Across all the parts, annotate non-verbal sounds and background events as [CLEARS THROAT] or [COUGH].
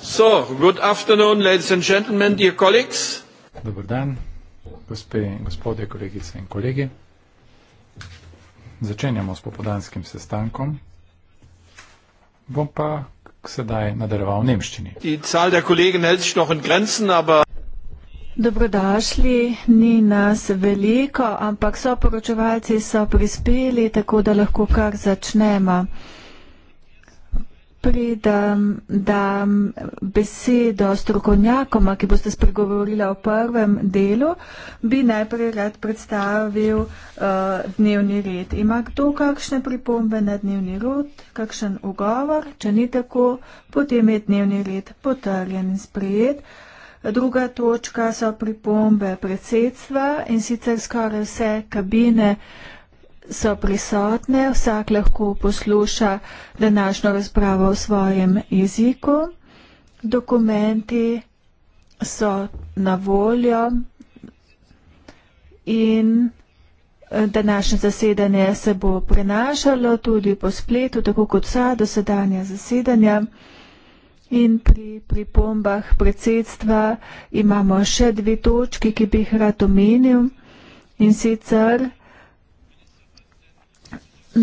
So, good afternoon, ladies and gentlemen, dear colleagues. Dobar dan, gospe in gospode, kolegice in kolegi. Začenjamo s popodanskim sestankom. Bom pa sedaj nadaljeval v nemščini. Die Zahl der Kollegen hält sich noch in Grenzen, aber Dobrodošli, ni nas veliko, ampak so poročevalci so prispeli, tako da lahko kar začnemo. Pridem, dam besedo strokovnjakoma, ki boste spregovorili o prvem delu, bi najprej rad predstavil uh, dnevni red. Ima kdo kakšne pripombe na dnevni red, kakšen ugovor? Če ni tako, potem je dnevni red potrjen in sprejet. Uh, Druga točka so pripombe predsedstva in sicer skoraj vse kabine so prisotne, vsak lahko posluša današnjo razpravo v svojem jeziku. Dokumenti so na voljo in eh, današnje zasedanje se bo prenašalo tudi po spletu, tako kot vsa dosedanja zasedanja. In pri pripombah predsedstva imamo še dve točki, ki bi jih rad omenil. In sicer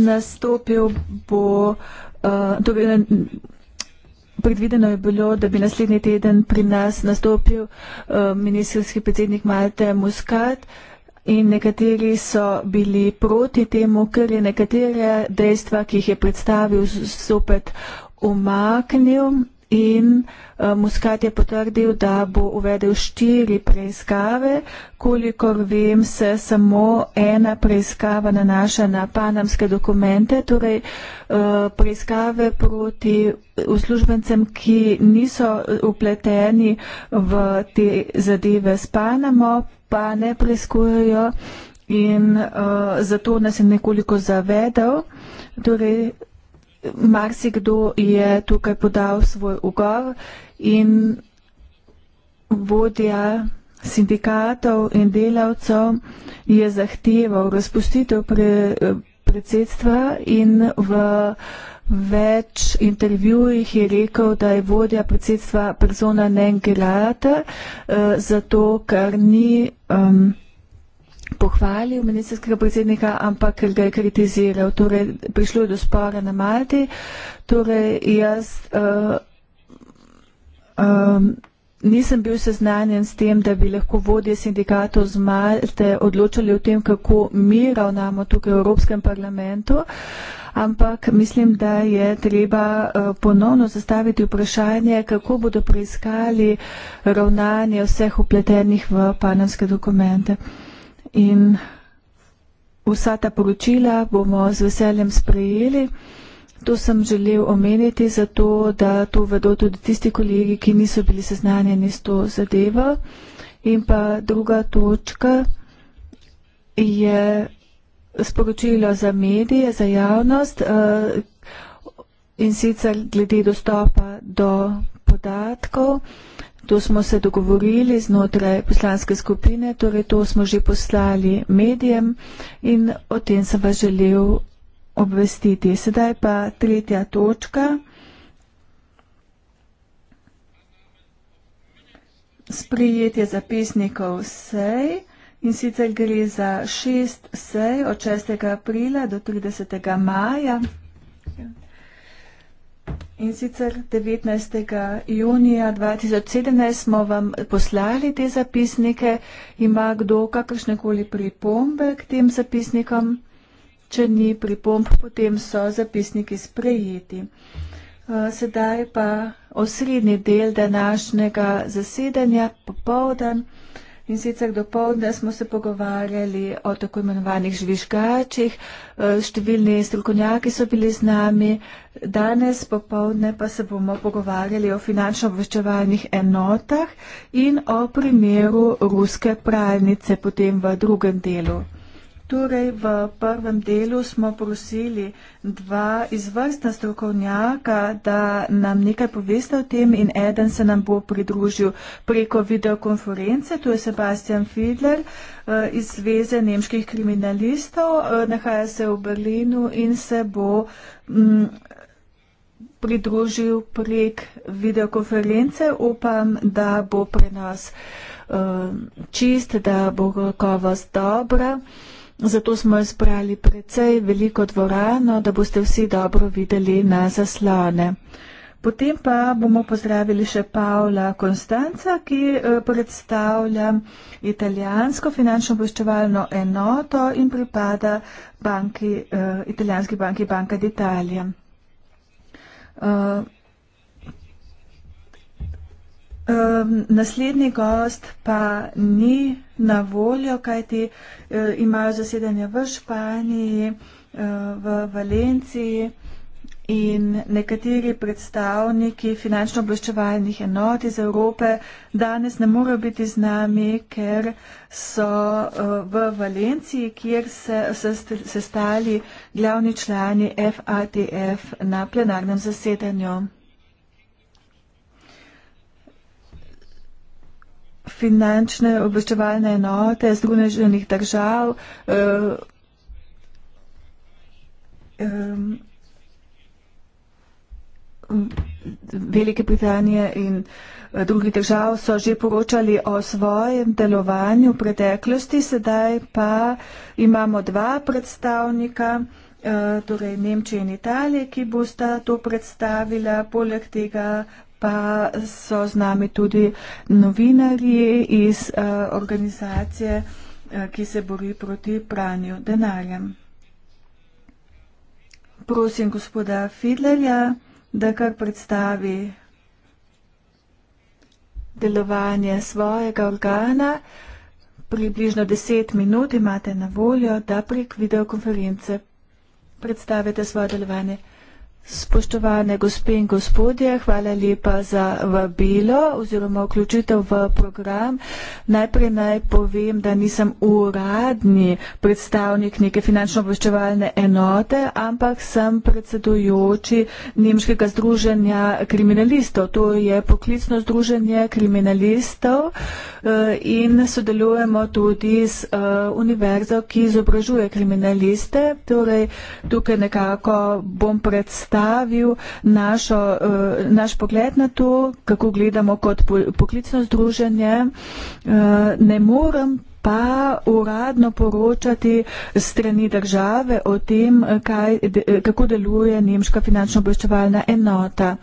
nastopil bo, eh, torej predvideno je bilo, da bi naslednji teden pri nas nastopil eh, ministrski predsednik Malte Muscat. In nekateri so bili proti temu, ker je nekatere dejstva, ki jih je predstavil, zopet umaknil in eh, Muscat je potrdil, da bo uvedel štiri preiskave. Kolikor vem, se samo ena preiskava nanaša na panamske dokumente, torej eh, preiskave proti uslužbencem, ki niso eh, upleteni v te zadeve s Panamo, pa ne preizkujejo in uh, zato nas je nekoliko zavedel. Torej, marsikdo je tukaj podal svoj ugor in vodja sindikatov in delavcev je zahteval razpustitev pre, predsedstva in v več intervjujih je rekel, da je vodja predsedstva persona ne grata, eh, zato ker ni um, pohvalil ministerskega predsednika, ampak ga je kritiziral. Torej, prišlo je do spora na Malti. Torej, jaz uh, um, nisem bil seznanjen s tem, da bi lahko vodje sindikatov z Malte odločali o tem, kako mi ravnamo tukaj v Evropskem parlamentu. Ampak mislim, da je treba uh, ponovno zastaviti vprašanje, kako bodo preiskali ravnanje vseh upletenih v panamske dokumente in vsa ta poročila bomo z veseljem sprejeli. To sem želel omeniti, zato da to vedo tudi tisti kolegi, ki niso bili seznanjeni s to zadevo. In pa druga točka je sporočilo za medije, za javnost eh, in sicer glede dostopa do podatkov. To smo se dogovorili znotraj poslanske skupine, torej to smo že poslali medijem in o tem sem vas želel obvestiti. Sedaj pa tretja točka. Sprijetje zapisnikov sej in sicer gre za šest sej od 6. aprila do 30. maja. In sicer 19. junija 2017 smo vam poslali te zapisnike. Ima kdo kakršne koli pripombe k tem zapisnikom? Če ni pripomb, potem so zapisniki sprejeti. Eh, sedaj pa osrednji del današnjega zasedanja, popovdan. In sicer do povdne smo se pogovarjali o tako imenovanih žvižgačih, e, številni strokovnjaki so bili z nami, danes popovdne pa se bomo pogovarjali o finančno obveščevalnih enotah in o primeru ruske pralnice potem v drugem delu. Torej, v prvem delu smo prosili dva izvrstna strokovnjaka, da nam nekaj poveste o tem in eden se nam bo pridružil preko videokonference. To je Sebastian Fiedler eh, iz Zveze nemških kriminalistov. Eh, nahaja se v Berlinu in se bo m, mm, pridružil prek videokonference. Upam, da bo pri nas m, eh, čist, da bo kakovost dobra. Zato smo izbrali precej veliko dvorano, da boste vsi dobro videli na zaslone. Potem pa bomo pozdravili še Paola Konstanca, ki eh, predstavlja italijansko finančno poščevalno enoto in pripada banki, eh, italijanski banki Banka d'Italia. Eh, Um, naslednji gost pa ni na voljo, kajti um, imajo zasedanje v Španiji, um, v Valenciji in nekateri predstavniki finančno-obloščevalnih enot iz Evrope danes ne morejo biti z nami, ker so uh, v Valenciji, kjer se sestali se glavni člani FATF na plenarnem zasedanju. finančne obveščevalne enote združenih držav. Eh, eh, Velike Britanije in eh, drugih držav so že poročali o svojem delovanju v preteklosti, sedaj pa imamo dva predstavnika, torej Nemčije in Italije, ki bosta to predstavila, poleg tega pa so z nami tudi novinarji iz uh, organizacije, uh, ki se bori proti pranju denarja. Prosim gospoda Fidlerja, da kar predstavi delovanje svojega organa. Približno deset minut imate na voljo, da prek videokonference predstavite svoje delovanje. Spoštovane gospe in gospodje, hvala lepa za vabilo oziroma vključitev v program. Najprej naj povem, da nisem uradni predstavnik neke finančno-obveščevalne enote, ampak sem predsedujoči Nemškega združenja kriminalistov. To je poklicno združenje kriminalistov eh, in sodelujemo tudi z eh, univerzo, ki izobražuje kriminaliste. Torej, tukaj nekako bom predstavljala predstavil našo, eh, naš pogled na to, kako gledamo kot poklicno združenje. Eh, ne morem pa uradno poročati strani države o tem, kaj, kako deluje nemška finančno obveščevalna enota.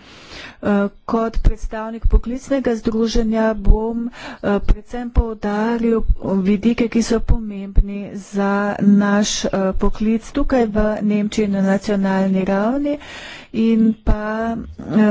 Eh, kot predstavnik poklicnega združenja bom eh, predvsem povdaril vidike, ki so pomembni za naš eh, poklic tukaj v Nemčiji na nacionalni ravni in pa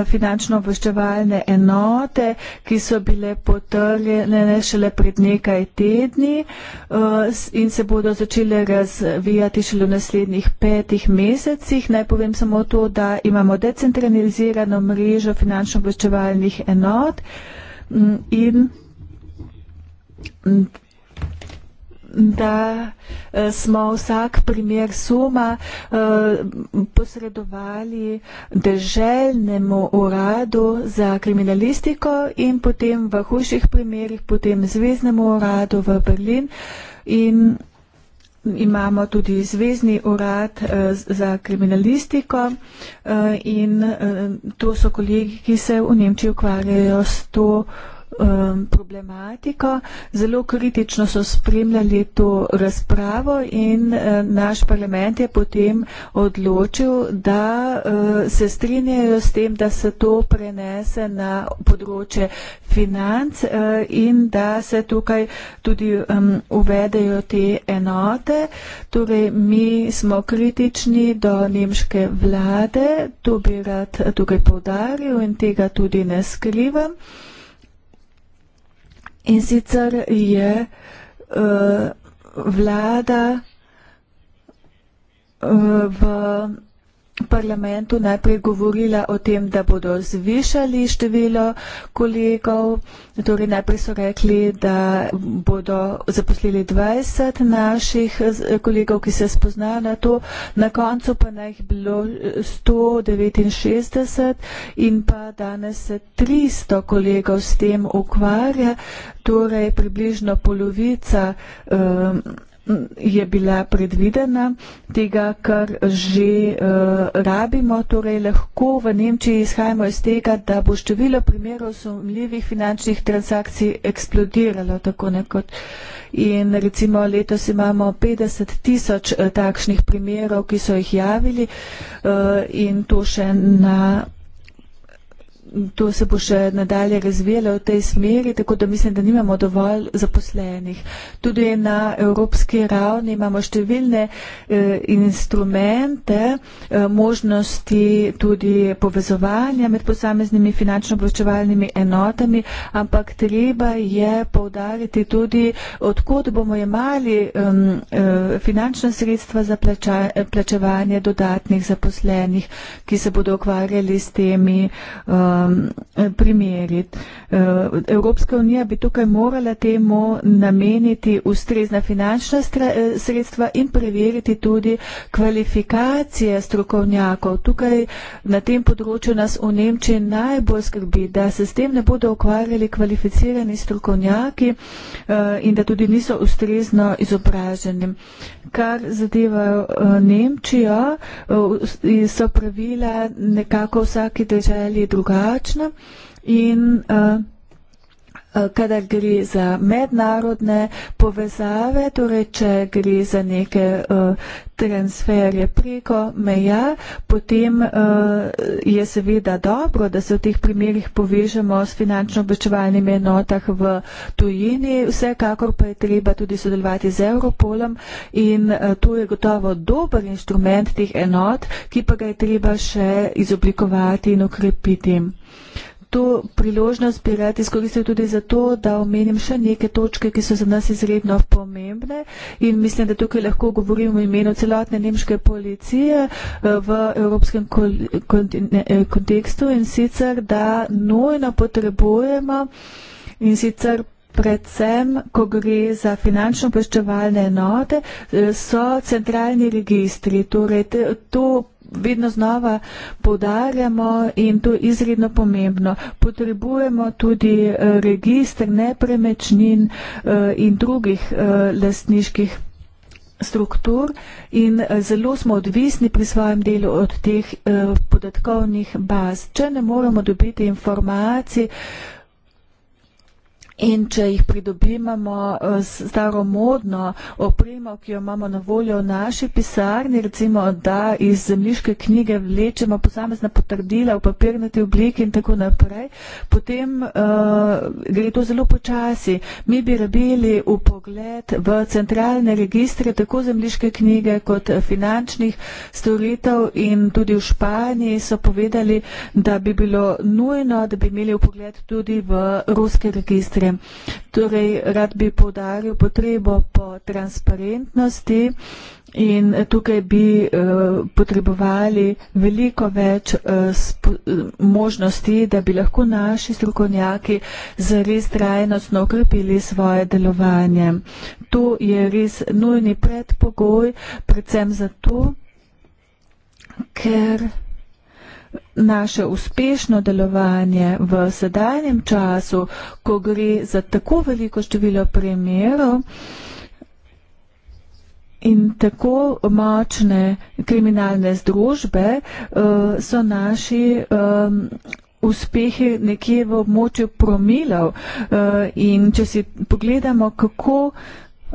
finančno obveščevalne enote, ki so bile potrjene šele pred nekaj tedni Eh, in se bodo začele razvijati šele v naslednjih petih mesecih. Naj povem samo to, da imamo decentralizirano mrežo finančno obveščevalnih enot mm, in da eh, smo vsak primer suma eh, posredovali deželnemu uradu za kriminalistiko in potem v hujših primerih potem zveznemu uradu v Berlin in imamo tudi zvezdni urad eh, za kriminalistiko in to so kolegi, ki se v Nemčiji ukvarjajo s to Um, problematiko. Zelo kritično so spremljali to razpravo in eh, naš parlament je potem odločil, da eh, se strinjajo s tem, da se to prenese na področje financ eh, in da se tukaj tudi um, uvedejo te enote. Torej, mi smo kritični do nemške vlade, to bi rad tukaj povdaril in tega tudi ne skrivam. In sicer je uh, vlada uh, v parlamentu najprej govorila o tem, da bodo zvišali število kolegov, torej najprej so rekli, da bodo zaposlili 20 naših kolegov, ki se spoznajo na to, na koncu pa naj jih bilo 169 in pa danes se 300 kolegov s tem ukvarja, torej približno polovica. Um, je bila predvidena, tega, kar že uh, rabimo. Torej, lahko v Nemčiji izhajamo iz tega, da bo število primerov sumljivih finančnih transakcij eksplodiralo tako nekot. In recimo letos imamo 50 tisoč eh, takšnih primerov, ki so jih javili uh, in to še na to se bo še nadalje razvijalo v tej smeri, tako da mislim, da nimamo dovolj zaposlenih. Tudi na evropski ravni imamo številne eh, instrumente, eh, možnosti tudi povezovanja med posameznimi finančno-obročevalnimi enotami, ampak treba je povdariti tudi, odkud bomo imali eh, finančna sredstva za plačevanje dodatnih zaposlenih, ki se bodo ukvarjali s temi. Eh, Um, primeriti. Uh, Evropska unija bi tukaj morala temu nameniti ustrezna finančna eh, sredstva in preveriti tudi kvalifikacije strokovnjakov. Tukaj na tem področju nas v Nemčiji najbolj skrbi, da se s tem ne bodo ukvarjali kvalificirani strokovnjaki eh, in da tudi niso ustrezno izobraženi. Kar zadeva eh, Nemčijo, so pravila nekako v vsaki državi drugačna drugačna. In, uh, Eh, kadar gre za mednarodne povezave, torej če gre za neke eh, transferje preko meja, potem eh, je seveda dobro, da se v teh primerjih povežemo s finančno obvečevalnimi enotah v tujini, vsekakor pa je treba tudi sodelovati z Europolom in to je gotovo dober instrument teh enot, ki pa ga je treba še izoblikovati in ukrepiti to priložnost bi rad izkoristil tudi zato, da omenim še neke točke, ki so za nas izredno pomembne in mislim, da tukaj lahko govorim v imenu celotne nemške policije eh, v evropskem eh, kontekstu in sicer, da nujno potrebujemo in sicer predvsem, ko gre za finančno poščevalne enote, eh, so centralni registri, torej to vedno znova povdarjamo in to je izredno pomembno. Potrebujemo tudi eh, registr nepremečnin eh, in drugih eh, lastniških struktur in zelo smo odvisni pri svojem delu od teh podatkovnih baz. Če ne moramo dobiti informacij, In če jih pridobimo eh, s staromodno opremo, ki jo imamo na voljo v naši pisarni, recimo, da iz zemljiške knjige vlečemo posamezna potrdila v papirnati obliki in tako naprej, potem uh, gre to zelo počasi. Mi bi rabili v pogled v centralne registre tako zemljiške knjige kot eh, finančnih storitev in tudi v Španiji so povedali, da bi bilo nujno, da bi imeli v pogled tudi v ruske registre. Slovenske. Torej, rad bi podaril potrebo po transparentnosti in tukaj bi eh, potrebovali veliko več eh, možnosti, da bi lahko naši strokovnjaki zares trajnostno okrepili svoje delovanje. To je res nujni predpogoj, predvsem zato, ker naše uspešno delovanje v sedanjem času, ko gre za tako veliko število primerov in tako močne kriminalne združbe, eh, so naši ehm, uspehi nekje v območju promilov. Eh, in če si pogledamo, kako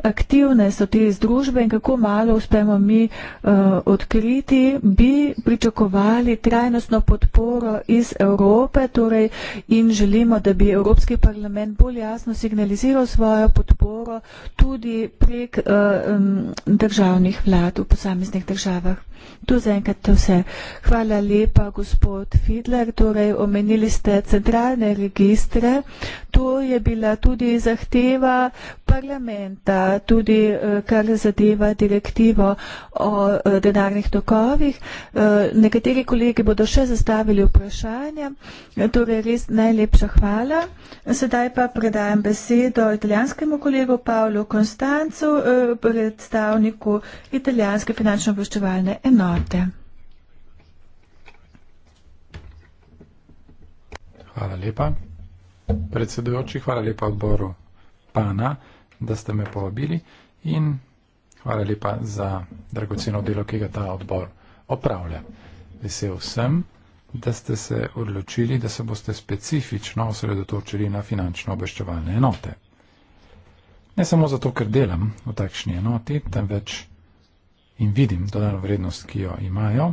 aktivne so te združbe in kako malo uspemo mi uh, odkriti, bi pričakovali trajnostno podporo iz Evrope torej, in želimo, da bi Evropski parlament bolj jasno signaliziral svojo podporo tudi prek uh, državnih vlad v posameznih državah. To za enkrat to vse. Hvala lepa, gospod Fidler. Torej, omenili ste centralne registre. To je bila tudi zahteva parlamenta tudi eh, kar zadeva direktivo o eh, denarnih tokovih. Eh, nekateri kolegi bodo še zastavili vprašanja, torej res najlepša hvala. Sedaj pa predajam besedo italijanskemu kolegu Paolo Konstancu, predstavniku italijanske finančno obveščevalne enote. Hvala lepa. Predsedujoči, hvala lepa odboru Pana da ste me povabili in hvala lepa za dragoceno delo, ki ga ta odbor opravlja. Vesel sem, da ste se odločili, da se boste specifično osredotočili na finančno obveščevalne enote. Ne samo zato, ker delam v takšni enoti, temveč in vidim dodano vrednost, ki jo imajo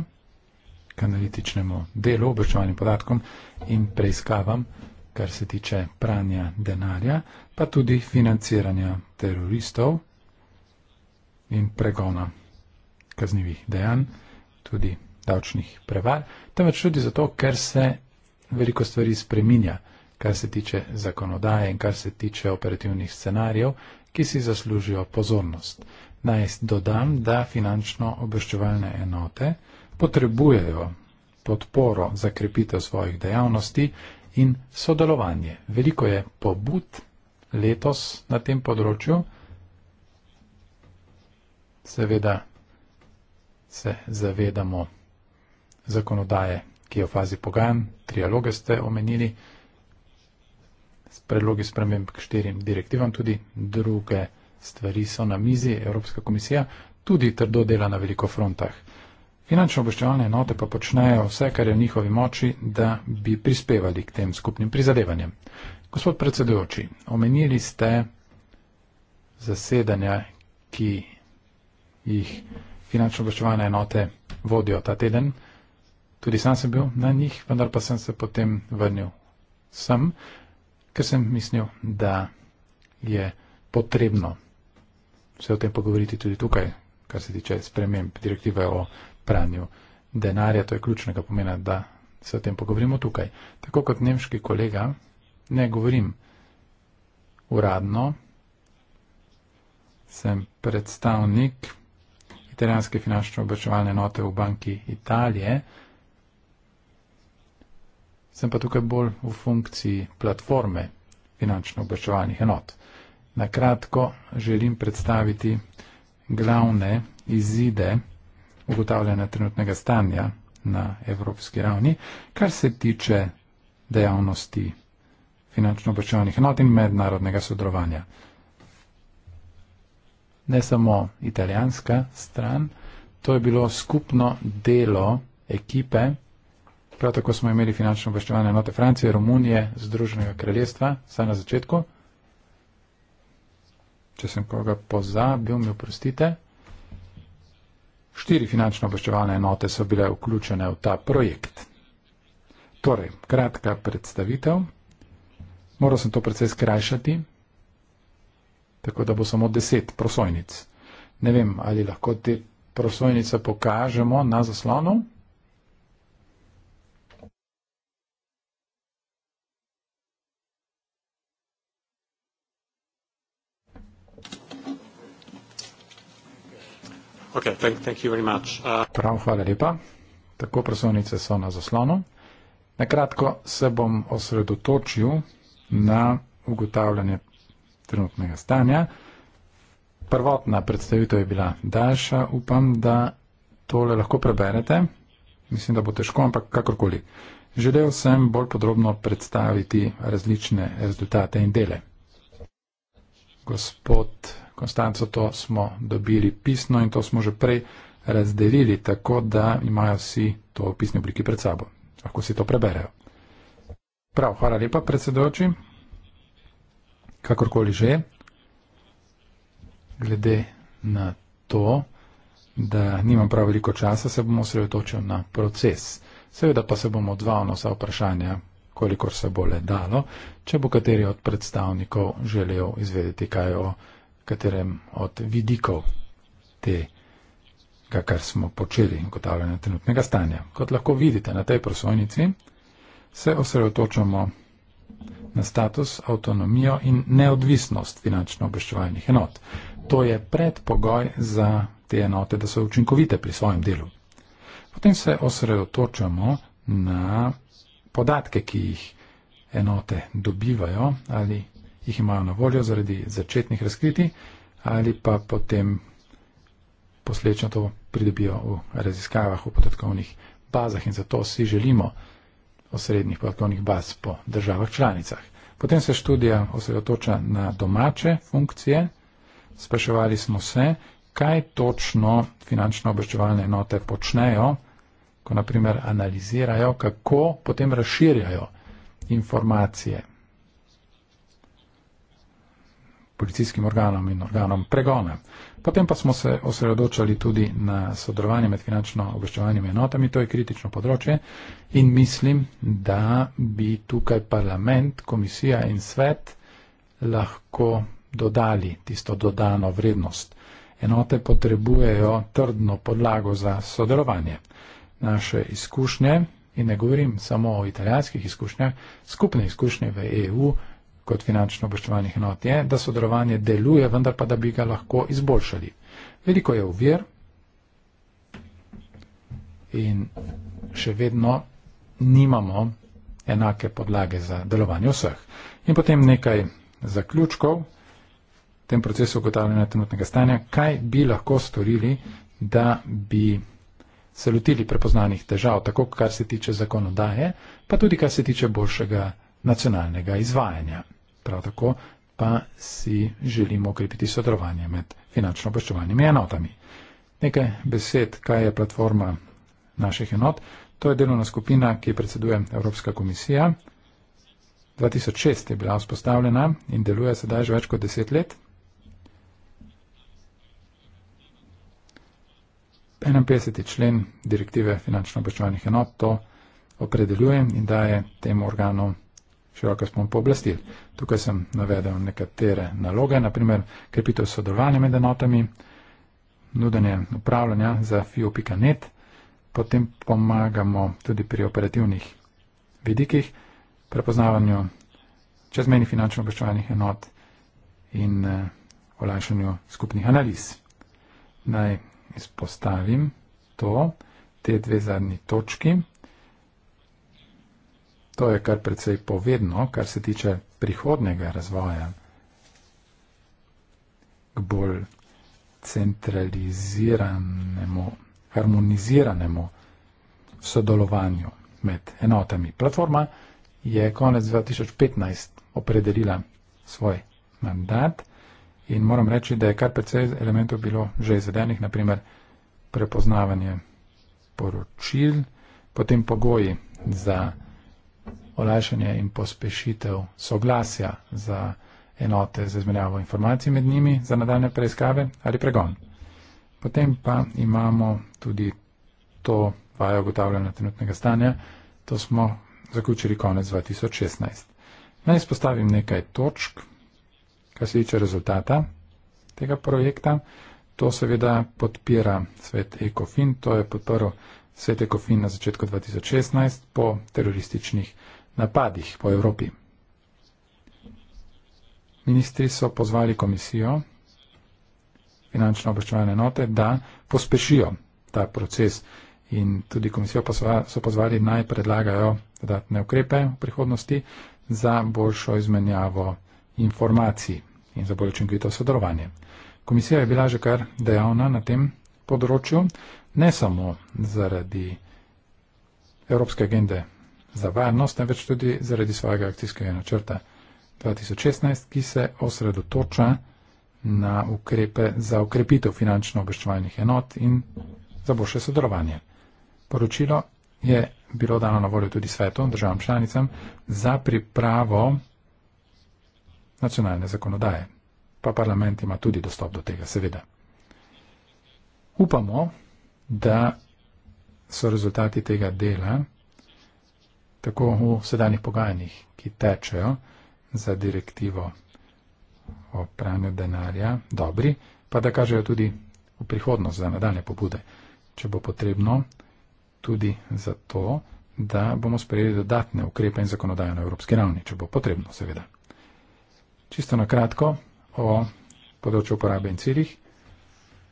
k analitičnemu delu, obveščevalnim podatkom in preiskavam, kar se tiče pranja denarja, pa tudi financiranja teroristov in pregona kaznjivih dejanj, tudi davčnih prevar, temveč tudi zato, ker se veliko stvari spreminja, kar se tiče zakonodaje in kar se tiče operativnih scenarijev, ki si zaslužijo pozornost. Naj dodam, da finančno obveščevalne enote potrebujejo podporo za krepitev svojih dejavnosti in sodelovanje. Veliko je pobud letos na tem področju. Seveda se zavedamo zakonodaje, ki je v fazi pogajanj, trialoge ste omenili, predlogi sprememb k štirim direktivam, tudi druge stvari so na mizi Evropska komisija, tudi trdo dela na veliko frontah. Finančno obveščevalne enote pa počnejo vse, kar je v njihovi moči, da bi prispevali k tem skupnim prizadevanjem. Gospod predsedujoči, omenili ste zasedanja, ki jih finančno obveščevalne enote vodijo ta teden. Tudi sam sem bil na njih, vendar pa sem se potem vrnil sem, ker sem mislil, da je potrebno se o tem pogovoriti tudi tukaj, kar se tiče sprememb direktive o pranju denarja, to je ključnega pomena, da se o tem pogovorimo tukaj. Tako kot nemški kolega, ne govorim uradno, sem predstavnik italijanske finančne obračevalne note v banki Italije, sem pa tukaj bolj v funkciji platforme finančno obračevalnih enot. Na kratko želim predstaviti glavne izide, iz ugotavljanja trenutnega stanja na evropski ravni, kar se tiče dejavnosti finančno-obrčevanih enot in mednarodnega sodelovanja. Ne samo italijanska stran, to je bilo skupno delo ekipe, prav tako smo imeli finančno-obrčevanje enote Francije, Romunije, Združenega kraljestva, saj na začetku, če sem koga pozabil, mi oprostite, Štiri finančno obveščevalne enote so bile vključene v ta projekt. Torej, kratka predstavitev. Moral sem to precej skrajšati, tako da bo samo deset prosojnic. Ne vem, ali lahko te prosojnice pokažemo na zaslonu. Okay, thank, thank you very much. Uh... Prav, hvala lepa. Tako prosovnice so na zaslonu. Nakratko se bom osredotočil na ugotavljanje trenutnega stanja. Prvotna predstavitev je bila daljša, upam, da tole lahko preberete. Mislim, da bo težko, ampak kakorkoli. Želel sem bolj podrobno predstaviti različne rezultate in dele. Gospod Konstanco, to smo dobili pisno in to smo že prej razdelili, tako da imajo vsi to v pisni obliki pred sabo. Lahko si to preberejo. Prav, hvala lepa, predsedoči. Kakorkoli že, glede na to, da nimam prav veliko časa, se bomo osredotočili na proces. Seveda pa se bomo odzval na vsa vprašanja, kolikor se bo le dalo, če bo kateri od predstavnikov želel izvedeti kaj o katerem od vidikov te, kar smo počeli in gotavljanja trenutnega stanja. Kot lahko vidite na tej prosojnici, se osredotočamo na status, avtonomijo in neodvisnost finančno obveščevalnih enot. To je predpogoj za te enote, da so učinkovite pri svojem delu. Potem se osredotočamo na podatke, ki jih enote dobivajo ali jih imajo na voljo zaradi začetnih razkritij ali pa potem posledično to pridobijo v raziskavah, v podatkovnih bazah in zato si želimo osrednjih podatkovnih baz po državah članicah. Potem se študija osredotoča na domače funkcije. Spraševali smo se, kaj točno finančno obveščevalne enote počnejo, ko naprimer analizirajo, kako potem razširjajo informacije policijskim organom in organom pregona. Potem pa smo se osredotočali tudi na sodelovanje med finančno obveščevanjem enotami, to je kritično področje in mislim, da bi tukaj parlament, komisija in svet lahko dodali tisto dodano vrednost. Enote potrebujejo trdno podlago za sodelovanje. Naše izkušnje, in ne govorim samo o italijanskih izkušnjah, skupne izkušnje v EU kot finančno obveščevalnih enot je, da sodelovanje deluje, vendar pa da bi ga lahko izboljšali. Veliko je uvir in še vedno nimamo enake podlage za delovanje vseh. In potem nekaj zaključkov v tem procesu ugotavljanja trenutnega stanja, kaj bi lahko storili, da bi se lotili prepoznanih težav, tako kar se tiče zakonodaje, pa tudi kar se tiče boljšega nacionalnega izvajanja. Prav tako pa si želimo okrepiti sodelovanje med finančno obveščevalnimi enotami. Nekaj besed, kaj je platforma naših enot. To je delovna skupina, ki predseduje Evropska komisija. 2006 je bila vzpostavljena in deluje sedaj že več kot deset let. 51. člen direktive finančno obveščevalnih enot to opredeljuje in daje temu organu široko spon pooblastil. Tukaj sem navedel nekatere naloge, naprimer krepitev sodelovanja med enotami, nudenje upravljanja za fio.net, potem pomagamo tudi pri operativnih vidikih, prepoznavanju čezmejnih finančno obveščevalnih enot in eh, olajšanju skupnih analiz. Naj izpostavim to, te dve zadnji točki. To je kar precej povedno, kar se tiče prihodnega razvoja k bolj centraliziranemu, harmoniziranemu sodelovanju med enotami. Platforma je konec 2015 opredelila svoj mandat in moram reči, da je kar precej elementov bilo že izvedenih, naprimer prepoznavanje poročil, potem pogoji za olajšanje in pospešitev soglasja za enote za izmenjavo informacij med njimi za nadaljne preiskave ali pregon. Potem pa imamo tudi to vajo ugotavljanja trenutnega stanja. To smo zaključili konec 2016. Naj izpostavim nekaj točk, kar se tiče rezultata tega projekta. To seveda podpira svet ECOFIN, to je podprl svet ECOFIN na začetku 2016 po terorističnih napadih po Evropi. Ministri so pozvali komisijo, finančno obveščevalne note, da pospešijo ta proces in tudi komisijo so pozvali naj predlagajo dodatne ukrepe v prihodnosti za boljšo izmenjavo informacij in za bolj učinkovito sodelovanje. Komisija je bila že kar dejavna na tem področju, ne samo zaradi Evropske agende za varnost, temveč tudi zaradi svojega akcijskega načrta 2016, ki se osredotoča na ukrepe za ukrepitev finančno-obveščevalnih enot in za boljše sodelovanje. Poročilo je bilo dano na voljo tudi svetom, državam članicam, za pripravo nacionalne zakonodaje. Pa parlament ima tudi dostop do tega, seveda. Upamo, da so rezultati tega dela tako v sedanjih pogajanjih, ki tečejo za direktivo o pranju denarja, dobri, pa da kažejo tudi v prihodnost za nadaljne pobude, če bo potrebno, tudi za to, da bomo sprejeli dodatne ukrepe in zakonodajo na evropski ravni, če bo potrebno, seveda. Čisto na kratko o področju uporabe in ciljih.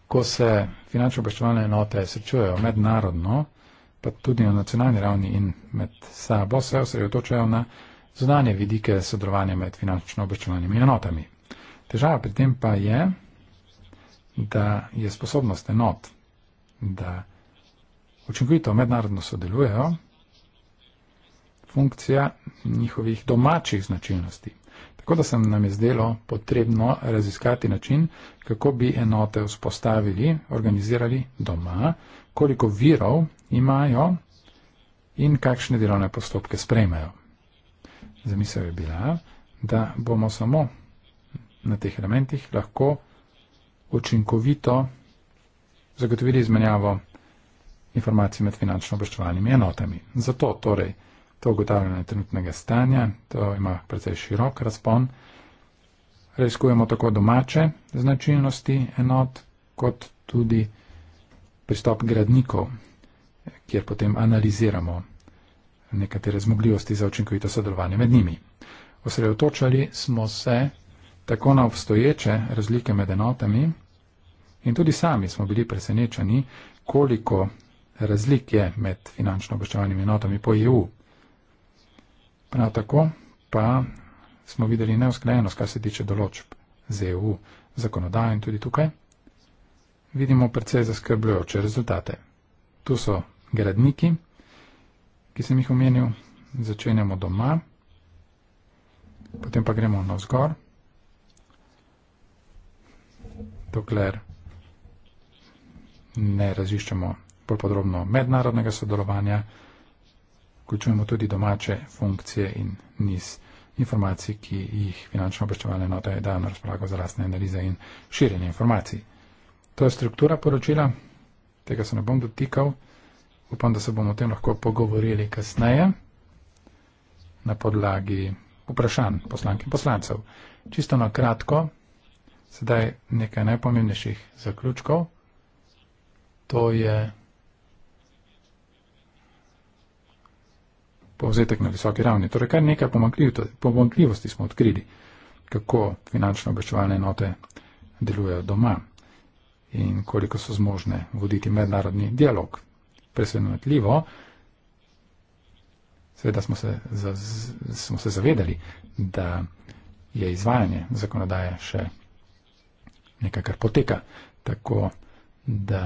Ko se finančno obveščevalne enote srečujejo mednarodno, pa tudi na nacionalni ravni in med sabo se osredotočajo na zunanje vidike sodelovanja med finančno obveščevalnimi enotami. Težava pri tem pa je, da je sposobnost enot, da učinkovito mednarodno sodelujejo, funkcija njihovih domačih značilnosti. Tako da se nam je zdelo potrebno raziskati način, kako bi enote vzpostavili, organizirali doma, koliko virov imajo in kakšne delovne postopke sprejmejo. Zamisel je bila, da bomo samo na teh elementih lahko učinkovito zagotovili izmenjavo informacij med finančno obveščevalnimi enotami. Zato torej to ugotavljanje trenutnega stanja, to ima precej širok razpon, raziskujemo tako domače značilnosti enot, kot tudi pristop gradnikov kjer potem analiziramo nekatere zmogljivosti za učinkovito sodelovanje med njimi. Osredotočali smo se tako na obstoječe razlike med enotami in tudi sami smo bili presenečeni, koliko razlik je med finančno obveščevalnimi enotami po EU. Prav tako pa smo videli neusklajenost, kar se tiče določb z EU zakonodajo in tudi tukaj vidimo precej zaskrbljujoče rezultate. Tu so gradniki, ki sem jih omenil, začenjamo doma, potem pa gremo na vzgor, dokler ne raziščemo bolj podrobno mednarodnega sodelovanja, vključujemo tudi domače funkcije in niz informacij, ki jih finančno obveščevalne enote dajo na razpolago za rastne analize in širjenje informacij. To je struktura poročila, tega se ne bom dotikal upam, da se bomo o tem lahko pogovorili kasneje na podlagi vprašanj poslank in poslancev. Čisto na kratko, sedaj nekaj najpomembnejših zaključkov. To je povzetek na visoki ravni. Torej, kar nekaj pomankljivosti smo odkrili, kako finančno obveščevalne enote delujejo doma in koliko so zmožne voditi mednarodni dialog presenetljivo. Seveda smo se, z, z, smo se zavedali, da je izvajanje zakonodaje še nekaj, kar poteka, tako da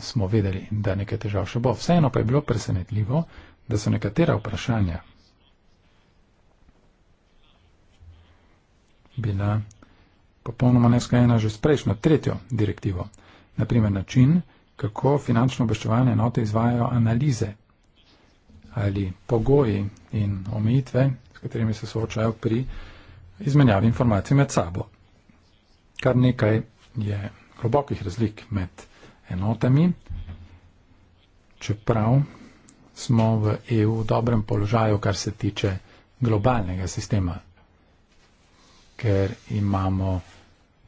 smo vedeli, da nekaj težav še bo. Vseeno pa je bilo presenetljivo, da so nekatera vprašanja bila popolnoma neskajena že s prejšnjo, tretjo direktivo. Naprimer način, kako finančno obveščevalne enote izvajajo analize ali pogoji in omejitve, s katerimi se soočajo pri izmenjavi informacij med sabo. Kar nekaj je globokih razlik med enotami, čeprav smo v EU v dobrem položaju, kar se tiče globalnega sistema, ker imamo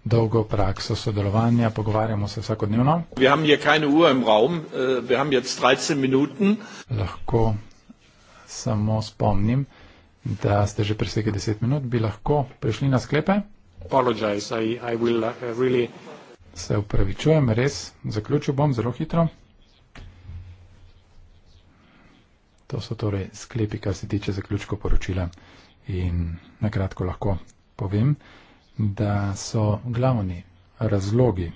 dolgo prakso sodelovanja, pogovarjamo se vsakodnevno. Äh, lahko samo spomnim, da ste že presegli 10 minut, bi lahko prišli na sklepe. I, I will, uh, really... Se upravičujem, res, zaključil bom zelo hitro. To so torej sklepi, kar se tiče zaključko poročila in nakratko lahko povem da so glavni razlogi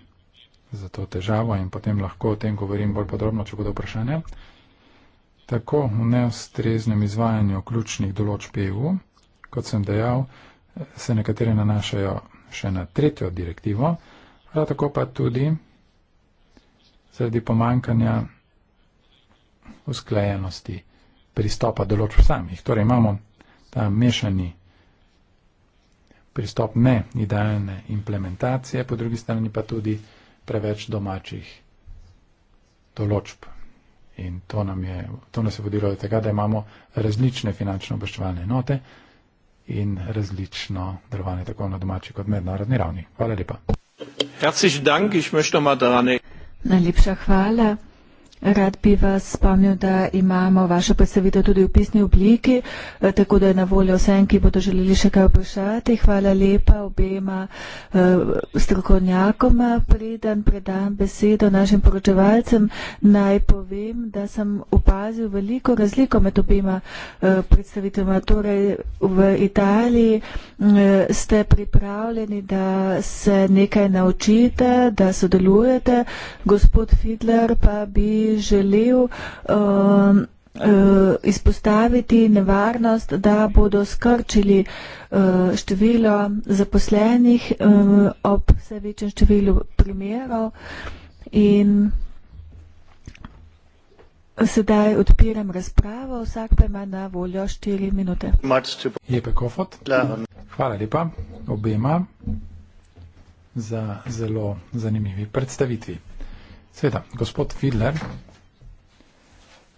za to težavo in potem lahko o tem govorim bolj podrobno, če bodo vprašanja. Tako v neustreznem izvajanju ključnih določb EU, kot sem dejal, se nekatere nanašajo še na tretjo direktivo, prav tako pa tudi zaradi pomankanja usklajenosti pristopa določb samih. Torej imamo ta mešani pristop ne idealne implementacije, po drugi strani pa tudi preveč domačih določb. In to, nam je, to nas je vodilo do tega, da imamo različne finančno obveščevalne note in različno delovanje tako na domači kot mednarodni ravni. Hvala lepa. Najlepša hvala. Rad bi vas spomnil, da imamo vašo predstavitev tudi v pisni obliki, eh, tako da je na voljo vsem, ki bodo želeli še kaj vprašati. Hvala lepa obema eh, strokovnjakoma. Predan predam besedo našim poročevalcem. Naj povem, da sem opazil veliko razliko med obema eh, predstavitvama. Torej, v Italiji ste pripravljeni, da se nekaj naučite, da sodelujete. Gospod Fidler pa bi želel um, uh, izpostaviti nevarnost, da bodo skrčili uh, število zaposlenih uh, ob vse večjem številu primerov in sedaj odpiram razpravo, vsak pa ima na voljo 4 minute. Jepe Kofot, ja. hvala lepa obema za zelo zanimivi predstavitvi. Sveda, gospod Fidler,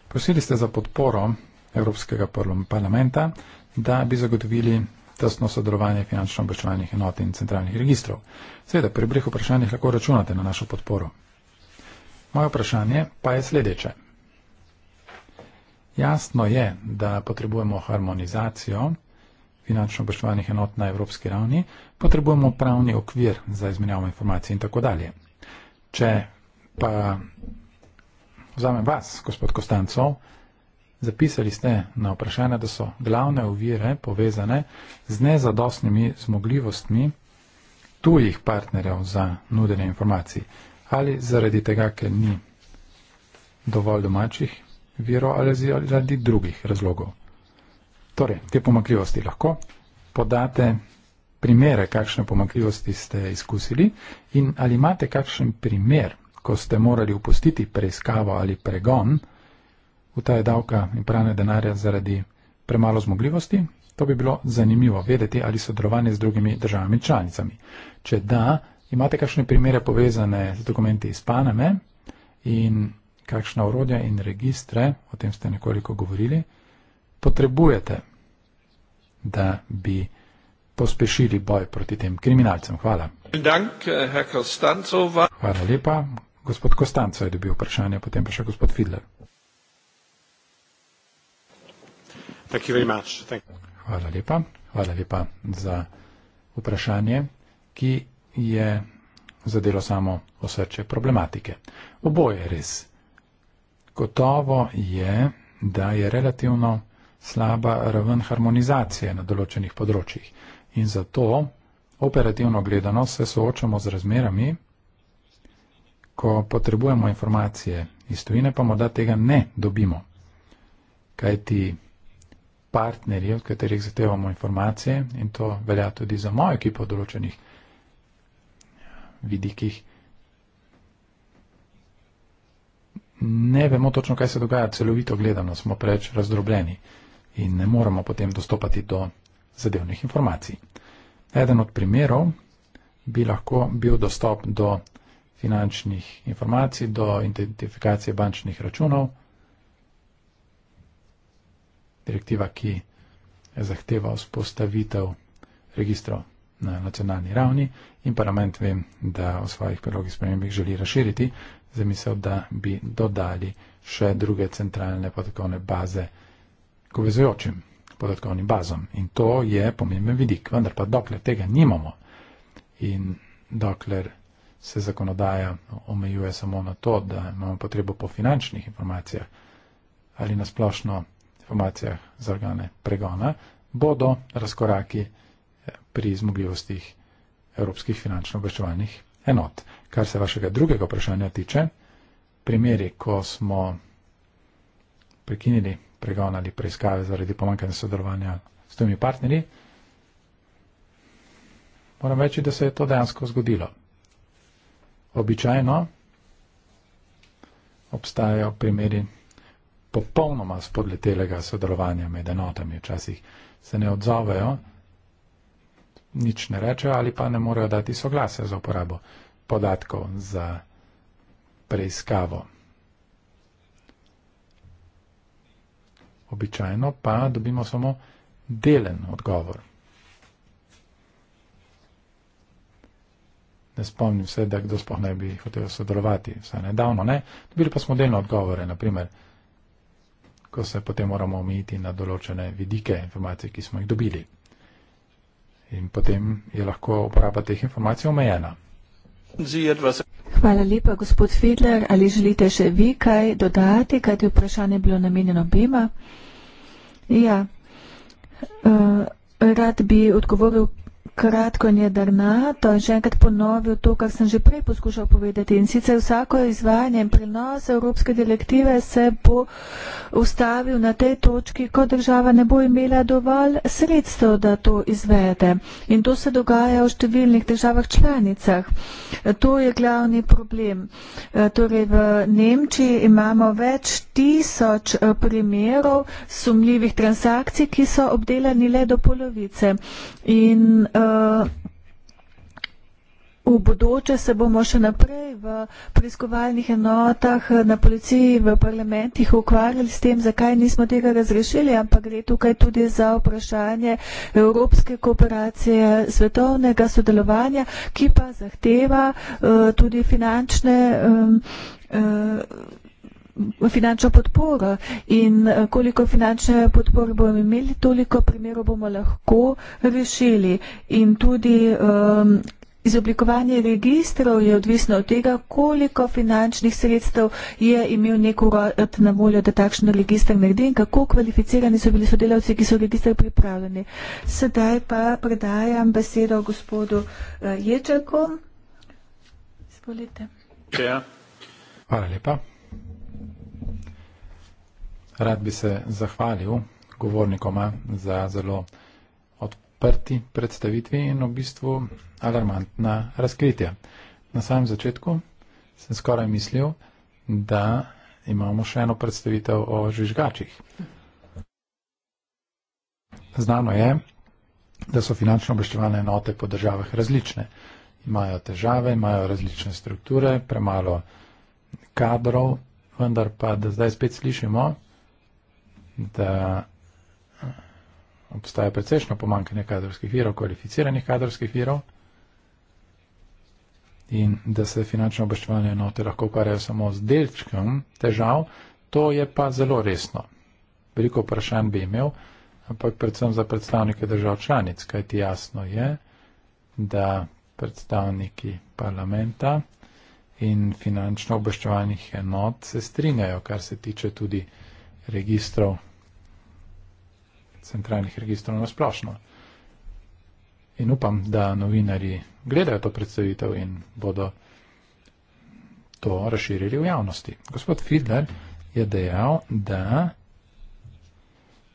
prosili ste za podporo Evropskega parlamenta, da bi zagotovili tesno sodelovanje finančno-obveščevalnih enot in centralnih registrov. Sveda, pri breh vprašanjih lahko računate na našo podporo. Moje vprašanje pa je sledeče. Jasno je, da potrebujemo harmonizacijo finančno-obveščevalnih enot na evropski ravni, potrebujemo pravni okvir za izmenjavo informacij in tako dalje. Če pa vzamem vas, gospod Kostancov. Zapisali ste na vprašanje, da so glavne ovire povezane z nezadostnimi zmogljivostmi tujih partnerjev za nudenje informacij. Ali zaradi tega, ker ni dovolj domačih virov ali zaradi drugih razlogov. Torej, te pomakljivosti lahko podate primere, kakšne pomakljivosti ste izkusili in ali imate kakšen primer, ko ste morali upustiti preiskavo ali pregon, utaje davka in pranje denarja zaradi premalo zmogljivosti, to bi bilo zanimivo vedeti ali sodelovanje z drugimi državami članicami. Če da, imate kakšne primere povezane z dokumenti iz Paname in kakšna urodja in registre, o tem ste nekoliko govorili, potrebujete, da bi pospešili boj proti tem kriminalcem. Hvala. Dank, Hvala lepa, Gospod Kostanco je dobil vprašanje, potem pa še gospod Fidler. Hvala lepa. Hvala lepa za vprašanje, ki je zadelo samo osrče problematike. Oboje je res. Gotovo je, da je relativno slaba raven harmonizacije na določenih področjih. In zato operativno gledano se soočamo z razmerami, ko potrebujemo informacije iz tujine, pa morda tega ne dobimo. Kaj ti partnerji, od katerih zahtevamo informacije, in to velja tudi za mojo ekipo v določenih vidikih, ne vemo točno, kaj se dogaja, celovito gledano smo preveč razdrobljeni in ne moremo potem dostopati do zadevnih informacij. Eden od primerov bi lahko bil dostop do finančnih informacij do identifikacije bančnih računov. Direktiva, ki zahteva vzpostavitev registrov na nacionalni ravni in parlament vem, da v svojih predlogih spremembih želi razširiti zamisel, da bi dodali še druge centralne podatkovne baze k obvezujočim podatkovnim bazom. In to je pomemben vidik, vendar pa dokler tega nimamo in dokler se zakonodaja omejuje samo na to, da imamo potrebo po finančnih informacijah ali na splošno informacijah za organe pregona, bodo razkoraki eh, pri zmogljivostih evropskih finančno-obveščevalnih enot. Kar se vašega drugega vprašanja tiče, primeri, ko smo prekinili pregon ali preiskave zaradi pomankanja sodelovanja s tujimi partnerji, moram reči, da se je to dejansko zgodilo običajno obstajajo primeri popolnoma spodletelega sodelovanja med enotami, včasih se ne odzovejo, nič ne rečejo ali pa ne morejo dati soglasja za uporabo podatkov za preiskavo. Običajno pa dobimo samo delen odgovor. ne spomnim se, da kdo spoh ne bi hotel sodelovati, vsaj nedavno, ne. Dobili pa smo delno odgovore, naprimer, ko se potem moramo omejiti na določene vidike informacij, ki smo jih dobili. In potem je lahko uporaba teh informacij omejena. Hvala lepa, gospod Fidler. Ali želite še vi kaj dodati, kaj ti vprašanje bilo namenjeno obima? Ja. Uh, rad bi odgovoril Kratko in jedrnato in še enkrat ponovil to, kar sem že prej poskušal povedati. In sicer vsako izvajanje in prenos Evropske direktive se bo ustavil na tej točki, ko država ne bo imela dovolj sredstev, da to izvede. In to se dogaja v številnih državah članicah. To je glavni problem. E, torej v Nemčiji imamo več tisoč e, primerov sumljivih transakcij, ki so obdelani le do polovice. In, uh, Eh, v bodoče se bomo še naprej v preiskovalnih enotah, eh, na policiji, v parlamentih ukvarjali s tem, zakaj nismo tega razrešili, ampak gre tukaj tudi za vprašanje evropske kooperacije, svetovnega sodelovanja, ki pa zahteva uh, tudi finančne. Um, uh, finančno podporo in eh, koliko finančne podpore bomo imeli, toliko primerov bomo lahko rešili. In tudi um, izoblikovanje registrov je odvisno od tega, koliko finančnih sredstev je imel nek urad na voljo, da takšen registr naredi in kako kvalificirani so bili sodelavci, ki so registr pripravljeni. Sedaj pa predajam besedo gospodu eh, Ječerku. Izvolite. Ja. Hvala lepa. Rad bi se zahvalil govornikoma za zelo odprti predstavitvi in v bistvu alarmantna razkritja. Na samem začetku sem skoraj mislil, da imamo še eno predstavitev o žvižgačih. Znano je, da so finančno obveščevalne enote po državah različne. Imajo težave, imajo različne strukture, premalo kadrov, vendar pa, da zdaj spet slišimo, da eh, obstaja precejšno pomankanje kadrovskih virov, kvalificiranih kadrovskih virov in da se finančno obveščevalne enote lahko ukvarjajo samo z delčkom težav, to je pa zelo resno. Veliko vprašanj bi imel, ampak predvsem za predstavnike držav članic, kajti jasno je, da predstavniki parlamenta in finančno obveščevalnih enot se strinjajo, kar se tiče tudi registrov, centralnih registrov na splošno. In upam, da novinari gledajo to predstavitev in bodo to razširili v javnosti. Gospod Fidler je dejal, da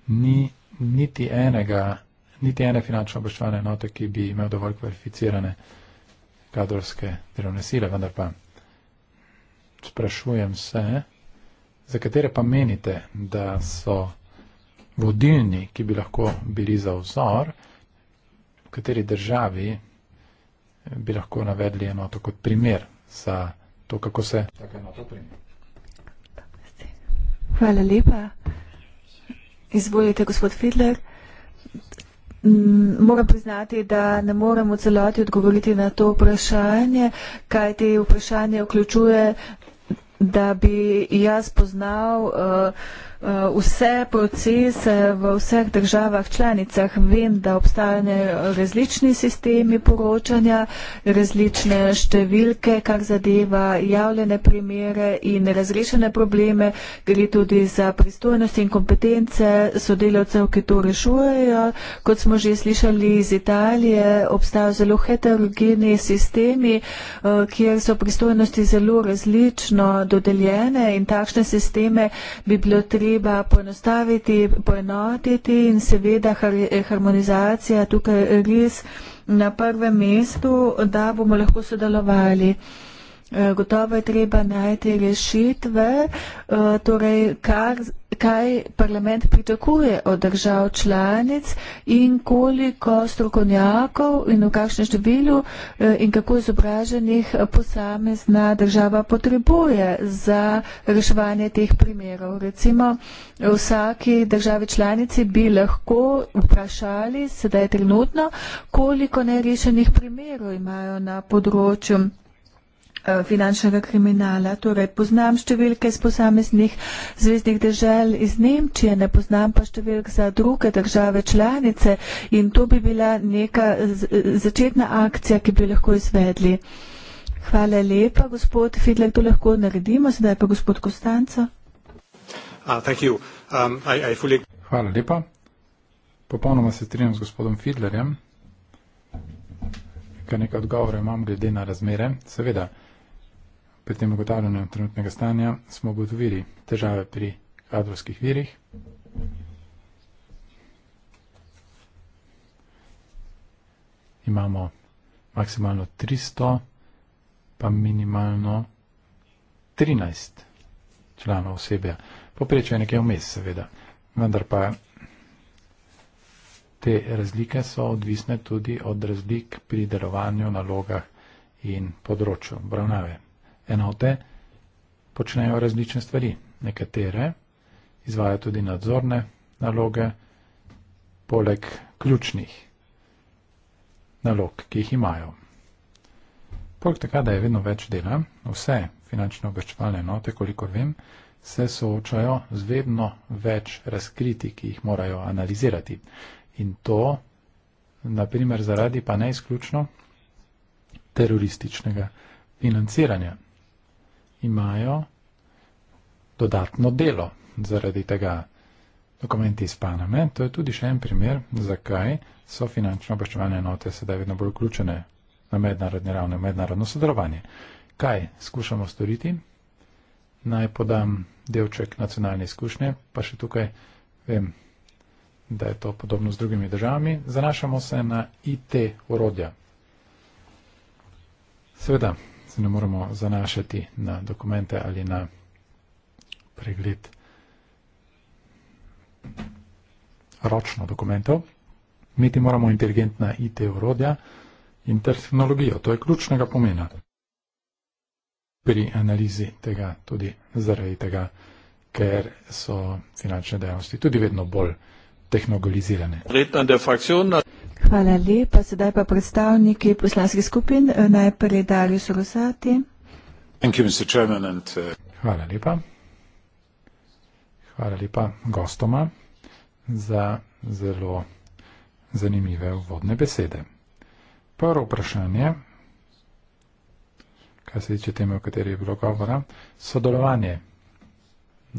ni niti enega, niti ene finančno obveščevalne enote, ki bi imel dovolj kvalificirane kadrovske delovne sile, vendar pa sprašujem se, za katere pa menite, da so vodilni, ki bi lahko bili za vzor, v kateri državi bi lahko navedli enoto kot primer za to, kako se taka enota prime. Hvala lepa. Izvolite, gospod Fidler. Mm, moram priznati, da ne moremo celoti odgovoriti na to vprašanje, kaj te vprašanje vključuje da bi jaz poznal uh, Eh, vse procese v vseh državah članicah. Vem, da obstajajo različni sistemi poročanja, različne številke, kar zadeva javljene primere in razrešene probleme. Gre tudi za pristojnosti in kompetence sodelavcev, ki to rešujejo. Kot smo že slišali iz Italije, obstajajo zelo heterogeni sistemi, eh, kjer so pristojnosti zelo različno dodeljene in takšne sisteme bi bilo treba treba poenostaviti, poenotiti in seveda har harmonizacija tukaj res na prvem mestu, da bomo lahko sodelovali. Eh, gotovo je treba najti rešitve, eh, torej kar, kaj parlament pritakuje od držav članic in koliko strokovnjakov in v kakšnem številu eh, in kako izobraženih posamezna država potrebuje za reševanje teh primerov. Recimo vsaki državi članici bi lahko vprašali sedaj trenutno, koliko nerešenih primerov imajo na področju Eh, finančnega kriminala. Torej, poznam številke iz posameznih zvezdnih držav iz Nemčije, ne poznam pa številk za druge države članice in to bi bila neka začetna akcija, ki bi lahko izvedli. Hvala lepa, gospod Fidler, to lahko naredimo, zdaj pa gospod Kostanca. Ah, um, Hvala lepa. Popolnoma se strinjam z gospodom Fidlerjem, ker nekaj odgovore imam glede na razmere. Seveda. Pri tem ugotavljanju trenutnega stanja smo ugotovili težave pri kadrovskih virih. Imamo maksimalno 300, pa minimalno 13 članov osebja. Poprečje je nekaj vmes, seveda. Vendar pa te razlike so odvisne tudi od razlik pri delovanju, nalogah in področju obravnave enote počnejo različne stvari. Nekatere izvajo tudi nadzorne naloge, poleg ključnih nalog, ki jih imajo. Poleg tega, da je vedno več dela, vse finančne obveščevalne enote, kolikor vem, se soočajo z vedno več razkriti, ki jih morajo analizirati. In to, naprimer, zaradi pa ne izključno terorističnega financiranja imajo dodatno delo zaradi tega dokumenti iz Paname. To je tudi še en primer, zakaj so finančno obveščevalne enote sedaj vedno bolj vključene na mednarodni ravni, v mednarodno sodelovanje. Kaj skušamo storiti? Naj podam delček nacionalne izkušnje, pa še tukaj vem, da je to podobno z drugimi državami. Zanašamo se na IT urodja. Seveda, se ne moremo zanašati na dokumente ali na pregled ročno dokumentov. Imeti moramo inteligentna IT urodja in tehnologijo. To je ključnega pomena pri analizi tega tudi zaradi tega, ker so finančne dejavnosti tudi vedno bolj tehnologizirane. Redna defakcija. Hvala lepa. Sedaj pa predstavniki poslanskih skupin. Najprej Darius Rosati. Uh, Hvala lepa. Hvala lepa gostoma za zelo zanimive vodne besede. Prvo vprašanje, kaj se tiče teme, o kateri je bilo govora, sodelovanje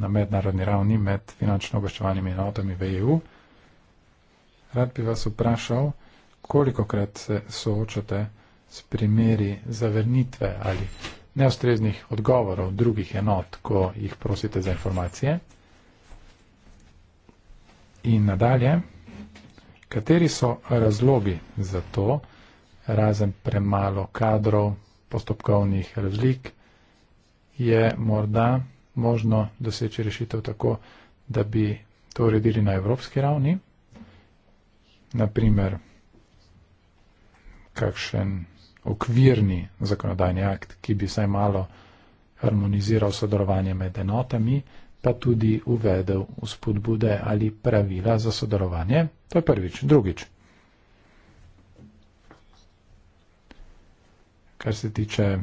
na mednarodni ravni med finančno obveščevanjem in enotami v EU. Rad bi vas vprašal, kolikokrat se soočate s primeri zavrnitve ali neustreznih odgovorov drugih enot, ko jih prosite za informacije. In nadalje, kateri so razlogi za to, razen premalo kadrov, postopkovnih razlik, je morda možno doseči rešitev tako, da bi to uredili na evropski ravni naprimer, kakšen okvirni zakonodajni akt, ki bi saj malo harmoniziral sodelovanje med enotami, pa tudi uvedel vzpodbude ali pravila za sodelovanje. To je prvič. Drugič. Kar se tiče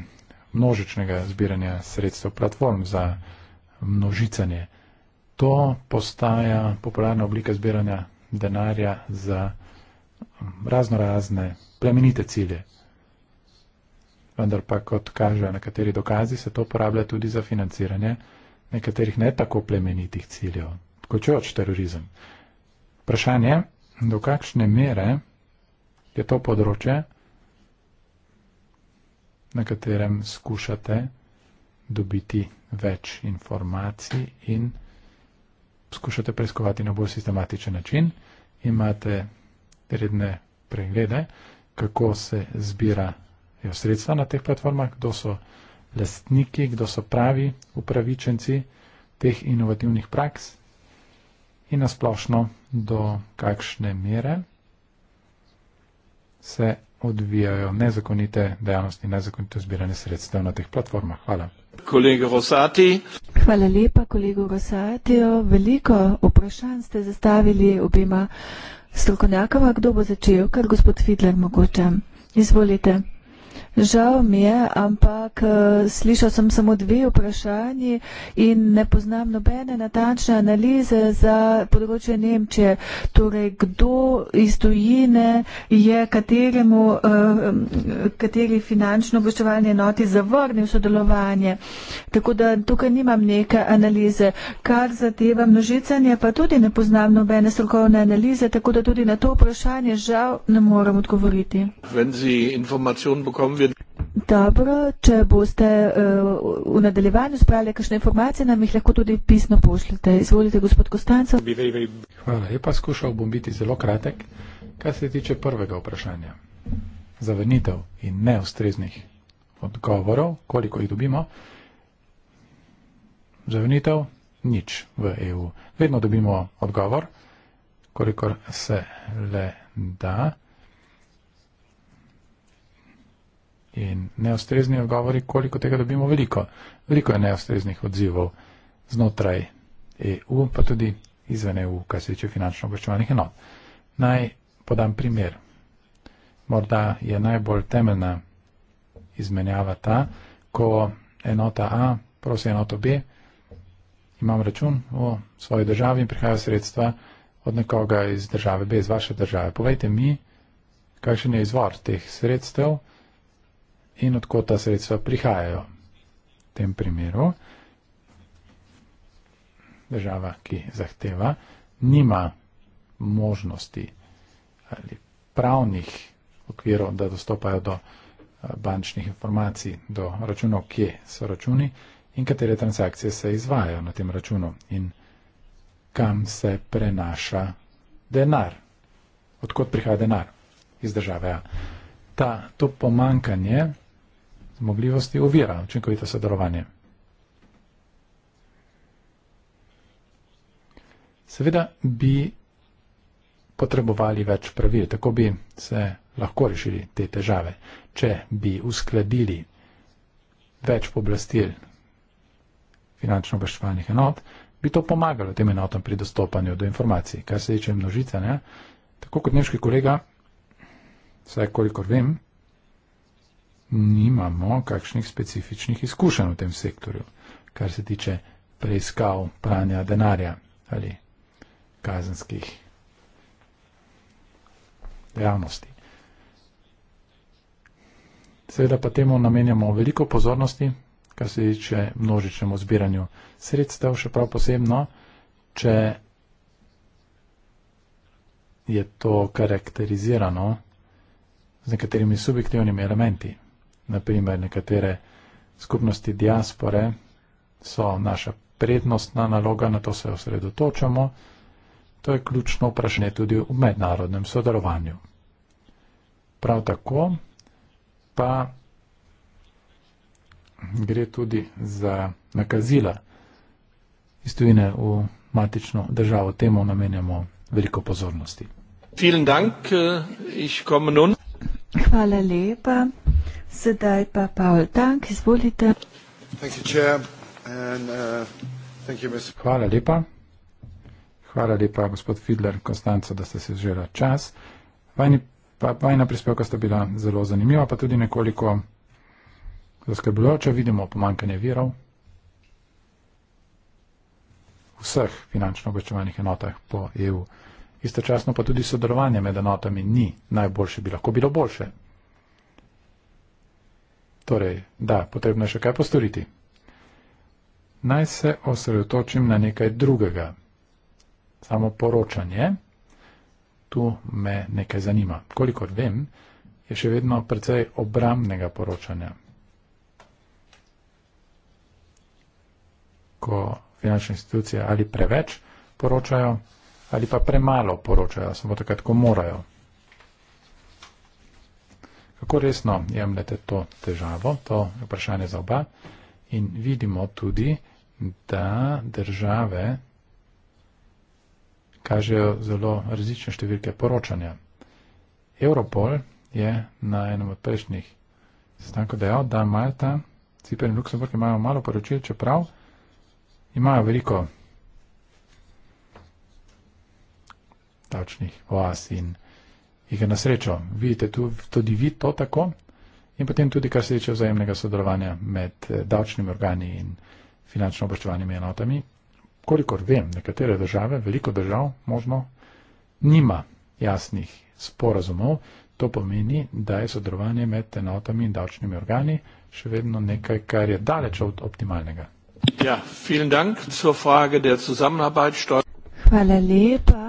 množičnega zbiranja sredstev platform za množicanje, to postaja popularna oblika zbiranja denarja za um, razno razne plemenite cilje. Vendar pa, kot kažejo nekateri dokazi, se to uporablja tudi za financiranje nekaterih ne tako plemenitih ciljev, kot je oč terorizem. Vprašanje, do kakšne mere je to področje, na katerem skušate dobiti več informacij in informacij skušate preiskovati na bolj sistematičen način, imate redne preglede, kako se zbirajo ja, sredstva na teh platformah, kdo so lastniki, kdo so pravi upravičenci teh inovativnih praks in nasplošno do kakšne mere se odvijajo nezakonite dejavnosti, nezakonite zbiranje sredstev na teh platformah. Hvala. Kolega Rosati. Hvala lepa, kolega Rosati. Veliko vprašanj ste zastavili obima strokovnjakama. Kdo bo začel? Kar gospod Fidler mogoče. Izvolite. Žal mi je, ampak eh, slišal sem samo dve vprašanji in ne poznam nobene natančne analize za področje Nemčije. Torej, kdo iz tujine je kateremu, eh, kateri finančno obveščevalni enoti zavrnil sodelovanje. Tako da tukaj nimam neke analize. Kar zadeva množicanje, pa tudi ne poznam nobene strokovne analize, tako da tudi na to vprašanje žal ne morem odgovoriti. Dobro, če boste uh, v nadaljevanju spravili kakšne informacije, nam jih lahko tudi pisno pošljete. Izvolite, gospod Kostanco. Hvala lepa, skušal bom biti zelo kratek. Kar se tiče prvega vprašanja, zavrnitev in neustreznih odgovorov, koliko jih dobimo, zavrnitev nič v EU. Vedno dobimo odgovor, kolikor se le da. in neustrezni odgovori, koliko tega dobimo, veliko. Veliko je neustreznih odzivov znotraj EU, pa tudi izven EU, kar se tiče finančno obveščevalnih enot. Naj podam primer. Morda je najbolj temeljna izmenjava ta, ko enota A prosi enoto B, imam račun v svoji državi in prihajajo sredstva od nekoga iz države B, iz vaše države. Povejte mi, kakšen je izvor teh sredstev, in odkot ta sredstva prihajajo. V tem primeru država, ki zahteva, nima možnosti ali pravnih okvirov, da dostopajo do eh, bančnih informacij, do računov, kje so računi in katere transakcije se izvajajo na tem računu in kam se prenaša denar, odkot prihaja denar iz države. Ta, to pomankanje zmogljivosti ovira učinkovito sodelovanje. Seveda bi potrebovali več pravil, tako bi se lahko rešili te težave, če bi uskladili več poblastil finančno-obaščevalnih enot, bi to pomagalo tem enotam pri dostopanju do informacij, kar se tiče množice. Ne? Tako kot nemški kolega, vsaj kolikor vem, nimamo kakšnih specifičnih izkušenj v tem sektorju, kar se tiče preiskav pranja denarja ali kazenskih dejavnosti. Seveda pa temu namenjamo veliko pozornosti, kar se tiče množičnemu zbiranju sredstev, še prav posebno, če je to karakterizirano z nekaterimi subjektivnimi elementi naprimer nekatere skupnosti diaspore, so naša prednostna naloga, na to se osredotočamo. To je ključno vprašanje tudi v mednarodnem sodelovanju. Prav tako pa gre tudi za nakazila iz tujine v matično državo. Temu namenjamo veliko pozornosti. Hvala lepa. Sedaj pa Paul Tank, izvolite. Uh, Hvala lepa. Hvala lepa, gospod Fidler, Konstanco, da ste se vzela čas. Vajni, pa, vajna prispevka sta bila zelo zanimiva, pa tudi nekoliko zaskrbljujoča. Vidimo pomankanje virov v vseh finančno-obveščevalnih enotah po EU. Istočasno pa tudi sodelovanje med enotami ni najboljše, bi lahko bilo boljše, Torej, da, potrebno je še kaj postoriti. Naj se osredotočim na nekaj drugega. Samo poročanje. Tu me nekaj zanima. Kolikor vem, je še vedno precej obramnega poročanja. Ko finančne institucije ali preveč poročajo, ali pa premalo poročajo, samo takrat, ko morajo. Kako resno jemljete to težavo, to vprašanje za oba? In vidimo tudi, da države kažejo zelo različne številke poročanja. Europol je na enem od prejšnjih sestankov dejal, da Malta, Cipr in Luksemburg imajo malo poročil, čeprav imajo veliko davčnih oas in igra na srečo. Vidite tudi vi to tako in potem tudi, kar se tiče vzajemnega sodelovanja med eh, davčnimi organi in finančno obraščevanimi enotami. Kolikor vem, nekatere države, veliko držav, možno nima jasnih sporazumov, to pomeni, da je sodelovanje med enotami in davčnimi organi še vedno nekaj, kar je daleč od optimalnega. Ja, Hvala lepa.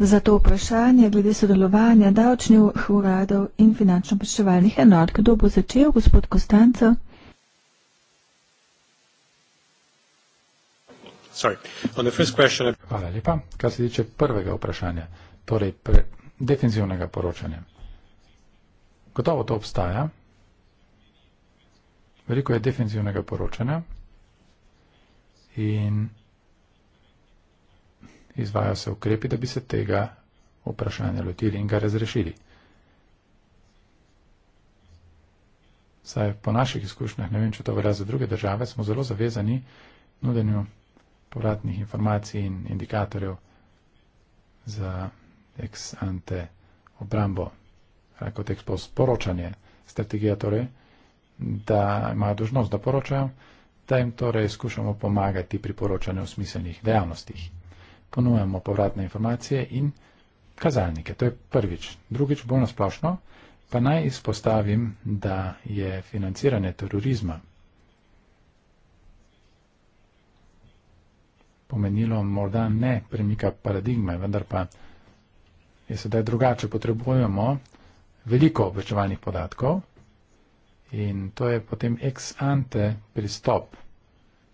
Zato vprašanje glede sodelovanja davčnih uradov in finančno-poščevalnih enot. Kdo bo začel, gospod Kostanco? Hvala lepa. Kar se tiče prvega vprašanja, torej defensivnega poročanja. Gotovo to obstaja. Veliko je defensivnega poročanja in vsega, izvajo se ukrepi, da bi se tega vprašanja lotili in ga razrešili. Saj po naših izkušnjah, ne vem, če to velja za druge države, smo zelo zavezani nudenju povratnih informacij in indikatorjev za ex ante obrambo, kot ekspos poročanje, strategija torej, da imajo dožnost, da poročajo, da jim torej skušamo pomagati pri poročanju v smiselnih dejavnostih ponujamo povratne informacije in kazalnike. To je prvič. Drugič, bolj nasplošno, pa naj izpostavim, da je financiranje terorizma pomenilo morda ne premika paradigme, vendar pa je sedaj drugače. Potrebujemo veliko obveščevalnih podatkov in to je potem ex ante pristop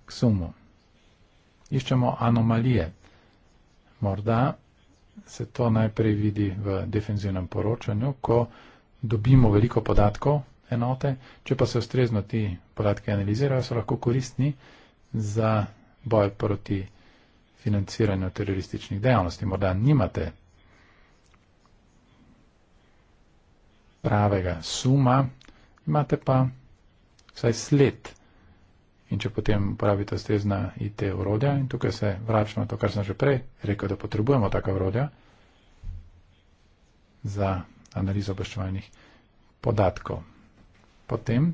k sumu. Iščemo anomalije, Morda se to najprej vidi v defenzivnem poročanju, ko dobimo veliko podatkov enote, če pa se ustrezno ti podatki analizirajo, so lahko koristni za boj proti financiranju terorističnih dejavnosti. Morda nimate pravega suma, imate pa vsaj sled In če potem uporabite stezna IT urodja, in tukaj se vračamo to, kar sem že prej rekel, da potrebujemo taka urodja za analizo obveščevalnih podatkov. Potem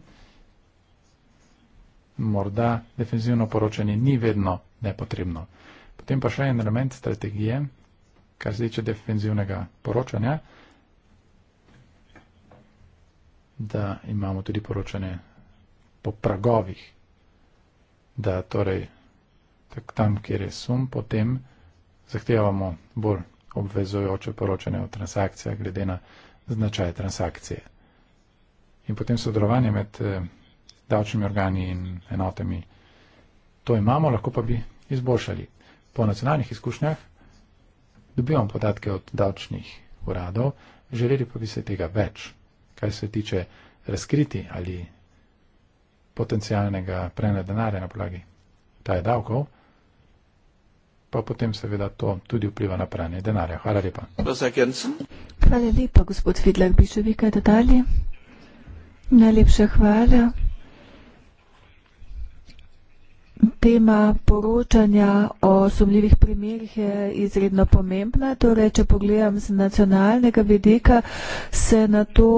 morda defenzivno poročanje ni vedno nepotrebno. Potem pa še en element strategije, kar se tiče defenzivnega poročanja, da imamo tudi poročanje po pragovih da torej tam, kjer je sum, potem zahtevamo bolj obvezojoče poročanje o transakcijah glede na značaj transakcije. In potem sodelovanje med eh, davčnimi organi in enotami. To imamo, lahko pa bi izboljšali. Po nacionalnih izkušnjah dobivamo podatke od davčnih uradov, želeli pa bi se tega več, kaj se tiče razkriti ali potencijalnega prenega denarja na podlagi taj davkov, pa potem seveda to tudi vpliva na pranje denarja. Hvala lepa. Hvala lepa, gospod Fidler, bi še vi kaj dodali? Najlepša hvala. Tema poročanja o sumljivih primerjih je izredno pomembna. Torej, če pogledam z nacionalnega vidika, se na to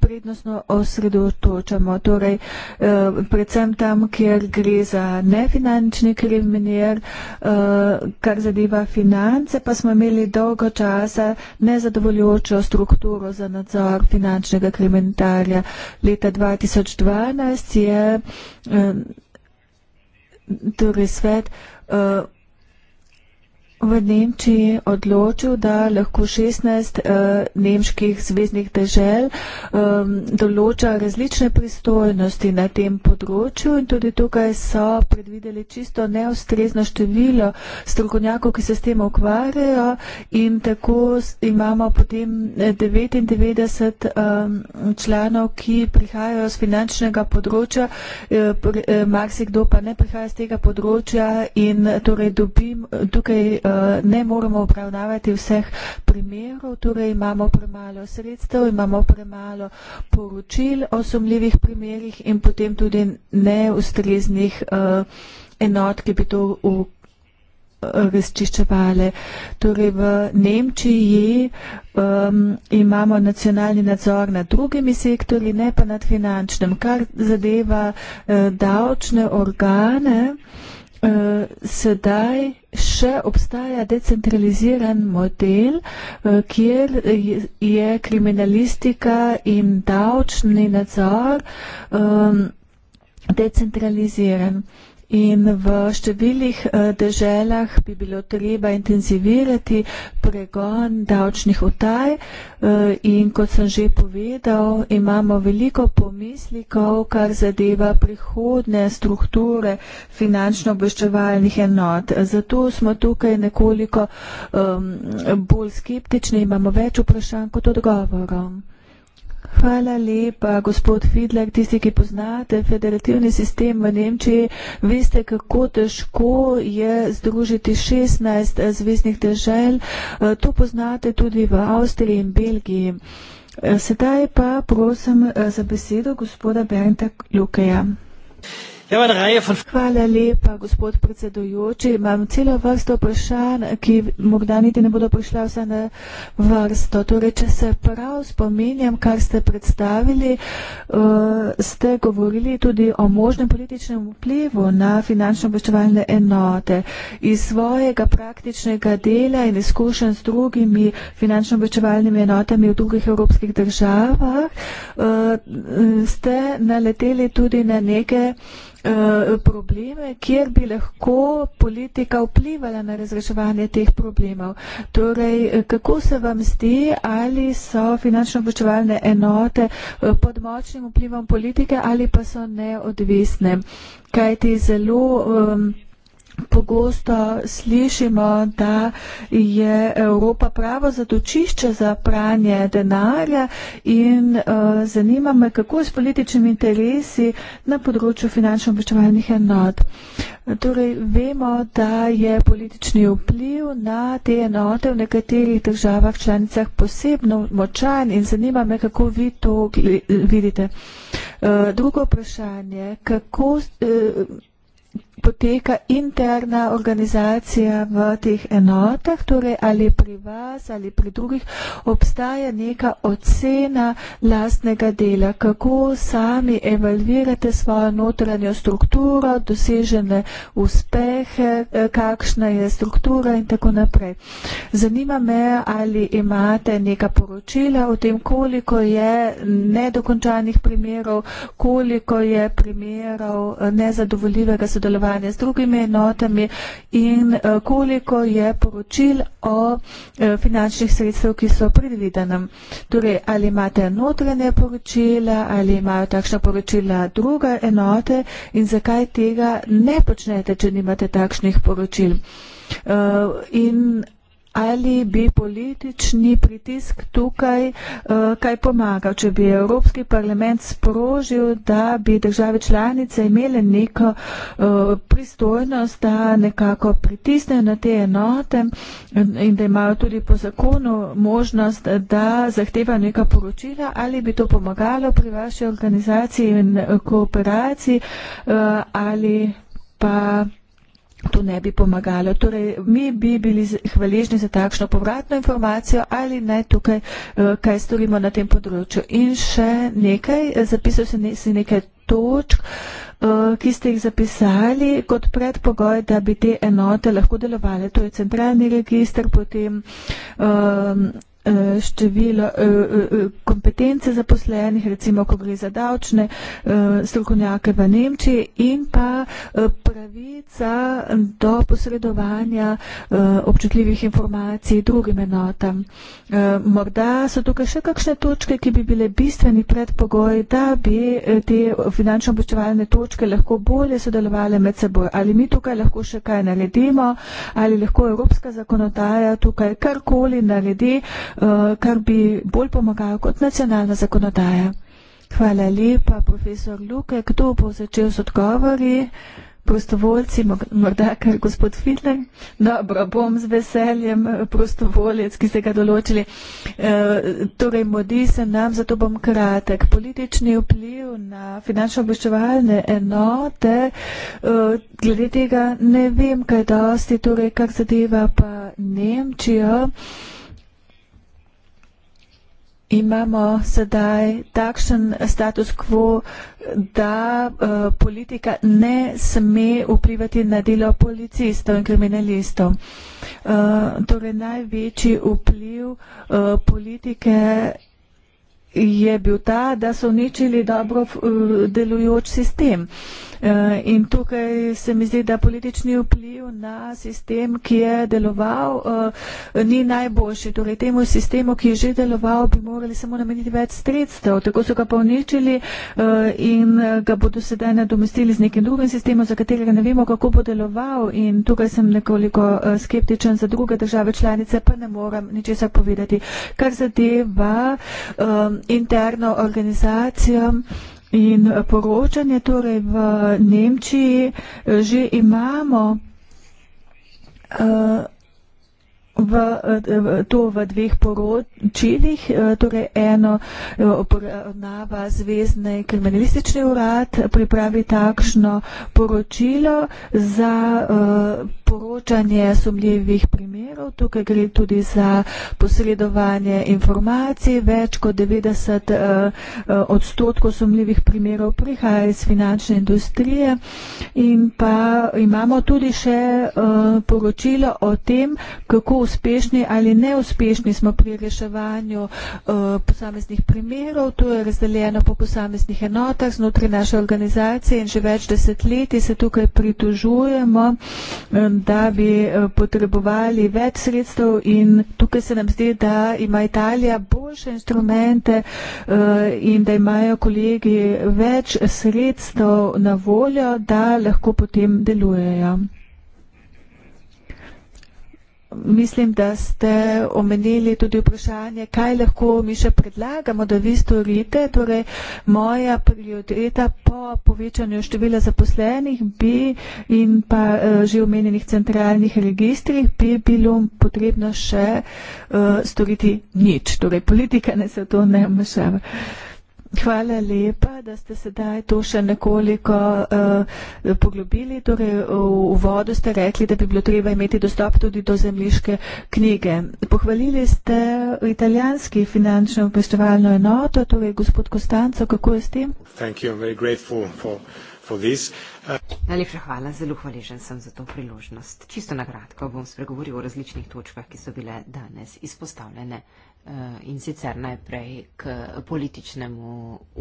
prednostno osredotočamo. Torej, eh, predvsem tam, kjer gre za nefinančni kriminjer, eh, kar zadeva finance, pa smo imeli dolgo časa nezadovoljočo strukturo za nadzor finančnega kriminjarja. Leta 2012 je eh, torej svet eh, v Nemčiji odločil, da lahko 16 uh, eh, nemških zvezdnih dežel um, določa različne pristojnosti na tem področju in tudi tukaj so predvideli čisto neustrezno število strokovnjakov, ki se s tem ukvarjajo in tako imamo potem 99 eh, um, ehm, članov, ki prihajajo z finančnega področja, eh, eh, marsikdo pa ne prihaja z tega področja in torej dobim tukaj. Eh, ne moremo obravnavati vseh primerov, torej imamo premalo sredstev, imamo premalo poročil o sumljivih primerjih in potem tudi neustreznih eh, enot, ki bi to v eh, razčiščevale. Torej v Nemčiji um, imamo nacionalni nadzor nad drugimi sektorji, ne pa nad finančnim, kar zadeva uh, davčne organe. Uh, Eh, sedaj še obstaja decentraliziran model, eh, kjer je kriminalistika in davčni nadzor eh, decentraliziran in v številnih eh, deželah bi bilo treba intenzivirati pregon davčnih utaj eh, in kot sem že povedal, imamo veliko pomislikov, kar zadeva prihodne strukture finančno-obveščevalnih enot. Zato smo tukaj nekoliko ehm, bolj skeptični, imamo več vprašanj kot odgovorov. Hvala lepa, gospod Fidlak. Tisti, ki poznate federativni sistem v Nemčiji, veste, kako težko je združiti 16 eh, zvezdnih držav. Eh, to poznate tudi v Avstriji in Belgiji. Eh, sedaj pa prosim za besedo gospoda Bernta Lukeja. Hvala lepa, gospod predsedujoči. Imam celo vrsto vprašanj, ki morda niti ne bodo prišla vsa na vrsto. Torej, če se prav spominjam, kar ste predstavili, eh, ste govorili tudi o možnem političnem vplivu na finančno obveščevalne enote. Iz svojega praktičnega dela in izkušenj s drugimi finančno obveščevalnimi enotami v drugih evropskih državah eh, ste naleteli tudi na neke Eh, probleme, kjer bi lahko politika vplivala na razreševanje teh problemov. Torej, eh, kako se vam zdi, ali so finančno-obveščevalne enote eh, pod močnim vplivom politike ali pa so neodvisne? Kajti zelo um, pogosto slišimo, da je Evropa pravo zatočišče za pranje denarja in uh, zanima me, kako je s političnimi interesi na področju finančno-obveščevalnih enot. Torej, vemo, da je politični vpliv na te enote v nekaterih državah članicah posebno močan in zanima me, kako vi to vidite. Uh, drugo vprašanje, kako. Uh, poteka interna organizacija v teh enotah, torej ali pri vas ali pri drugih obstaja neka ocena lastnega dela, kako sami evalvirate svojo notranjo strukturo, dosežene uspehe, eh, kakšna je struktura in tako naprej. Zanima me, ali imate neka poročila o tem, koliko je nedokončanih primerov, koliko je primerov eh, nezadovoljivega sodelovanja sodelovanje z drugimi enotami in eh, koliko je poročil o eh, finančnih sredstev, ki so predvidenem. Torej, ali imate notranje poročila, ali imajo takšna poročila druga enote in zakaj tega ne počnete, če nimate takšnih poročil. Eh, in ali bi politični pritisk tukaj uh, kaj pomagal, če bi Evropski parlament sprožil, da bi države članice imele neko uh, pristojnost, da nekako pritisnejo na te enote in da imajo tudi po zakonu možnost, da zahteva neka poročila, ali bi to pomagalo pri vaši organizaciji in eh, kooperaciji uh, ali pa to ne bi pomagalo. Torej, mi bi bili hvaležni za takšno povratno informacijo ali naj tukaj eh, kaj storimo na tem področju. In še nekaj, eh, zapisal sem si nekaj točk, eh, ki ste jih zapisali kot predpogoj, da bi te enote lahko delovale. To je centralni register, potem um, Eh, število eh, eh, kompetence zaposlenih, recimo, ko gre za davčne strokovnjake v Nemčiji in pa pravica do posredovanja občutljivih informacij drugim enotam. Morda so tukaj še kakšne točke, ki bi bile bistveni predpogoji, da bi te finančno obveščevalne točke lahko bolje sodelovali med seboj. Ali mi tukaj lahko še kaj naredimo, ali lahko evropska zakonodaja tukaj karkoli naredi, Eh, kar bi bolj pomagalo kot nacionalna zakonodaja. Hvala lepa, profesor Luke. Kdo bo začel z odgovori? Prostovoljci, morda kar gospod Fidler. Dobro, bom z veseljem eh, prostovoljec, ki ste ga določili. E, torej, modi se nam, zato bom kratek. Politični vpliv na finančno obveščevalne enote, e, glede tega ne vem, kaj dosti, torej, kar zadeva pa Nemčijo. E, imamo sedaj takšen status quo, da uh, politika ne sme vplivati na delo policistov in kriminalistov. Uh, torej največji vpliv uh, politike je bil ta, da so uničili dobro delujoč sistem. Uh, Eh, in tukaj se mi zdi, da politični vpliv na sistem, ki je deloval, eh, ni najboljši. Torej, temu sistemu, ki je že deloval, bi morali samo nameniti več sredstev. Tako so ga pa uničili eh, in ga bodo sedaj nadomestili z nekim drugim sistemom, za katerega ne vemo, kako bo deloval. In tukaj sem nekoliko skeptičen za druge države članice, pa ne morem ničesar povedati. Kar zadeva um, interno organizacijo. Um, In poročanje torej v Nemčiji eh, že imamo. Uh, v, to v dveh poročilih, eh, torej eno eh, oporavnava Zvezdne kriminalistični urad, pripravi takšno poročilo za eh, poročanje sumljivih primerov, tukaj gre tudi za posredovanje informacij, več kot 90 odstotkov sumljivih primerov prihaja iz finančne industrije in pa imamo tudi še poročilo o tem, kako uspešni ali neuspešni smo pri reševanju uh, posameznih primerov. To je razdeljeno po posameznih enotah znotraj naše organizacije in že več desetletij se tukaj pritožujemo, eh, da bi eh, potrebovali več sredstev in tukaj se nam zdi, da ima Italija boljše instrumente uh, in da imajo kolegi več sredstev na voljo, da lahko potem delujejo mislim, da ste omenili tudi vprašanje, kaj lahko mi še predlagamo, da vi storite. Torej, moja prioriteta po povečanju števila zaposlenih bi in pa eh, že omenjenih centralnih registrih bi bilo potrebno še uh, storiti nič. Torej, politika ne se to ne vmešava. Uh, Hvala lepa, da ste sedaj to še nekoliko uh, poglobili. Torej, v uvodu ste rekli, da bi bilo treba imeti dostop tudi do zemljiške knjige. Pohvalili ste italijanski finančno obveščevalno enoto, torej gospod Kostanco, kako je s tem? Hvala lepa, da ste sedaj to še nekoliko poglobili for this. Najlepša hvala, zelo hvaležen sem za to priložnost. Čisto na kratko bom spregovoril o različnih točkah, ki so bile danes izpostavljene eh, in sicer najprej k političnemu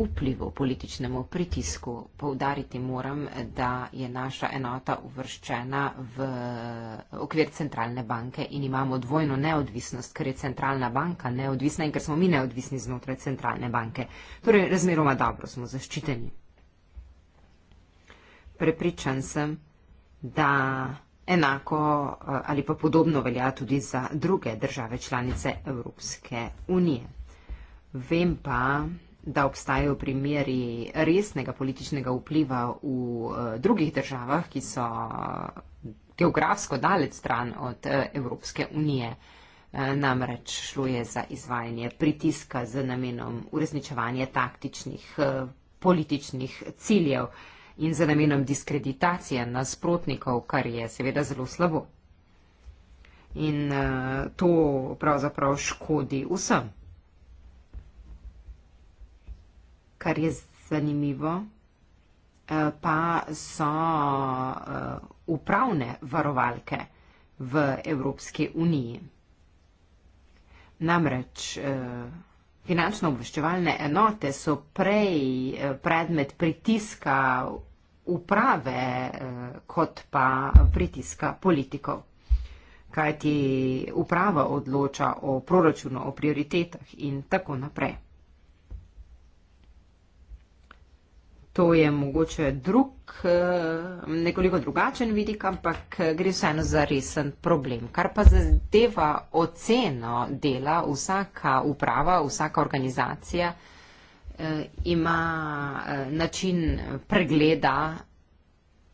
vplivu, političnemu pritisku. Povdariti moram, da je naša enota uvrščena v eh, okvir centralne banke in imamo dvojno neodvisnost, ker je centralna banka neodvisna in ker smo mi neodvisni znotraj centralne banke. Torej, razmeroma dobro smo zaščiteni prepričan sem, da enako eh, ali pa podobno velja tudi za druge države članice Evropske unije. Vem pa, da obstajajo primeri resnega političnega vpliva v eh, drugih državah, ki so geografsko dalec stran od eh, Evropske unije. Namreč šlo je za izvajanje pritiska z namenom uresničevanja taktičnih političnih ciljev in za namenom diskreditacije nasprotnikov, kar je seveda zelo slabo. In uh, to pravzaprav škodi vsem. Kar je zanimivo, uh, pa so uh, upravne varovalke v Evropski uniji. Namreč. Uh, finančno obveščevalne enote so prej eh, predmet pritiska uprave eh, kot pa pritiska politikov. Kajti uprava odloča o proračunu, o prioritetah in tako naprej. To je mogoče drug, eh, nekoliko drugačen vidik, ampak eh, gre vseeno za resen problem. Kar pa zadeva oceno dela, vsaka uprava, vsaka organizacija eh, ima način pregleda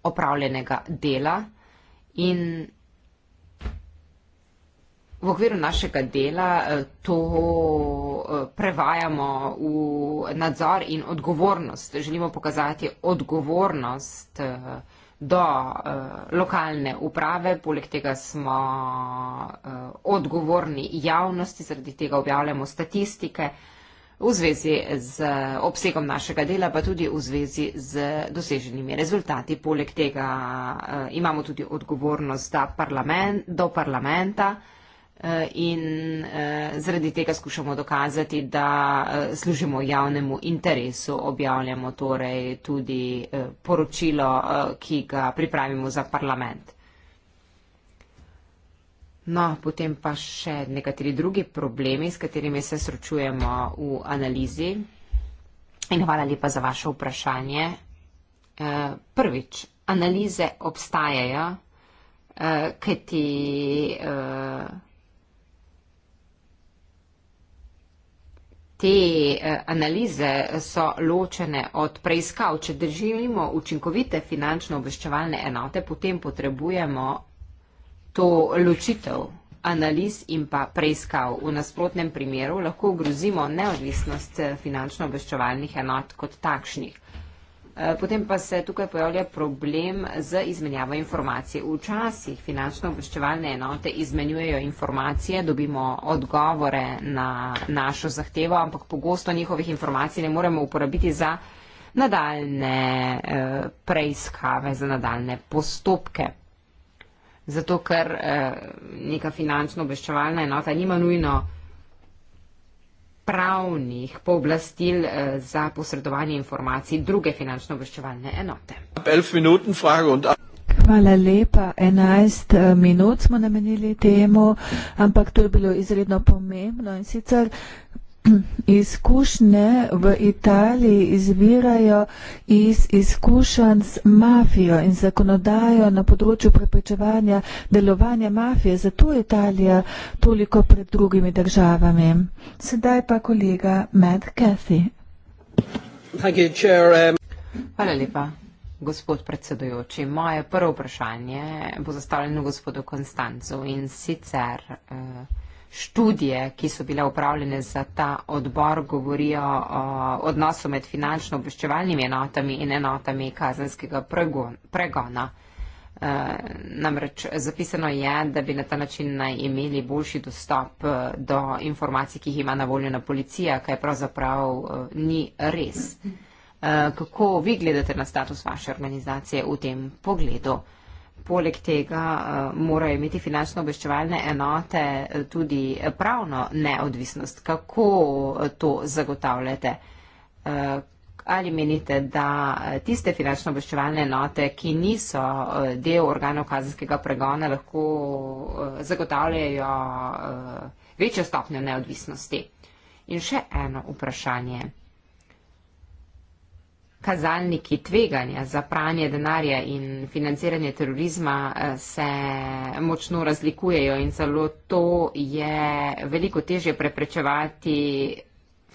opravljenega dela in v okviru našega dela eh, to eh, prevajamo v nadzor in odgovornost. Želimo pokazati odgovornost eh, do lokalne uprave, poleg tega smo odgovorni javnosti, zaradi tega objavljamo statistike v zvezi z obsegom našega dela, pa tudi v zvezi z doseženimi rezultati. Poleg tega imamo tudi odgovornost parlament, do parlamenta. Eh, in eh, zaradi tega skušamo dokazati, da eh, služimo javnemu interesu, objavljamo torej tudi poročilo, ki ga pripravimo za parlament. No, potem pa še nekateri drugi problemi, s katerimi se srečujemo v analizi. In hvala lepa za vaše vprašanje. Prvič, analize obstajajo, kajti te eh, analize so ločene od preiskav. Če držimo učinkovite finančno obveščevalne enote, potem potrebujemo to ločitev analiz in pa preiskav. V nasprotnem primeru lahko ogrozimo neodvisnost eh, finančno obveščevalnih enot kot takšnih. Eh, potem pa se tukaj pojavlja problem z izmenjavo informacij. Včasih finančno obveščevalne enote izmenjujejo informacije, dobimo odgovore na našo zahtevo, ampak pogosto njihovih informacij ne moremo uporabiti za nadaljne eh, preiskave, za nadaljne postopke. Zato, ker eh, neka finančno obveščevalna enota nima nujno informacije, pravnih pooblastil eh, za posredovanje informacij druge finančno-obveščevalne enote. Hvala lepa. 11 eh, minut smo namenili temu, ampak to je bilo izredno pomembno in sicer izkušnje v Italiji izvirajo iz izkušenj z mafijo in zakonodajo na področju preprečevanja delovanja mafije. Zato je Italija toliko pred drugimi državami. Sedaj pa kolega Matt Cathy. Um, Hvala lepa. Gospod predsedujoči, moje prvo vprašanje bo zastavljeno gospodu Konstancu in sicer. Uh, študije, ki so bile upravljene za ta odbor, govorijo o odnosu med finančno obveščevalnimi enotami in enotami kazenskega pregona. Eh, namreč zapisano je, da bi na ta način naj imeli boljši dostop eh, do informacij, ki jih ima na voljo na policija, kaj pravzaprav eh, ni res. Kako vi gledate na status vaše organizacije v tem pogledu? Poleg tega eh, morajo imeti finančno obveščevalne enote eh, tudi pravno neodvisnost. Kako eh, to zagotavljate? Ali menite, da tiste finančno obveščevalne enote, ki niso del organov kazenskega pregona, lahko zagotavljajo večjo stopnjo neodvisnosti? In še eno vprašanje kazalniki tveganja za pranje denarja in financiranje terorizma eh, se močno razlikujejo in celo to je veliko težje preprečevati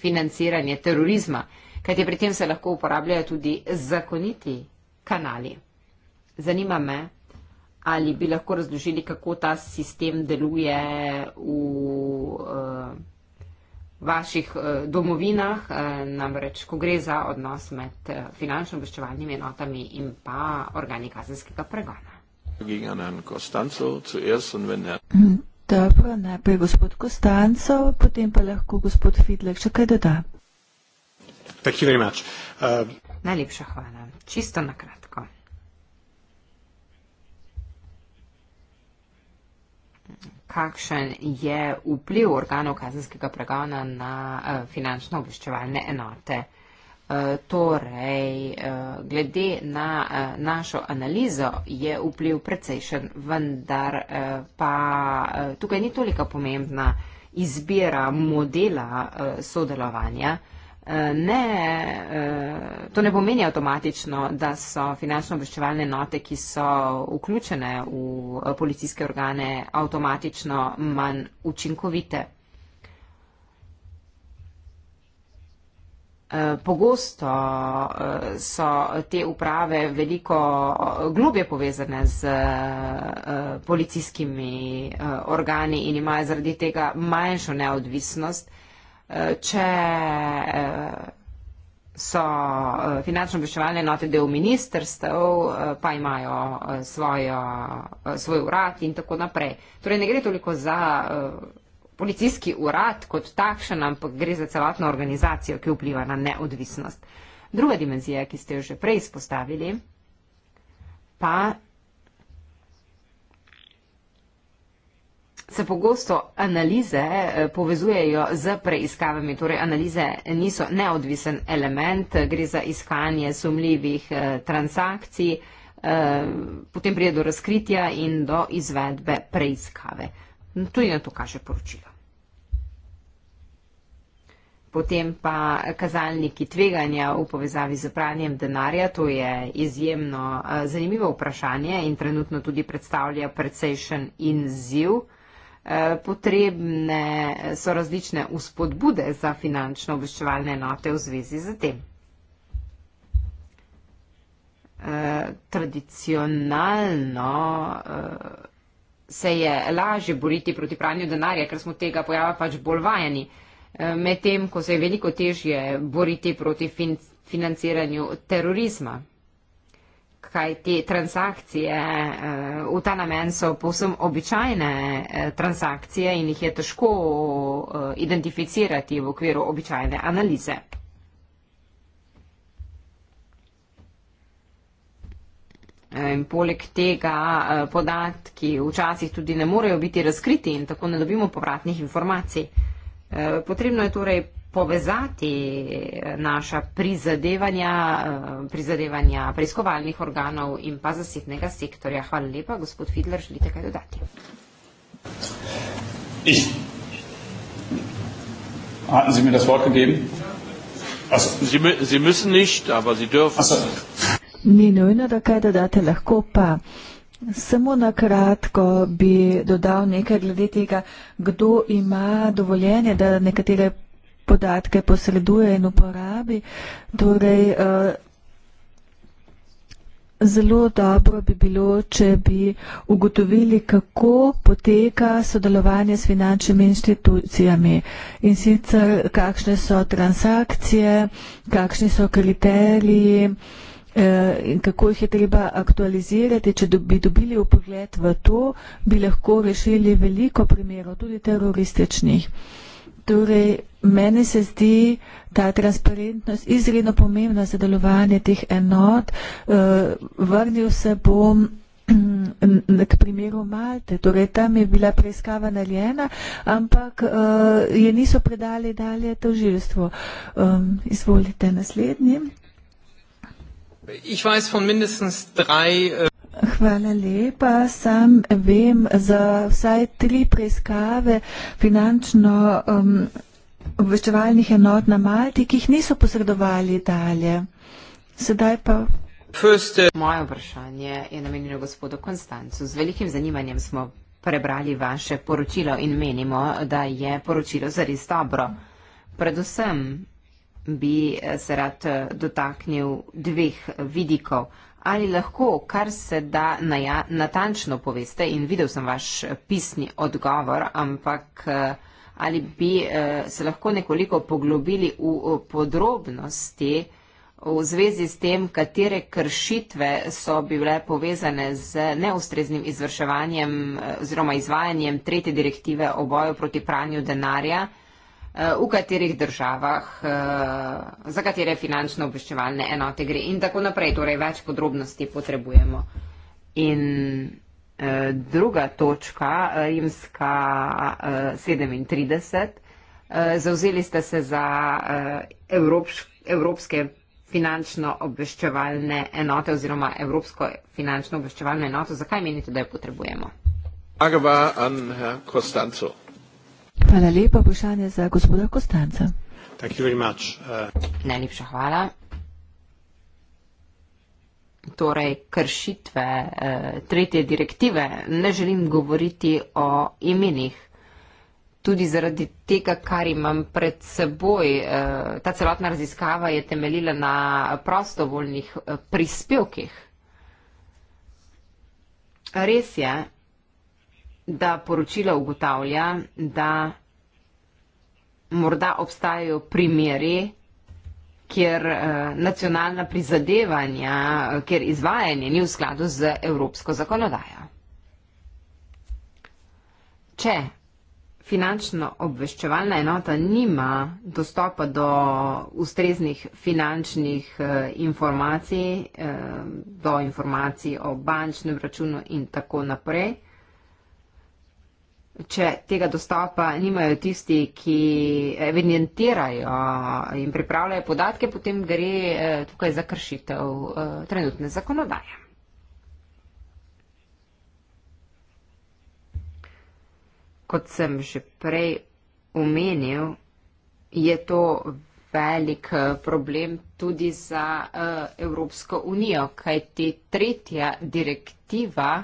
financiranje terorizma, kajti pri tem se lahko uporabljajo tudi zakoniti kanali. Zanima me, ali bi lahko razložili, kako ta sistem deluje v. Uh, vaših eh, domovinah, eh, namreč ko gre za odnos med eh, finančno obveščevalnimi enotami in pa organi kazenskega pregona. Er- [CLEARS THROAT] Dobro, najprej gospod Kostancov, potem pa lahko gospod Fidlek še kaj doda. Uh... Najlepša hvala. Čisto nakrat. kakšen je vpliv organov kazenskega pregona na eh, finančno obveščevalne enote. Eh, torej, eh, glede na našo analizo je vpliv precejšen, vendar pa tukaj ni toliko pomembna izbira modela sodelovanja ne, eh, to ne pomeni avtomatično, da so finančno obveščevalne note, ki so vključene v eh, policijske organe, avtomatično manj učinkovite. Eh, pogosto so te uprave veliko globje povezane z policijskimi organi in imajo zaradi tega manjšo neodvisnost c'è, eh, so, eh, finančno obveščevalne enote del ministrstv, eh, pa imajo svojo, svoj urad in tako naprej. Torej ne gre toliko za policijski urad kot takšen, ampak gre za celotno organizacijo, ki vpliva na neodvisnost. Druga dimenzija, ki ste jo že prej izpostavili, pa se pogosto analize eh, povezujejo z preiskavami, torej analize niso neodvisen element, gre za iskanje sumljivih eh, transakcij, eh, potem prije do razkritja in do izvedbe preiskave. Tudi na to kaže poročilo. Potem pa kazalniki tveganja v povezavi z pranjem denarja, to je izjemno zanimivo vprašanje in trenutno tudi predstavlja precejšen inziv. Eh, potrebne so različne uspodbude za finančno obveščevalne enote v zvezi z tem. Eh, tradicionalno eh, se je lažje boriti proti pranju denarja, ker smo tega pojava pač bolj vajeni, medtem ko se je veliko težje boriti proti financiranju terorizma kaj te transakcije eh, v ta namen so povsem običajne eh, transakcije in jih je težko eh, identificirati v okviru običajne analize. In poleg tega podatki včasih tudi ne morejo biti razkriti in tako ne dobimo povratnih informacij. Potrebno je torej povezati eh, naša prizadevanja, eh, prizadevanja preiskovalnih organov in pa zasebnega sektorja. Hvala lepa, gospod Fidler, želite kaj dodati? Ich. Hatten ah, Sie mir das Wort gegeben? Also. Sie, Sie müssen nicht, aber Sie dürfen. Also. Ni nujno, da kaj dodate, lahko pa samo na kratko bi dodal nekaj glede tega, kdo ima dovoljenje, da nekatere podatke posreduje in uporabi. Torej, eh, zelo dobro bi bilo, če bi ugotovili, kako poteka sodelovanje s finančnimi inštitucijami in sicer kakšne so transakcije, kakšni so kriteriji eh, in kako jih je treba aktualizirati. Če bi dobili upogled v to, bi lahko rešili veliko primerov, tudi terorističnih. Torej, meni se zdi ta transparentnost izredno pomembna za delovanje teh enot. Eh, vrnil se bom [CLEARS THROAT] k primeru Malte. Torej, tam je bila preiskava naljena, ampak eh, je niso predali dalje to žilstvo. Um, izvolite naslednji. Ich weiß von mindestens drei... Äh, Hvala lepa. Sam vem za vsaj tri preiskave finančno um, obveščevalnih enot na Malti, ki jih niso posredovali dalje. Sedaj pa. First, uh... Moje vprašanje je namenjeno gospodu Konstancu. Z velikim zanimanjem smo prebrali vaše poročilo in menimo, da je poročilo zares dobro. Predvsem bi eh, se rad eh, dotaknil dveh vidikov. Ali lahko, kar se da naja, natančno poveste, in videl sem vaš pisni odgovor, ampak uh, ali bi eh, se lahko nekoliko poglobili v podrobnosti v zvezi s tem, katere kršitve so bile povezane z neustreznim izvrševanjem eh, oziroma izvajanjem tretje direktive o boju proti pranju denarja, eh, v katerih državah, za katere finančno obveščevalne enote gre in tako naprej. Torej, več podrobnosti potrebujemo. In Eh, druga točka, eh, rimska 37, eh, zauzeli ste se za evropske finančno obveščevalne enote oziroma evropsko finančno obveščevalno enoto. Zakaj menite, da jo potrebujemo? Hvala lepa, vprašanje za gospoda Kostanca. Uh, Najlepša hvala torej kršitve eh, tretje direktive, ne želim govoriti o imenih. Tudi zaradi tega, kar imam pred seboj, eh, ta celotna raziskava je temeljila na prostovoljnih eh, prispevkih. Res je, da poročila ugotavlja, da morda obstajajo primeri, kjer eh, nacionalna prizadevanja, kjer izvajanje ni v skladu z evropsko zakonodajo. Če finančno obveščevalna enota nima dostopa do ustreznih finančnih eh, informacij, eh, do informacij o bančnem računu in tako naprej, če tega dostopa nimajo tisti, ki evidentirajo in pripravljajo podatke, potem gre eh, tukaj za kršitev eh, trenutne zakonodaje. Kot sem že prej omenil, je to velik eh, problem tudi za Evropsko unijo, kajti tretja direktiva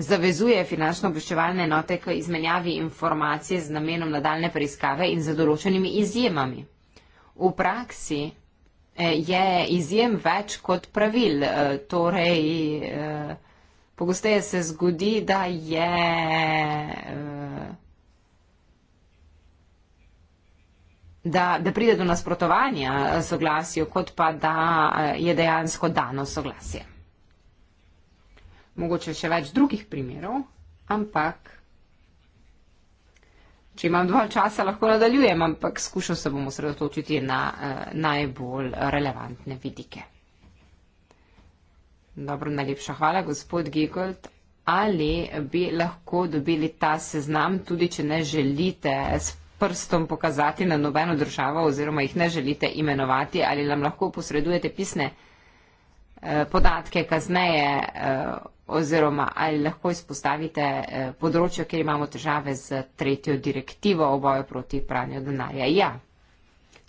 zavezuje finančno obveščevalne enote k izmenjavi informacije z namenom nadaljne preiskave in za določenimi izjemami. V praksi eh, je izjem več kot pravil, eh, torej eh, pogosteje se zgodi, da je Da, da pride do nasprotovanja soglasju, kot pa da je dejansko dano soglasje mogoče še več drugih primerov, ampak če imam dovolj časa, lahko nadaljujem, ampak skušal se bom osredotočiti na eh, najbolj relevantne vidike. Dobro, najlepša hvala, gospod Gigold. Ali bi lahko dobili ta seznam, tudi če ne želite s prstom pokazati na nobeno državo oziroma jih ne želite imenovati, ali nam lahko posredujete pisne eh, podatke kasneje? Eh, oziroma ali lahko izpostavite eh, področje, kjer imamo težave z tretjo direktivo o boju proti pranju denarja. Ja,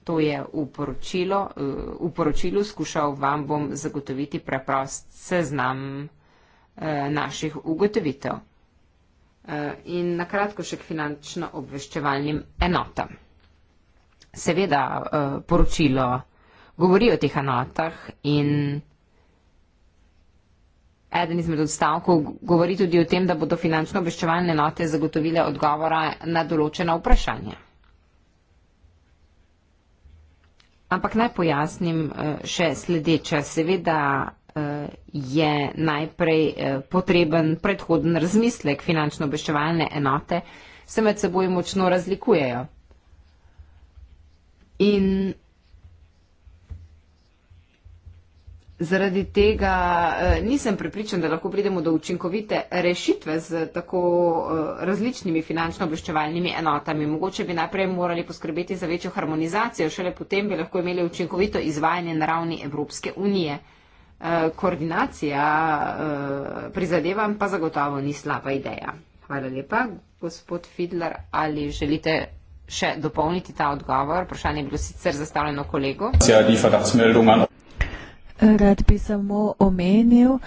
to je v eh, poročilu, skušal vam bom zagotoviti preprost seznam eh, naših ugotovitev. In nakratko še k finančno obveščevalnim enotam. Seveda poročilo govori o teh enotah in eden izmed odstavkov govori tudi o tem, da bodo finančno obveščevalne enote zagotovile odgovora na določena vprašanja. Ampak naj pojasnim eh, še sledeče. Seveda eh, je najprej eh, potreben predhoden razmislek finančno obveščevalne enote, se med seboj močno razlikujejo. In Zaradi tega eh, nisem prepričan, da lahko pridemo do učinkovite rešitve z tako eh, različnimi finančno obveščevalnimi enotami. Mogoče bi najprej morali poskrbeti za večjo harmonizacijo, šele potem bi lahko imeli učinkovito izvajanje na ravni Evropske unije. Eh, koordinacija prizadevam pa zagotovo ni slaba ideja. Hvala lepa, gospod Fidler, ali želite še dopolniti ta odgovor? Vprašanje je bilo sicer zastavljeno kolego. Ja, Rad bi samo omenil,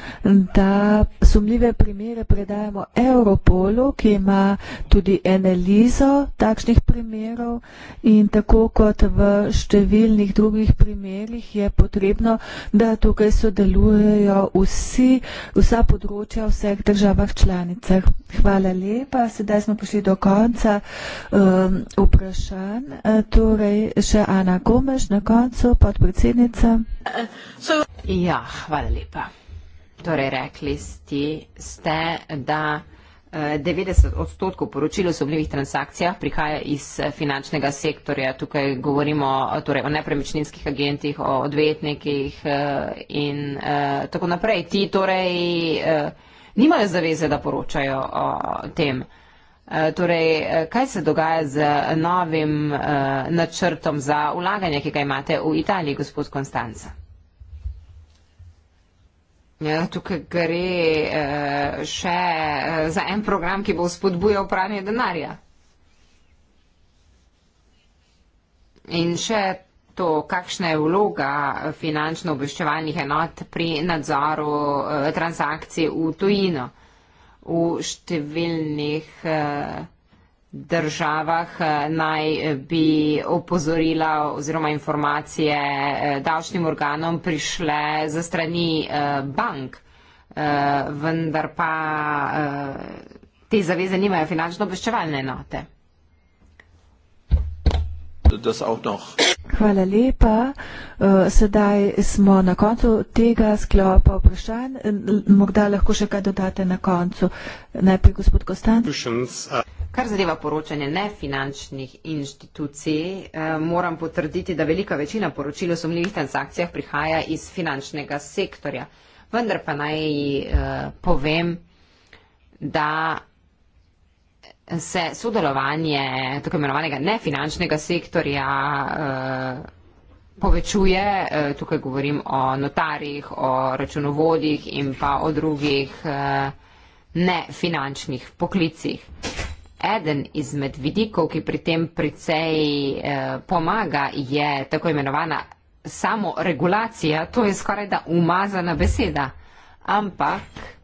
da sumljive primere predajamo Europolu, ki ima tudi analizo takšnih primerov in tako kot v številnih drugih primerih je potrebno, da tukaj sodelujejo vsi, vsa področja v vseh državah članicah. Hvala lepa, sedaj smo prišli do konca um, vprašanj. Torej, še Ana Gomeš na koncu, podpredsednica. Uh, so... Ja, hvala lepa. Torej, rekli ste, ste da 90 eh, odstotkov poročil o sumljivih transakcijah prihaja iz eh, finančnega sektorja. Tukaj govorimo eh, torej, o nepremičninskih agentih, o odvetnikih in tako naprej. Ti torej nimajo zaveze, da poročajo o tem. Torej, kaj se dogaja z novim načrtom za ulaganje, ki ga imate v Italiji, gospod Konstanca? Ja, tukaj gre eh, še eh, za en program, ki bo spodbujal pranje denarja. In še to, kakšna je vloga eh, finančno obveščevalnih enot pri nadzoru transakcij v tujino. V številnih državah eh, naj eh, bi opozorila oziroma informacije eh, davčnim organom prišle za strani bank, vendar pa te zaveze nimajo finančno obveščevalne enote das auch noch. Hvala lepa. Eh, sedaj smo na koncu tega sklopa vprašanj. Morda lahko še kaj dodate na koncu. Najprej gospod Kostan. Kar zadeva poročanje nefinančnih inštitucij, eh, moram potrditi, da velika večina poročil o sumljivih transakcijah prihaja iz finančnega sektorja. Vendar pa naj eh, povem, da se sodelovanje tako imenovanega nefinančnega sektorja eh, povečuje. Eh, tukaj govorim o notarjih, o računovodjih in pa o drugih eh, nefinančnih poklicih. Eden izmed vidikov, ki pri tem precej pomaga, je tako imenovana samoregulacija. To je skoraj da umazana beseda. Ampak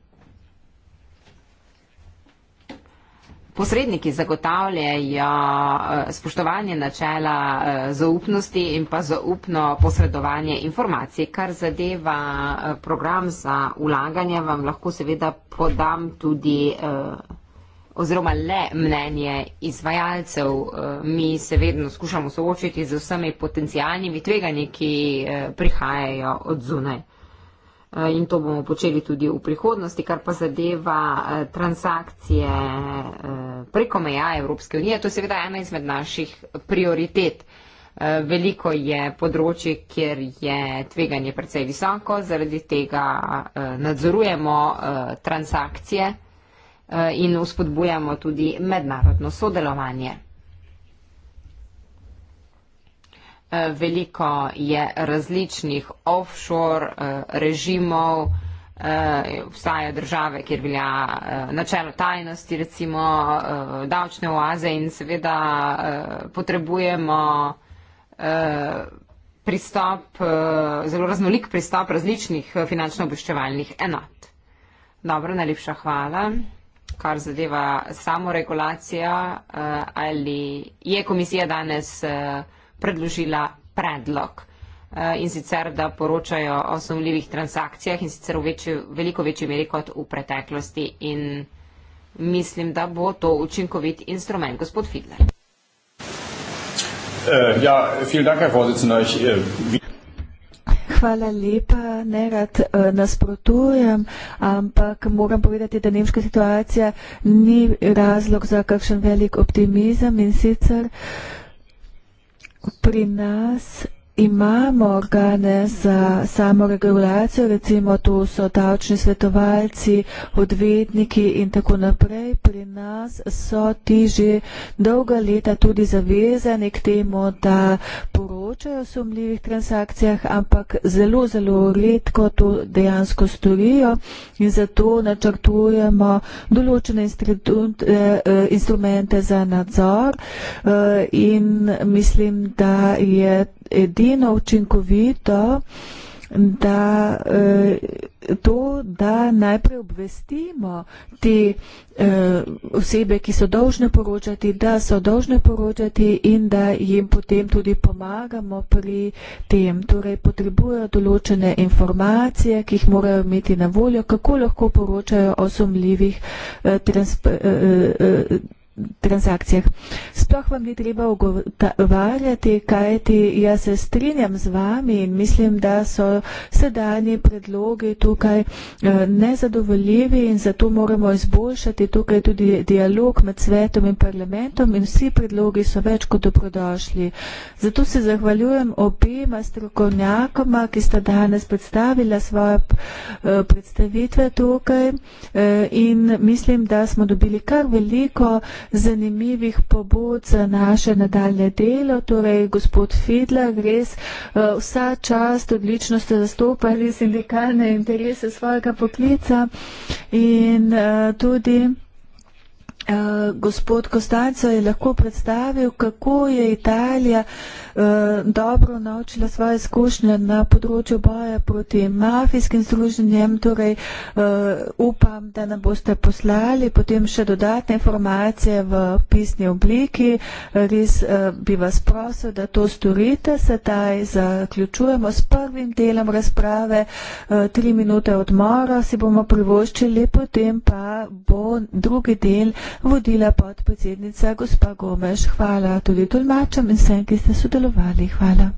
posredniki zagotavljajo eh, spoštovanje načela eh, zaupnosti in pa zaupno posredovanje informacij. Kar zadeva eh, program za ulaganje, vam lahko seveda podam tudi oziroma le mnenje izvajalcev. Mi se vedno skušamo soočiti z vsemi potencijalnimi tveganji, ki prihajajo od zunaj. Eh, in to bomo počeli tudi v prihodnosti, kar pa zadeva eh, transakcije eh, preko meja Evropske unije. To je seveda ena izmed naših prioritet. Veliko je področji, kjer je tveganje precej visoko, zaradi tega nadzorujemo transakcije in uspodbujamo tudi mednarodno sodelovanje. Eh, veliko je različnih offshore eh, režimov, vsaje eh, države, kjer velja načelo tajnosti, recimo davčne oaze in seveda potrebujemo pristop, zelo raznolik pristop različnih finančno-obveščevalnih enot. Dobro, najlepša hvala. Kar zadeva samo regulacija, ali je komisija danes vsega, predložila predlog eh, in sicer, da poročajo o sumljivih transakcijah in sicer v večji, veliko večji meri kot v preteklosti in mislim, da bo to učinkovit instrument. Gospod Fidler. Eh, ja, vielen Dank, Herr Vorsitzender. Ich, äh, Hvala lepa, nerad eh, nasprotujem, ampak moram povedati, da nemška situacija ni razlog za kakšen velik optimizem in sicer uh, pri nas imamo organe za samoregulacijo, recimo tu so davčni svetovalci, odvedniki in tako naprej. Pri nas so ti že dolga leta tudi zavezani k temu, da poročajo o sumljivih transakcijah, ampak zelo, zelo redko to dejansko storijo in zato načrtujemo določene eh, eh, instrumente za nadzor eh, in mislim, da je edino učinkovito, da eh, to, da najprej obvestimo te eh, osebe, ki so dolžne poročati, da so dolžne poročati in da jim potem tudi pomagamo pri tem. Torej potrebujejo določene informacije, ki jih morajo imeti na voljo, kako lahko poročajo o sumljivih eh, transparentih transakcijah. Sploh vam ni treba ogovarjati, kaj ti jaz se strinjam z vami in mislim, da so sedajni predlogi tukaj eh, nezadovoljivi in zato moramo izboljšati tukaj tudi dialog med svetom in parlamentom in vsi predlogi so več kot dobrodošli. Zato se zahvaljujem obima strokovnjakoma, ki sta danes predstavila svoje eh, predstavitve tukaj eh, in mislim, da smo dobili kar veliko zanimivih pobud za naše nadaljne delo. Torej, gospod Fidler, res eh, vsa čast, odlično ste zastopali sindikalne interese svojega poklica in eh, tudi. Eh, gospod Kostanco je lahko predstavil, kako je Italija eh, dobro naučila svoje izkušnje na področju boja proti mafijskim združenjem. Torej, eh, upam, da nam boste poslali potem še dodatne informacije v pisni obliki. Res bi vas prosil, da to storite. Sedaj zaključujemo s prvim delom razprave. Tri minute odmora si bomo privoščili, potem pa bo drugi del vodila podpredsednica gospa Gomeš. Hvala tudi tolmačem in vsem, ki ste sodelovali. Hvala.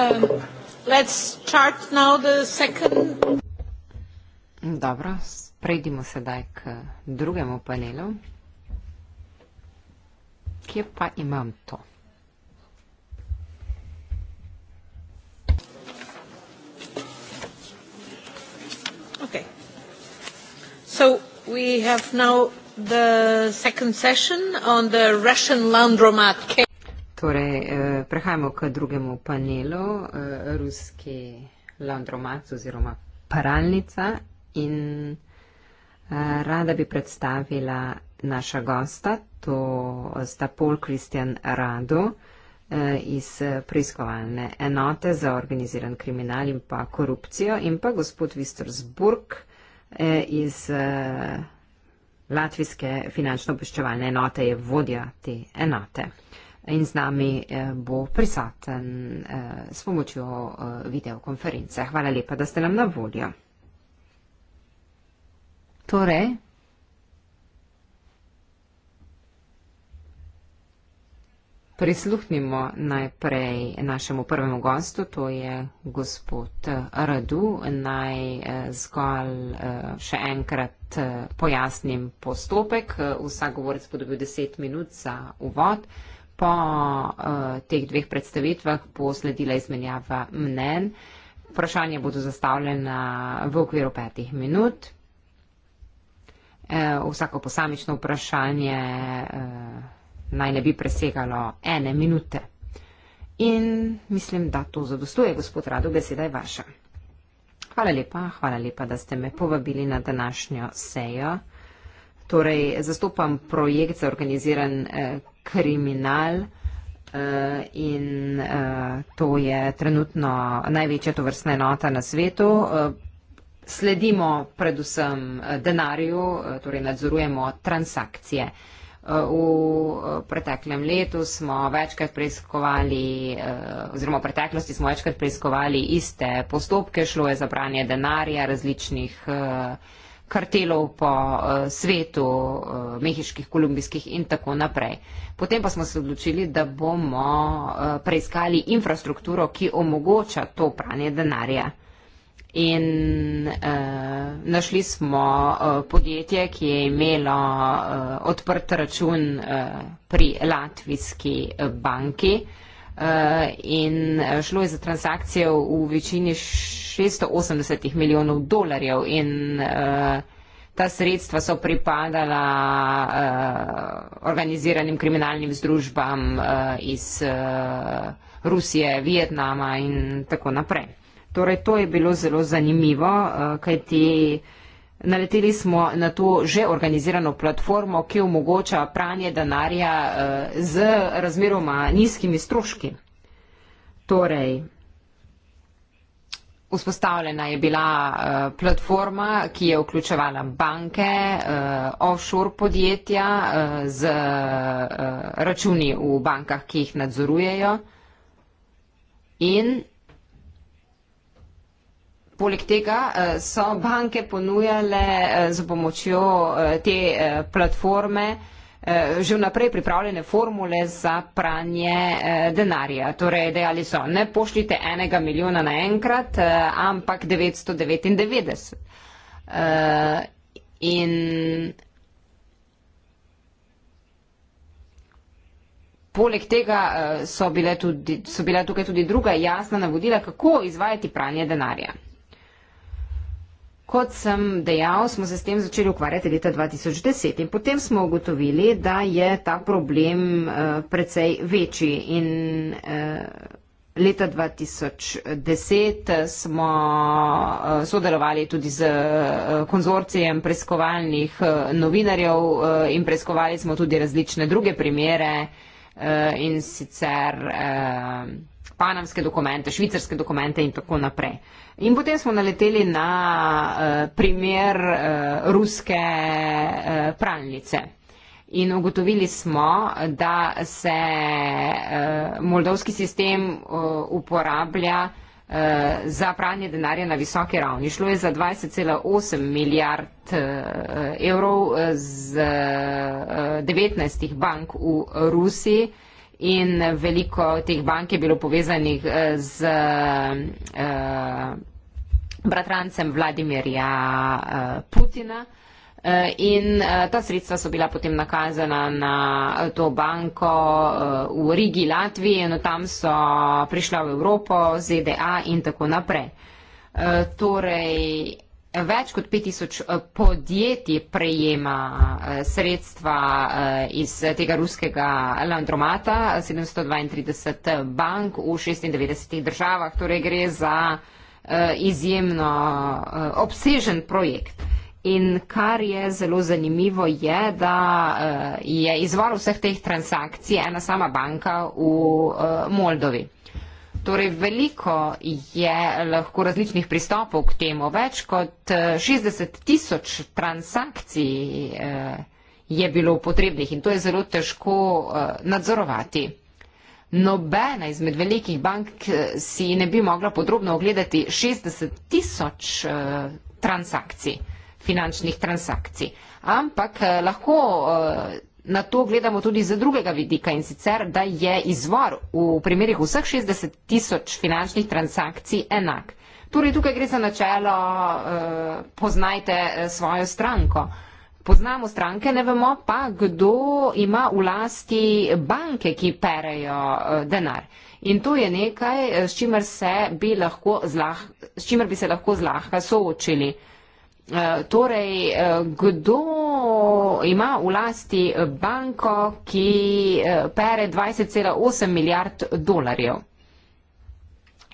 Um, Dobro, prejdimo sedaj k drugemu panelu. Kje pa imam to? Okay. So we have now the second session on the Russian laundromat case. Torej, eh, prehajamo k drugemu panelu, eh, ruski laundromat oziroma paralnica in eh, rada bi predstavila naša gosta, to sta Pol Kristjan Rado eh, iz preiskovalne enote za organiziran kriminal in pa korupcijo in pa gospod Vistorsburg eh, iz eh, Latvijske finančno obveščevalne enote je vodja te enote in z nami eh, bo prisoten eh, s pomočjo eh, videokonference. Hvala lepa, da ste nam na voljo. Torej, prisluhnimo najprej našemu prvemu gostu, to je gospod Radu. Naj zgolj še enkrat pojasnim postopek. Vsak govorec bo dobil deset minut za uvod po uh, teh dveh predstavitvah bo sledila izmenjava mnen. Vprašanje bodo zastavljena v okviru petih minut. Uh, vsako posamično vprašanje uh, naj ne bi presegalo ene minute. In mislim, da to zadostuje, gospod Rado, beseda je vaša. Hvala lepa, hvala lepa, da ste me povabili na današnjo sejo. Torej, zastopam projekt za organiziran eh, kriminal eh, in eh, to je trenutno največja tovrstna enota na svetu. Eh, sledimo predvsem eh, denarju, eh, torej nadzorujemo transakcije. Eh, v eh, preteklem letu smo večkrat preiskovali, eh, oziroma v preteklosti smo večkrat preiskovali iste postopke, šlo je za branje denarja različnih uh, kartelov po uh, svetu, uh, mehiških, kolumbijskih in tako naprej. Potem pa smo se odločili, da bomo uh, preiskali infrastrukturo, ki omogoča to pranje denarja. In uh, našli smo uh, podjetje, ki je imelo uh, odprt račun uh, pri Latvijski uh, banki. Uh, Eh, in eh, šlo je za transakcijo v večini 680 milijonov dolarjev in eh, ta sredstva so pripadala organiziranim kriminalnim združbam iz Rusije, Vietnama in tako naprej. Torej, to je bilo zelo zanimivo, kajti Naleteli smo na to že organizirano platformo, ki omogoča pranje denarja eh, z razmeroma nizkimi stroški. Torej, Vzpostavljena je bila eh, platforma, ki je vključevala banke, eh, offshore podjetja z računi v bankah, ki jih nadzorujejo in Poleg tega eh, so banke ponujale eh, z pomočjo eh, te platforme že vnaprej pripravljene formule za pranje denarja. Torej, dejali so, ne pošljite enega milijona naenkrat, ampak 999. In Poleg tega so bile, tudi, so bile tukaj tudi druga jasna navodila, kako izvajati pranje denarja. Kot sem dejal, smo se s tem začeli ukvarjati leta 2010 in potem smo ugotovili, da je ta problem uh, precej večji. In uh, leta 2010 smo uh, sodelovali tudi z uh, konzorcijem preiskovalnih uh, novinarjev uh, in preiskovali smo tudi različne druge primere uh, in sicer uh, panamske dokumente, švicarske dokumente in tako naprej. Uh, In potem smo naleteli na uh, primer uh, ruske uh, pralnice. In ugotovili smo, da se uh, moldovski sistem uh, uporablja uh, za pranje denarja na visoki ravni. Šlo je za 20,8 milijard uh, evrov z uh, 19 bank v Rusiji. In veliko teh bank je bilo povezanih z uh, bratrancem Vladimirja eh, Putina. Eh, in eh, ta sredstva so bila potem nakazana na to banko v Rigi, Latviji in no, tam so prišla v Evropo, ZDA in tako naprej. Torej, več kot 5000 podjetij prejema sredstva iz tega ruskega landromata, 732 bank v 96 državah, torej gre za Eh, izjemno eh, obsežen projekt. In kar je zelo zanimivo, je, da eh, je izvor vseh teh transakcij ena sama banka v Moldovi. Torej, veliko je lahko različnih pristopov k temu. Več kot 60 tisoč transakcij je bilo potrebnih in to je zelo težko nadzorovati nobena izmed velikih bank eh, si ne bi mogla podrobno ogledati 60 tisoč eh, transakcij, finančnih transakcij. Ampak eh, lahko na to gledamo tudi za drugega vidika in sicer, da je izvor v primerih vseh 60 tisoč finančnih transakcij enak. Torej tukaj gre za načelo poznajte svojo stranko. Poznamo stranke, ne vemo pa, kdo ima v lasti banke, ki perejo eh, denar. In to je nekaj, eh, s čimer, bi, lahko zlah, s čimer bi se lahko zlahka soočili. Eh, torej, kdo ima v lasti banko, ki pere 20,8 milijard dolarjev?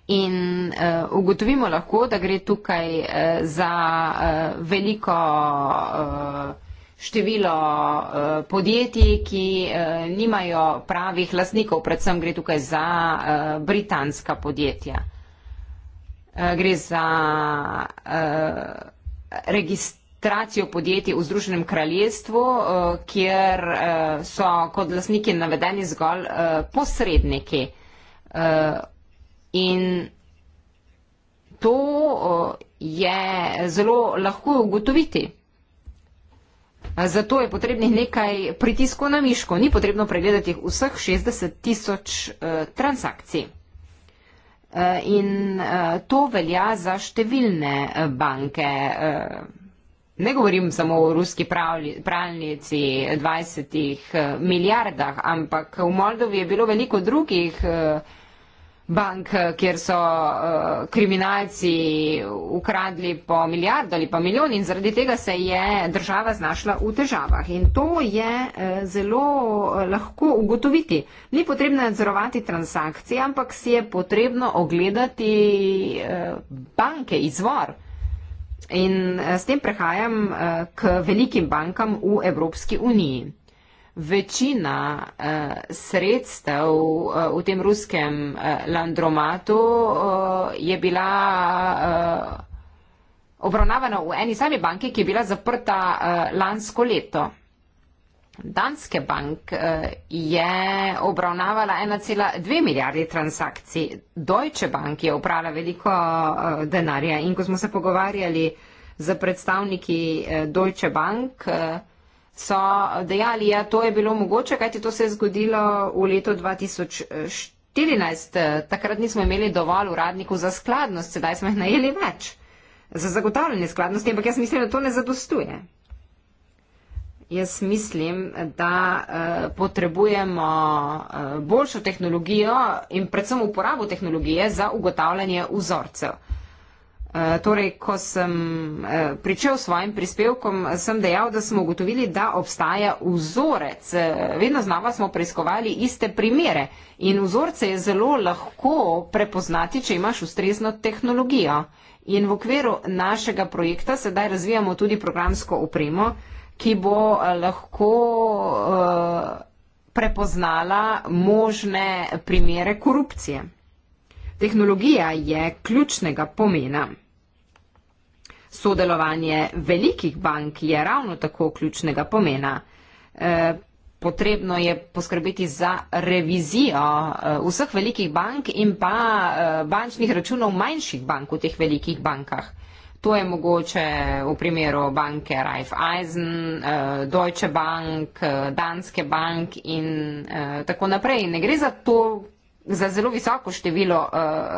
In uh, ugotovimo lahko, da gre tukaj uh, za uh, veliko uh, število uh, podjetij, ki uh, nimajo pravih lasnikov, predvsem gre tukaj za uh, britanska podjetja. Uh, gre za uh, registracijo podjetij v Združenem kraljestvu, kjer so kot lasniki navedeni zgolj posredniki In to je zelo lahko ugotoviti. Zato je potrebnih nekaj pritiskov na miško. Ni potrebno pregledati vseh 60 tisoč e, transakcij. E, in e, to velja za številne banke. Ne govorim samo o ruski pralnici 20 milijardah, ampak v Moldovi je bilo veliko drugih bank, kjer so uh, kriminalci ukradli po milijardo ali pa milijon in zaradi tega se je država znašla v težavah. In to je uh, zelo eh, lahko ugotoviti. Ni potrebno nadzorovati transakcije, ampak si je potrebno ogledati uh, banke, izvor. In uh, s tem prehajam uh, k velikim bankam v Evropski uniji večina eh, sredstev eh, v tem ruskem eh, landromatu je bila obravnavana v eni sami banki, ki je bila zaprta lansko leto. Danske bank je obravnavala 1,2 milijardi transakcij. Deutsche Bank je upravila veliko denarja in ko smo se pogovarjali z predstavniki Deutsche Bank, so dejali, da ja, to je bilo mogoče, kajti to se je zgodilo v letu 2014. Takrat nismo imeli dovolj uradnikov za skladnost, sedaj smo jih najeli več za zagotavljanje skladnosti, ampak jaz mislim, da to ne zadostuje. Jaz mislim, da uh, potrebujemo uh, boljšo tehnologijo in predvsem uporabo tehnologije za ugotavljanje vzorcev. Uh, Eh, torej, ko sem eh, pričel s svojim prispevkom, sem dejal, da smo ugotovili, da obstaja vzorec. Eh, vedno znova smo preiskovali iste primere in vzorce je zelo lahko prepoznati, če imaš ustrezno tehnologijo. In v okviru našega projekta sedaj razvijamo tudi programsko opremo, ki bo lahko prepoznala možne primere korupcije. Tehnologija je ključnega pomena. Sodelovanje velikih bank je ravno tako ključnega pomena. E, potrebno je poskrbeti za revizijo e, vseh velikih bank in pa e, bančnih računov manjših bank v teh velikih bankah. To je mogoče v primeru banke Raiffeisen, e, Deutsche Bank, e, Danske Bank in e, tako naprej. Ne gre za to, za zelo visoko število uh,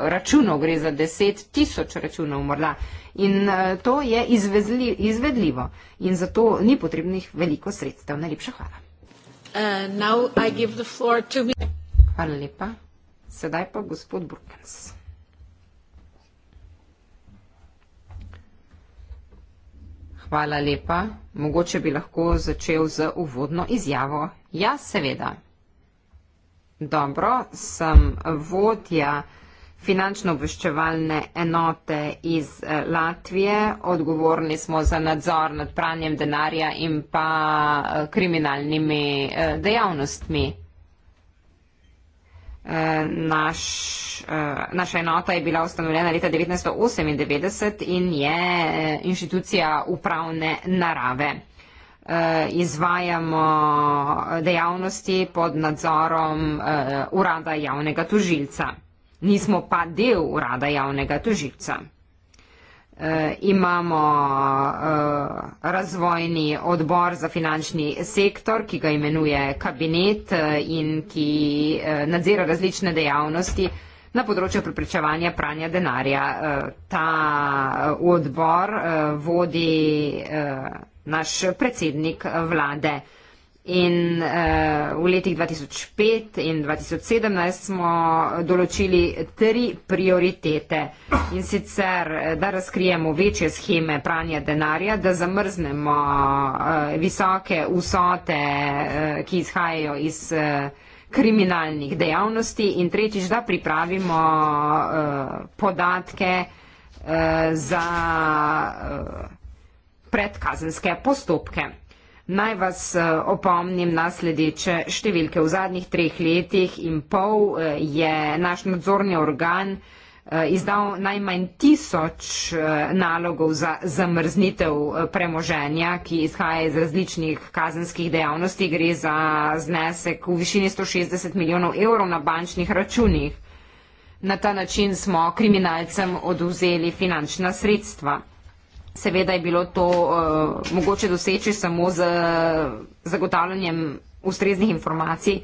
računov, gre za deset tisoč računov morda. In uh, to je izvezli, izvedljivo in zato ni potrebnih veliko sredstev. Najlepša hvala. Uh, hvala lepa. Sedaj pa gospod Brukens. Hvala lepa. Mogoče bi lahko začel z uvodno izjavo. Ja, seveda. Dobro, sem vodja finančno-obveščevalne enote iz eh, Latvije. Odgovorni smo za nadzor nad pranjem denarja in pa eh, kriminalnimi eh, dejavnostmi. Naš, naša enota je bila ustanovljena leta 1998 in je inštitucija upravne narave. Eh, izvajamo dejavnosti pod nadzorom eh, urada javnega tožilca. Nismo pa del urada javnega tožilca. Eh, imamo razvojni odbor za finančni sektor, ki ga imenuje kabinet in ki nadzira različne dejavnosti na področju preprečevanja pranja denarja. Ta odbor vodi naš predsednik vlade. In uh, v letih 2005 in 2017 smo določili tri prioritete. In sicer, eh, da razkrijemo večje scheme pranja denarja, da zamrznemo uh, visoke vsote, uh, ki izhajajo iz uh, kriminalnih dejavnosti. In tretjič, da pripravimo uh, podatke uh, za. Uh, predkazenske postopke. Naj vas eh, opomnim na sledeče številke. V zadnjih treh letih in pol eh, je naš nadzorni organ eh, izdal najmanj tisoč nalogov za zamrznitev premoženja, ki izhaja iz različnih kazenskih dejavnosti. Gre za znesek v višini 160 milijonov evrov na bančnih računih. Na ta način smo kriminalcem oduzeli finančna sredstva seveda je bilo to uh, mogoče doseči samo z zagotavljanjem ustreznih informacij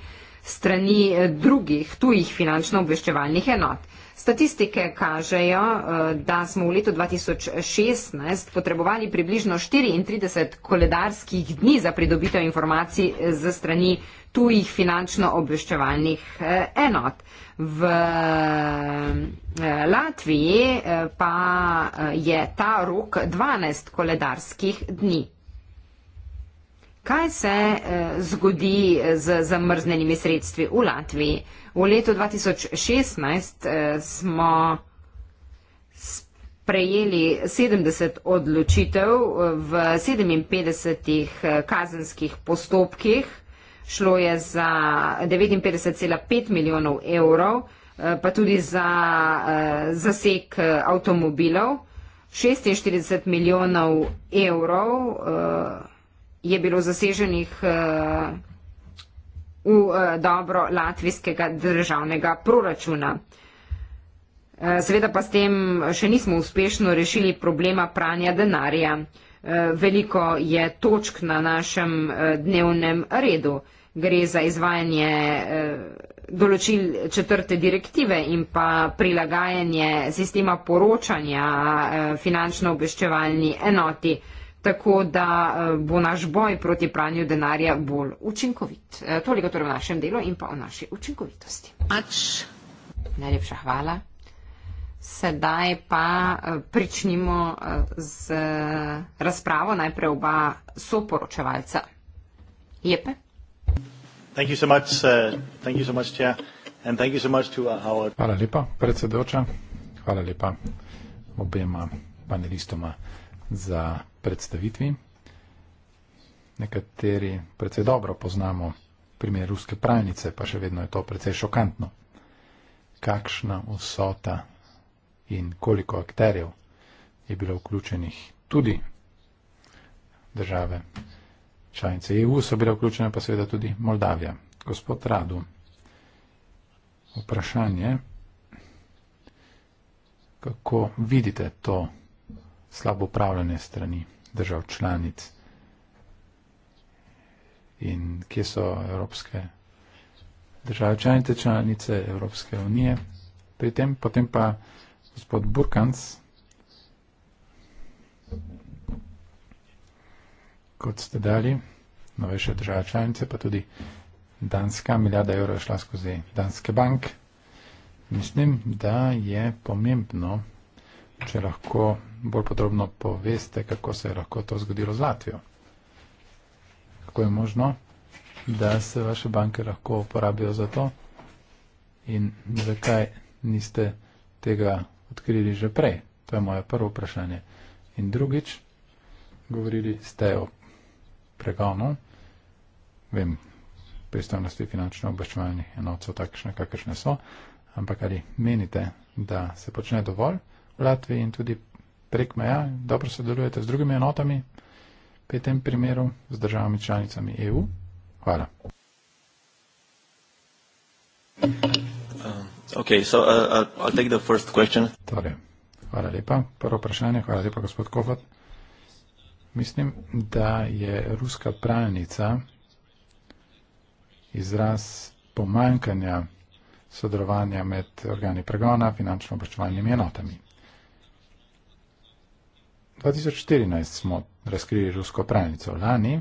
strani eh, drugih tujih finančno-obveščevalnih enot. Statistike kažejo, eh, da smo v letu 2016 potrebovali približno 34 koledarskih dni za pridobitev informacij z strani tujih finančno-obveščevalnih eh, enot. V eh, Latviji eh, pa je ta rok 12 koledarskih dni. Kaj se zgodi z zamrznenimi sredstvi v Latviji? V letu 2016 smo prejeli 70 odločitev v 57 kazenskih postopkih šlo je za 59,5 eh, milijonov evrov, eh, pa tudi za eh, zasek avtomobilov. 46 milijonov evrov je bilo zaseženih v dobro latvijskega državnega proračuna. Seveda pa s tem še nismo uspešno rešili problema pranja denarja. Eh, veliko je točk na našem eh, dnevnem redu. Gre za izvajanje eh, določil četrte direktive in pa prilagajanje sistema poročanja finančno-obveščevalni enoti, tako da bo naš boj proti pranju denarja bolj učinkovit. Toliko torej v našem delu in pa v naši učinkovitosti. Pač. Najlepša hvala. Sedaj pa eh, pričnimo eh, z razpravo najprej oba soporočevalca. Jepe. Uh, uh, Hvala lepa, predsedoča. Hvala lepa obema panelistoma za predstavitvi. Nekateri predvsej dobro poznamo primer ruske pravnice, pa še vedno je to predvsej šokantno. Kakšna vsota in koliko akterjev je bilo vključenih tudi države članice EU, so bile vključene pa seveda tudi Moldavija. Gospod Radu, vprašanje, kako vidite to slabo upravljanje strani držav članic in kje so evropske države članice, članice Evropske unije, pri tem potem pa gospod Burkanc. Kot ste dali, novejše države članice, pa tudi Danska, milijarda evrov je šla skozi Danske bank. Mislim, da je pomembno, če lahko bolj podrobno poveste, kako se je lahko to zgodilo z Latvijo. Kako je možno, da se vaše banke lahko uporabijo za to in zakaj niste tega odkrili že prej? To je moje prvo vprašanje. In drugič, govorili ste o pregonu, vem, pristojnosti finančno obveščevalnih enot so takšne, kakršne so, ampak ali menite, da se počne dovolj v Latviji in tudi prek meja, dobro sodelujete z drugimi enotami, pri tem primeru z državami članicami EU? Hvala. Thank you. Okay, so, uh, uh, torej, hvala lepa. Prvo vprašanje, hvala lepa, gospod Kovat. Mislim, da je ruska pralnica izraz pomankanja sodelovanja med organi pregona, finančno obrčevalnimi enotami. 2014 smo razkrili rusko pravnico. Lani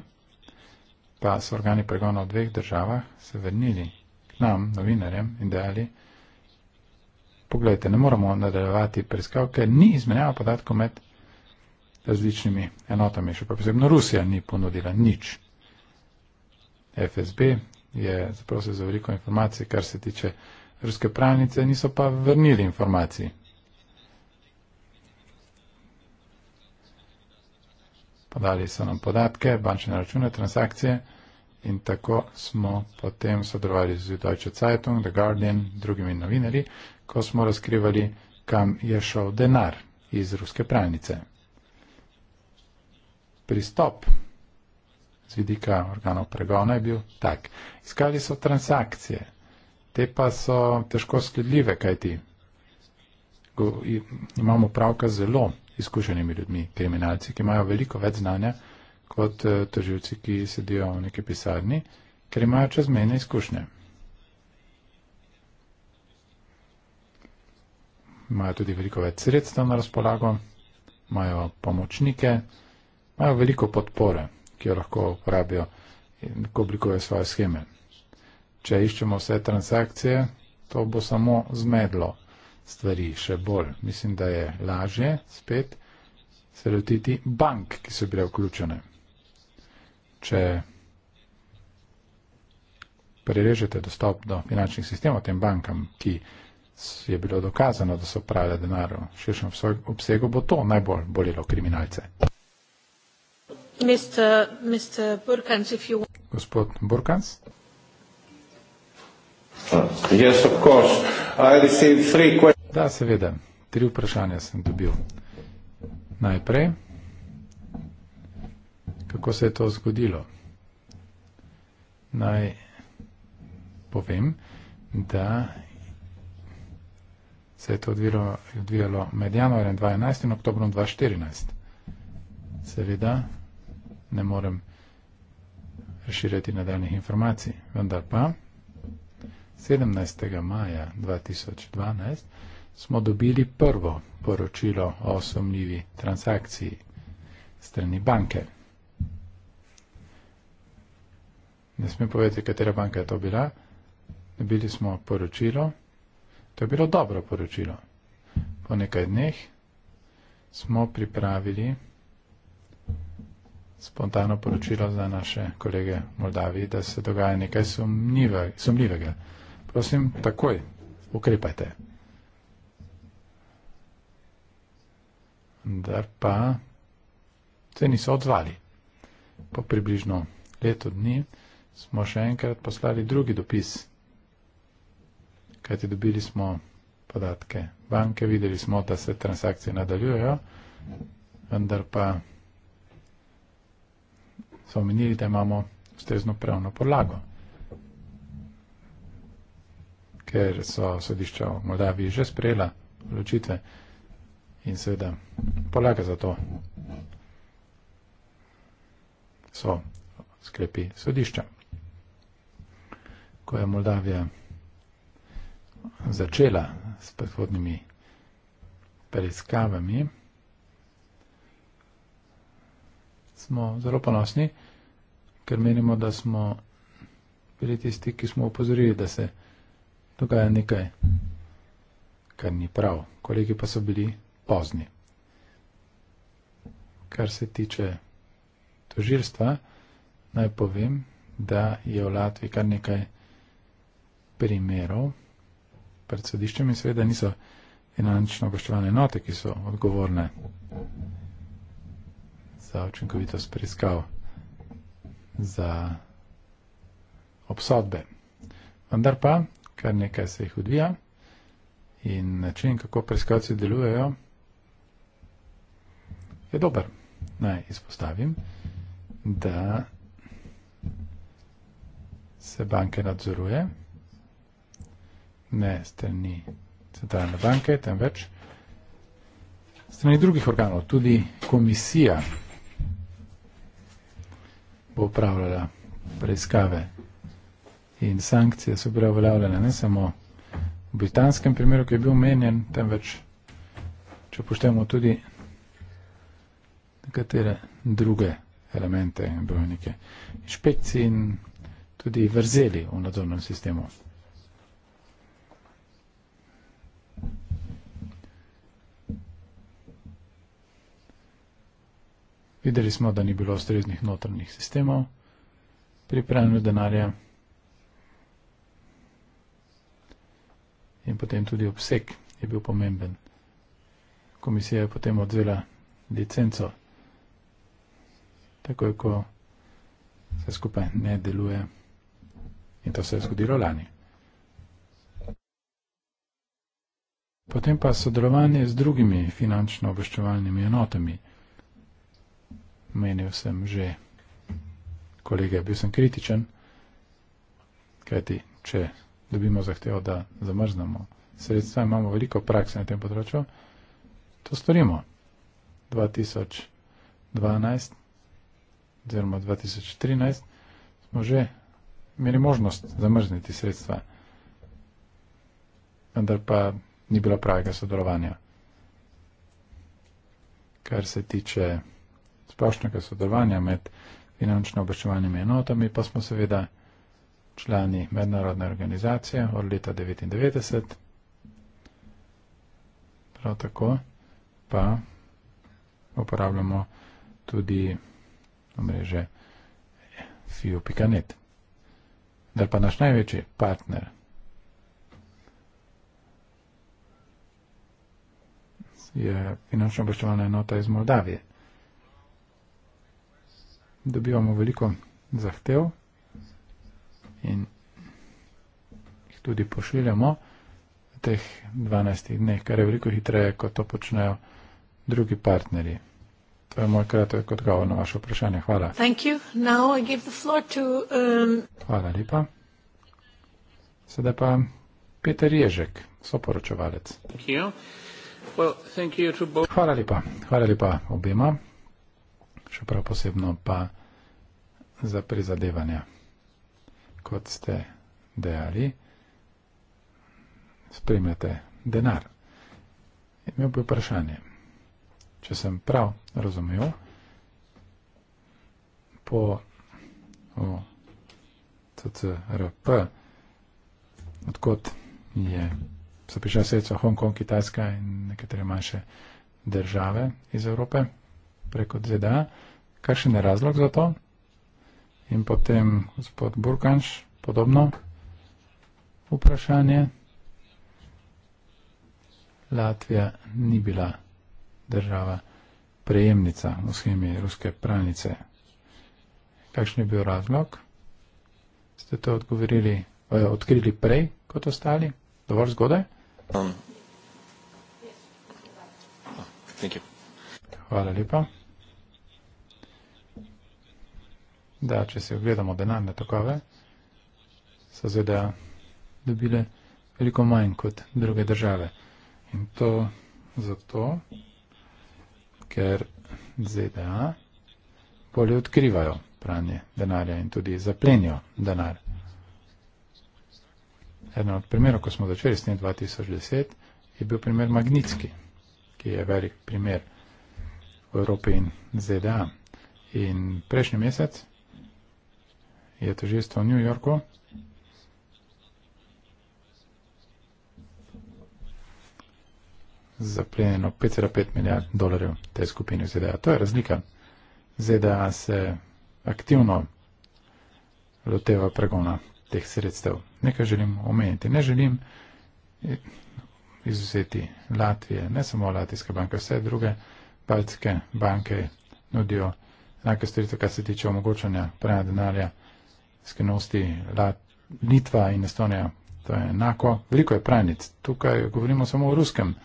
pa so organi pregona v dveh državah se vrnili k nam, novinarjem, in dejali, Poglejte, ne moramo nadaljevati preiskav, ker ni izmenjava podatkov med različnimi enotami. Še pa posebno Rusija ni ponudila nič. FSB je zaprosil za veliko informacij, kar se tiče ruske pravnice, niso pa vrnili informacij. Podali so nam podatke, bančne račune, transakcije in tako smo potem sodelovali z Deutsche Zeitung, The Guardian, drugimi novinarji, ko smo razkrivali, kam je šel denar iz ruske pravnice. Pristop z vidika organov pregona je bil tak. Iskali so transakcije, te pa so težko sledljive, kaj ti. Imamo pravka zelo izkušenimi ljudmi, kriminalci, ki imajo veliko več znanja kot eh, toživci, ki sedijo v neki pisarni, ker imajo čezmene izkušnje. Imajo tudi veliko več sredstev na razpolago, imajo pomočnike, imajo veliko podpore, ki jo lahko uporabijo in ko oblikujejo svoje scheme. Če iščemo vse transakcije, to bo samo zmedlo stvari še bolj. Mislim, da je lažje spet se lotiti bank, ki so bile vključene če prerežete dostop do finančnih sistemov tem bankam, ki je bilo dokazano, da so prale denar v širšem obsegu, bo to najbolj bolilo kriminalce. Mr. Mr. Burkans, Gospod Burkans? Uh, da, seveda. Tri vprašanja sem dobil. Najprej, kako se je to zgodilo. Naj povem, da se je to odvilo, odvijalo med januarjem 2011 in oktobrom 2014. Seveda ne morem razširjati nadaljnih informacij, vendar pa 17. maja 2012 smo dobili prvo poročilo o sumljivi transakciji strani banke. ne smem povedati, katera banka je to bila, dobili smo poročilo, to je bilo dobro poročilo. Po nekaj dneh smo pripravili spontano poročilo za naše kolege v Moldaviji, da se dogaja nekaj sumljivega. Prosim, takoj ukrepajte. Vendar pa se niso odzvali. Po približno letu dni smo še enkrat poslali drugi dopis, kajti dobili smo podatke banke, videli smo, da se transakcije nadaljujejo, vendar pa so omenili, da imamo ustrezno pravno podlago. Ker so sodišča v Moldaviji že sprejela odločitve in seveda polaga za to so sklepi sodišča ko je Moldavija začela s predhodnimi preiskavami, smo zelo ponosni, ker menimo, da smo bili tisti, ki smo upozorili, da se dogaja nekaj, kar ni prav. Kolegi pa so bili pozni. Kar se tiče tožilstva, naj povem, da je v Latviji kar nekaj primerov pred sodiščem in seveda niso enanično obveščevalne enote, ki so odgovorne za učinkovitost preiskav, za obsodbe. Vendar pa, kar nekaj se jih odvija in način, kako preiskavci delujejo, je dober. Naj izpostavim, da se banke nadzorujejo ne strani centralne banke, temveč strani drugih organov. Tudi komisija bo upravljala preiskave in sankcije so bile uveljavljene ne samo v britanskem primeru, ki je bil menjen, temveč, če poštemo tudi nekatere druge elemente, bojnike, inšpekcij in tudi vrzeli v nadzornem sistemu. Videli smo, da ni bilo ustreznih notranjih sistemov pri pranju denarja in potem tudi obseg je bil pomemben. Komisija je potem odzela licenco, takoj ko vse skupaj ne deluje in to se je zgodilo lani. Potem pa sodelovanje z drugimi finančno obveščevalnimi enotami menil sem že kolege, bil sem kritičen, kajti če dobimo zahtevo, da zamrznemo sredstva, imamo veliko prakse na tem področju, to storimo. 2012 oziroma 2013 smo že imeli možnost zamrzniti sredstva, vendar pa ni bilo pravega sodelovanja. Kar se tiče splošnega sodelovanja med finančno obveščevalnimi enotami, pa smo seveda člani mednarodne organizacije od leta 1999. Prav tako pa uporabljamo tudi omrežje fiu.net. Da pa naš največji partner je finančno obveščevalna enota iz Moldavije dobivamo veliko zahtev in jih tudi pošiljamo v teh 12 dneh, kar je veliko hitreje, kot to počnejo drugi partnerji. To je moj kratek odgovor na vaše vprašanje. Hvala. To, um... Hvala lepa. Sedaj pa Peter Ježek, soporočevalec. Well, Hvala lepa. Hvala lepa obema še prav posebno pa za prizadevanja. Kot ste dejali, spremljate denar. Imel bi vprašanje, če sem prav razumel, po CCRP, odkot je so prišla sredstva Hongkong, Kitajska in nekatere manjše države iz Evrope preko ZDA. Kakšen je razlog za to? In potem gospod Burkanš, podobno vprašanje. Latvija ni bila država prejemnica v schemi ruske pravnice. Kakšen je bil razlog? Ste to odgovorili, eh, odkrili prej kot ostali? Dovolj zgodaj? Um, Hvala lepa. da če si ogledamo denarne tokove, so ZDA dobile veliko manj kot druge države. In to zato, ker ZDA bolje odkrivajo pranje denarja in tudi zaplenijo denar. Eno od primerov, ko smo začeli s tem 2010, je bil primer Magnitski, ki je velik primer v Evropi in ZDA. In prejšnji mesec, je tožilstvo v New Yorku. zaplenjeno 5,5 milijard dolarjev te skupine ZDA. To je razlika. ZDA se aktivno loteva pregona teh sredstev. Nekaj želim omeniti. Ne želim izuzeti Latvije, ne samo Latvijska banka, vse druge baltske banke nudijo enake storitve, kar se tiče omogočanja pranja denarja skrivnosti Litva in Estonija. To je enako. Veliko je pravnic. Tukaj govorimo samo o ruskem.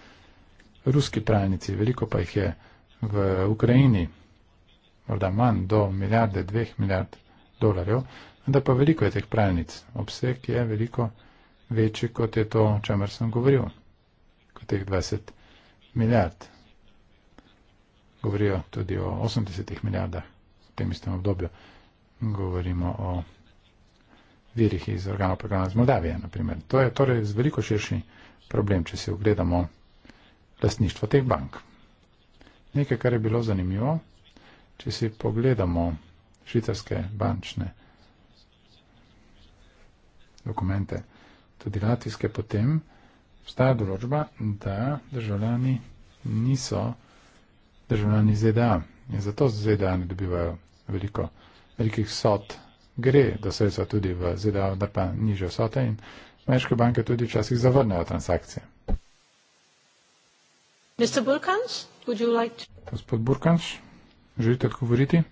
Ruski pravnici, veliko pa jih je v Ukrajini, morda manj do milijarde, dveh milijard dolarjev, vendar pa veliko je teh pravnic. Obseg je veliko večji, kot je to, o čemer sem govoril, kot teh 20 milijard. Govorijo tudi o 80 milijardah v tem istem obdobju. Govorimo o virih iz organov programa iz Moldavije. Naprimer. To je torej z veliko širši problem, če si ogledamo lastništvo teh bank. Nekaj, kar je bilo zanimivo, če si pogledamo švicarske bančne dokumente, tudi latvijske, potem obstaja določba, da državljani niso državljani ZDA. In zato ZDA ne dobivajo veliko, velikih sot gre dosežca tudi v ZDA, vendar pa niže vsote in ameriške banke tudi včasih zavrnejo transakcije. Gospod Burkanč, želite odgovoriti?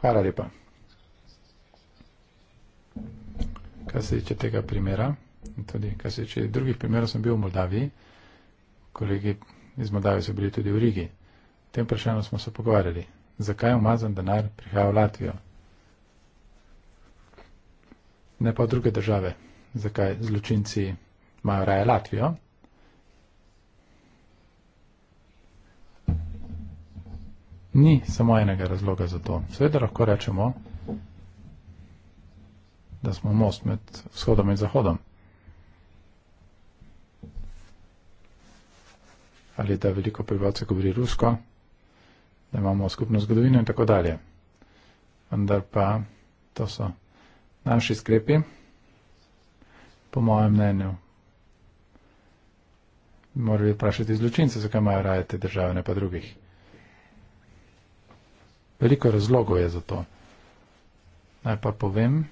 Hvala lepa. Kar se tiče tega primera, tudi kar se tiče drugih primerov, sem bil v Moldaviji, kolegi iz Moldavije so bili tudi v Rigi. V tem vprašanju smo se pogovarjali, zakaj umazan denar prihaja v Latvijo, ne pa druge države, zakaj zločinci imajo raje Latvijo. Ni samo enega razloga za to. Seveda lahko rečemo, da smo most med vzhodom in zahodom. Ali da veliko prebivalcev govori rusko, da imamo skupno zgodovino in tako dalje. Vendar pa to so naši sklepi, po mojem mnenju. Morali bi vprašati zločince, zakaj imajo raje te države, ne pa drugih. Veliko razlogov je za to. Naj pa povem,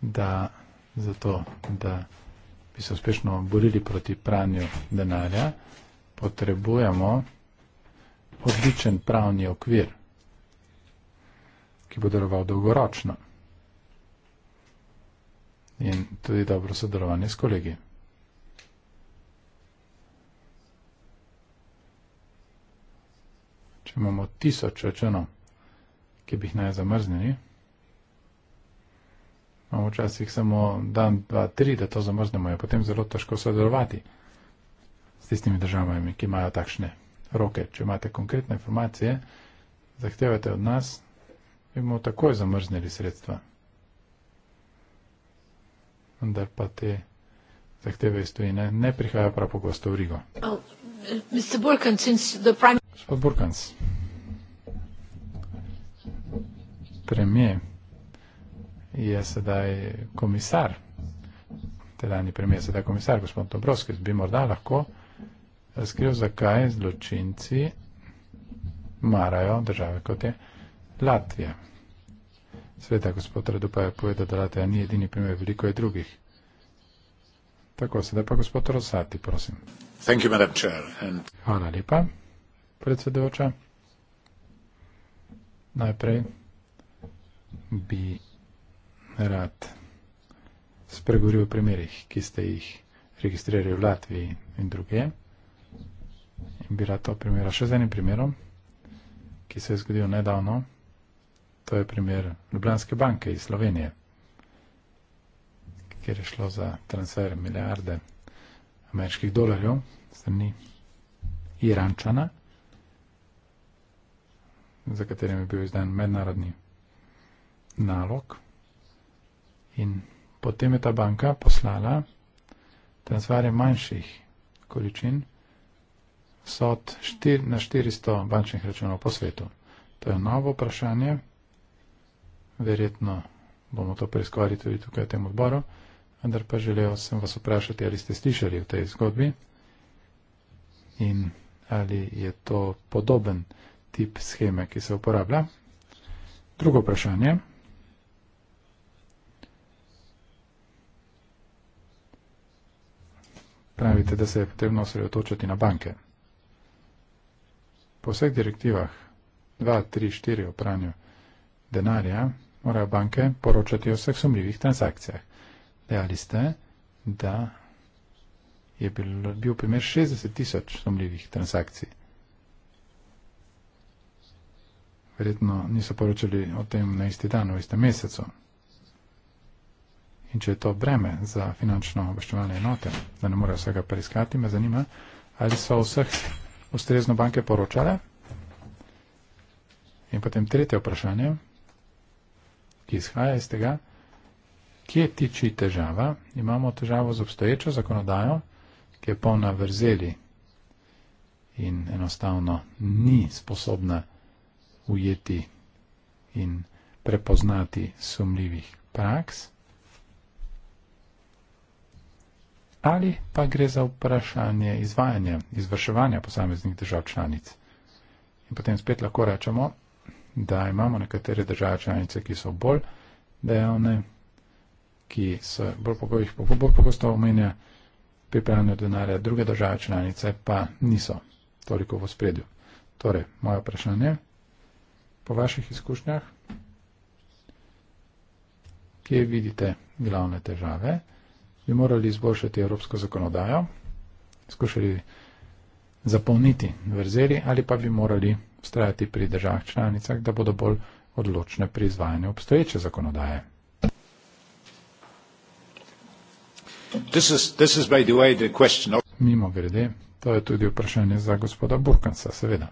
da zato, da bi se uspešno borili proti pranju denarja, potrebujemo odličen pravni okvir, ki bo deloval dolgoročno in tudi dobro sodelovanje s kolegi. Če imamo tisoč računov, ki bi jih naj zamrznili, imamo včasih samo dan, dva, tri, da to zamrznemo, je potem zelo težko sodelovati s tistimi državami, ki imajo takšne roke. Če imate konkretne informacije, zahtevate od nas, bi bomo takoj zamrznili sredstva vendar pa te zahteve iz tujine ne prihajajo prav pogosto v Rigo. Gospod oh, Burkans, premije je sedaj komisar, tedajni premije je sedaj komisar, gospod Dobrovski, bi morda lahko razkril, zakaj zločinci marajo države kot je Latvija. Sveta gospod Radupa je povedal, da Latvija ni edini primer, veliko je drugih. Tako, sedaj pa gospod Rosati, prosim. Thank you, madam chair. And... Hvala lepa, predsedujoča. Najprej bi rad spregovoril o primerih, ki ste jih registrirali v Latviji in druge. In bi rad to primeral še z enim primerom, ki se je zgodil nedavno. To je primer Ljubljanske banke iz Slovenije, kjer je šlo za transfer milijarde ameriških dolarjev strani Irančana, za katerim je bil izdan mednarodni nalog. In potem je ta banka poslala transfere manjših količin sod na 400 bančnih računov po svetu. To je novo vprašanje, verjetno bomo to preiskovali tudi tukaj v tem odboru, vendar pa želel sem vas vprašati, ali ste slišali o tej zgodbi in ali je to podoben tip scheme, ki se uporablja. Drugo vprašanje. Pravite, da se je potrebno osredotočiti na banke. Po vseh direktivah 2, 3, 4 o pranju denarja morajo banke poročati o vseh sumljivih transakcijah. Dejali ste, da je bil, bil primer 60 tisoč sumljivih transakcij. Verjetno niso poročali o tem na isti dan, v istem mesecu. In če je to breme za finančno obveščevalne enote, da ne morejo vsega preiskati, me zanima, ali so vseh ustrezno banke poročale. In potem tretje vprašanje ki izhaja iz tega, kje tiči težava. Imamo težavo z obstoječo zakonodajo, ki je polna vrzeli in enostavno ni sposobna ujeti in prepoznati sumljivih praks. Ali pa gre za vprašanje izvajanja, izvrševanja posameznih držav članic. In potem spet lahko rečemo, da imamo nekatere države članice, ki so bolj dejavne, ki so bolj pogosto po, po, po omenja pripravljanje denarja, druge države članice pa niso toliko v spredju. Torej, moje vprašanje, po vaših izkušnjah, kje vidite glavne težave, bi morali izboljšati evropsko zakonodajo, skušali zapolniti vrzeli ali pa bi morali obstrajati pri državah članicah, da bodo bolj odločne pri izvajanju obstoječe zakonodaje. This is, this is of... Mimo grede, to je tudi vprašanje za gospoda Burkansa, seveda.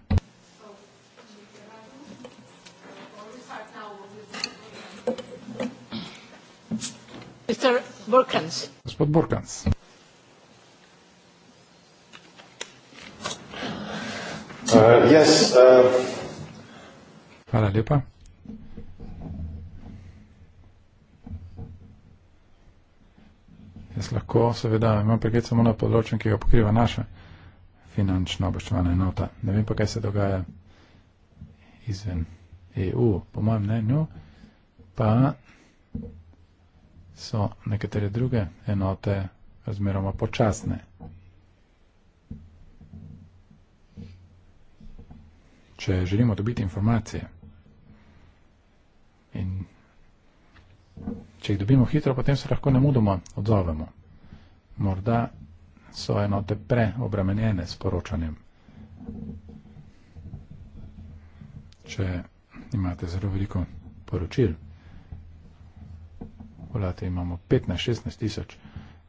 Mr. Burkans. Gospod Burkans. Uh, yes, uh... Hvala lepa. Jaz lahko, seveda, imam pregled samo na področju, ki ga pokriva naša finančna obveščevalna enota. Ne vem pa, kaj se dogaja izven EU. Po mojem mnenju pa so nekatere druge enote razmeroma počasne če želimo dobiti informacije. In če jih dobimo hitro, potem se lahko nemudoma odzovemo. Morda so enote preobremenjene s poročanjem. Če imate zelo veliko poročil, volate, imamo 15-16 tisoč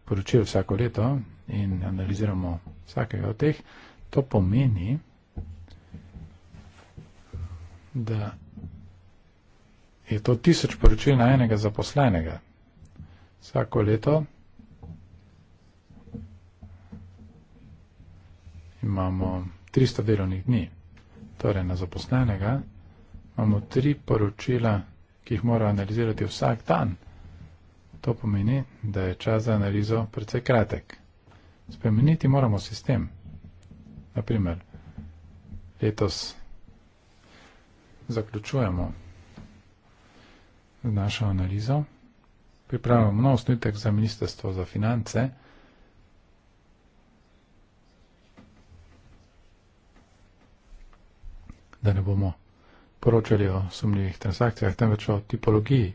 poročil vsako leto in analiziramo vsakega od teh, to pomeni, da je to tisoč poročil na enega zaposlenega. Vsako leto imamo 300 delovnih dni, torej na zaposlenega imamo tri poročila, ki jih mora analizirati vsak dan. To pomeni, da je čas za analizo precej kratek. Spremeniti moramo sistem. Naprimer, letos zaključujemo z našo analizo. Pripravljamo nov osnutek za Ministrstvo za finance. da ne bomo poročali o sumljivih transakcijah, temveč o tipologiji.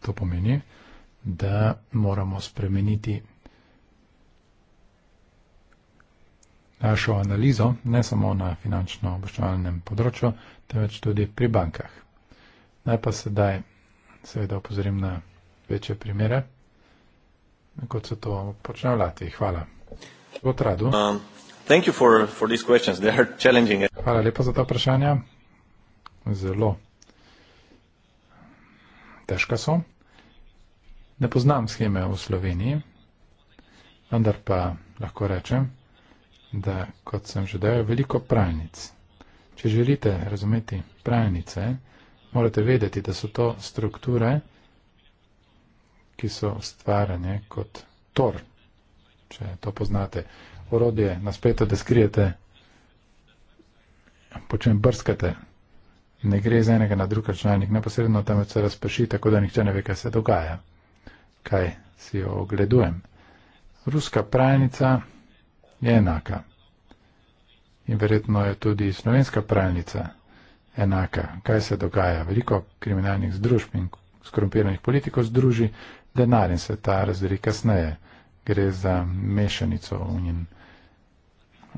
To pomeni, da moramo spremeniti našo analizo ne samo na finančno-obveščevalnem področju, temveč tudi pri bankah. Naj pa sedaj seveda opozorim na večje primere, kot se to počne v Latviji. Hvala. Otradu. Um, Hvala lepa za ta vprašanja. Zelo težka so. Ne poznam scheme v Sloveniji, vendar pa lahko rečem, da, kot sem že dejal, veliko pralnic. Če želite razumeti pralnice, morate vedeti, da so to strukture, ki so stvarjene kot tor, če to poznate. Orodje na spletu, da skrijete, počem brskate, ne gre iz enega na drug računalnik, neposredno tam se razpeši, tako da nihče ne ve, kaj se dogaja, kaj si jo ogledujem. Ruska pralnica je enaka. In verjetno je tudi slovenska pravnica enaka. Kaj se dogaja? Veliko kriminalnih združb in skorumpiranih politikov združi denar in se ta razdeli kasneje. Gre za mešanico in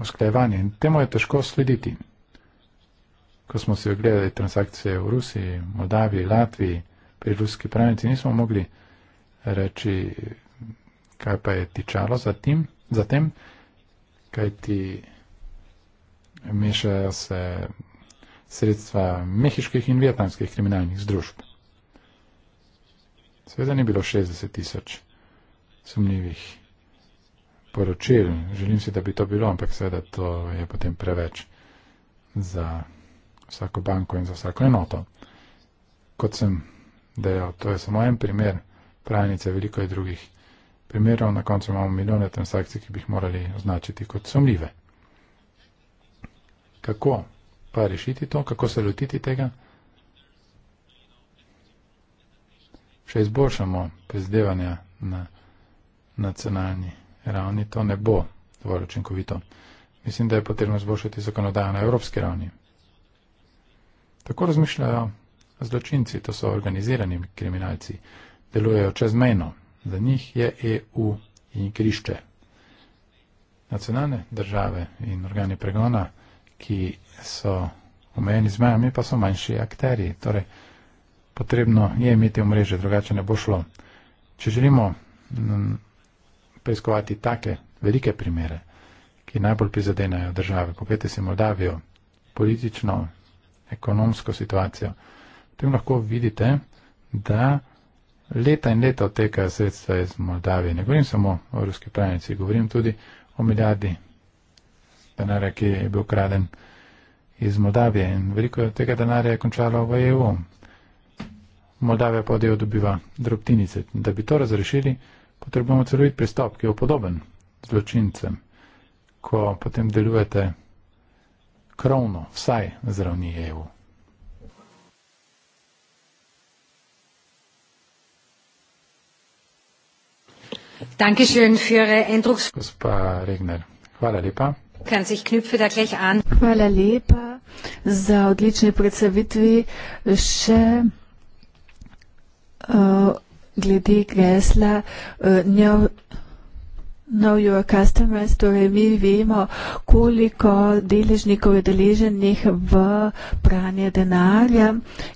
usklajevanje. In temu je težko slediti. Ko smo si ogledali transakcije v Rusiji, Moldaviji, Latviji, pri ruski pravnici, nismo mogli reči, kaj pa je tičalo za tem. Za tem kajti mešajo se sredstva mehiških in vietnamskih kriminalnih združb. Seveda ni bilo 60 tisoč sumljivih poročil, želim si, da bi to bilo, ampak seveda to je potem preveč za vsako banko in za vsako enoto. Kot sem dejal, to je samo en primer pravnice, veliko je drugih primerov, na koncu imamo milijone transakcij, ki bi jih morali označiti kot sumljive. Kako pa rešiti to, kako se lotiti tega? Če izboljšamo prizadevanja na nacionalni ravni, to ne bo dovolj učinkovito. Mislim, da je potrebno izboljšati zakonodajo na evropski ravni. Tako razmišljajo zločinci, to so organizirani kriminalci, delujejo čezmejno, Za njih je EU in krišče. Nacionalne države in organi pregona, ki so omejeni z mejami, pa so manjši akteri. Torej, potrebno je imeti omrežje, drugače ne bo šlo. Če želimo preiskovati take velike primere, ki najbolj prizadenajo države, pogledajte si Moldavijo, politično, ekonomsko situacijo, potem lahko vidite, da leta in leta odtekajo sredstva iz Moldavije. Ne govorim samo o ruski pravnici, govorim tudi o milijardi denarja, ki je bil kraden iz Moldavije in veliko tega denarja je končalo v EU. Moldavija pa od EU dobiva drobtinice. Da bi to razrešili, potrebujemo celovit pristop, ki je podoben zločincem, ko potem delujete krovno vsaj na zravni EU. Dankeschön für Ihre Eindrucks. Gospa Regner, hvala lepa. Kann sich knüpfe da gleich an. Hvala lepa za odlične predstavitvi. Še uh, glede gresla uh, eh, know your customers, torej mi vemo, koliko deležnikov je deleženih v pranje denarja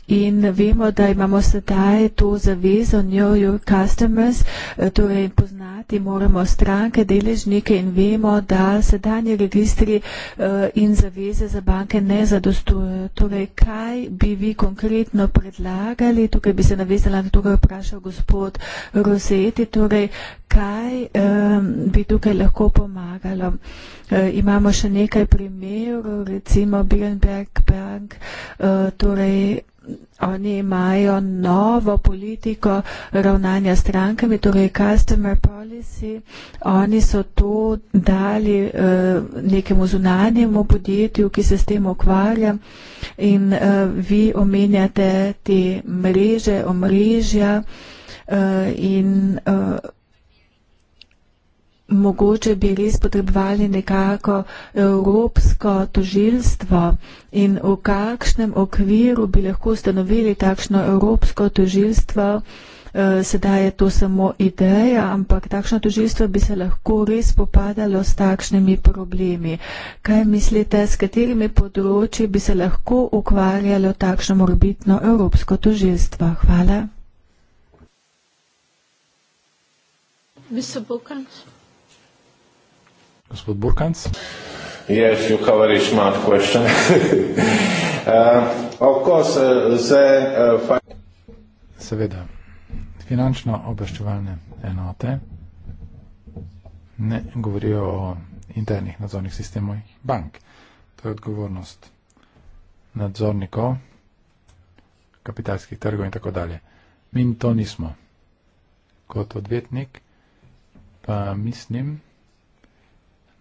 in vemo, da imamo sedaj to zavezo know your customers, eh, torej poznati moramo stranke, deležnike in vemo, da sedanje registri eh, in zaveze za banke ne zadostujejo. Torej, kaj bi vi konkretno predlagali, tukaj bi se navezala na to, kar je vprašal gospod Roseti, torej, kaj um, bi tukaj lahko pomagalo. Uh, imamo še nekaj primerov, recimo Birnberg Bank, uh, torej oni imajo novo politiko ravnanja strankami, torej customer policy, oni so to dali uh, nekemu zunanjemu podjetju, ki se s tem ukvarja in uh, vi omenjate te mreže, omrežja uh, in uh, mogoče bi res potrebovali nekako evropsko tožilstvo in v kakšnem okviru bi lahko ustanovili takšno evropsko tožilstvo. Eh, sedaj je to samo ideja, ampak takšno tožilstvo bi se lahko res popadalo s takšnimi problemi. Kaj mislite, s katerimi področji bi se lahko ukvarjalo takšno morbitno evropsko tožilstvo? Hvala. Mr. Bokan, Gospod Burkanc? Yes, you cover a smart question. [LAUGHS] uh, of course, uh, the uh, fi Seveda, finančno obveščevalne enote ne govorijo o internih nadzornih sistemov bank. To je odgovornost nadzornikov, kapitalskih trgov in tako dalje. Mi to nismo. Kot odvetnik pa mislim,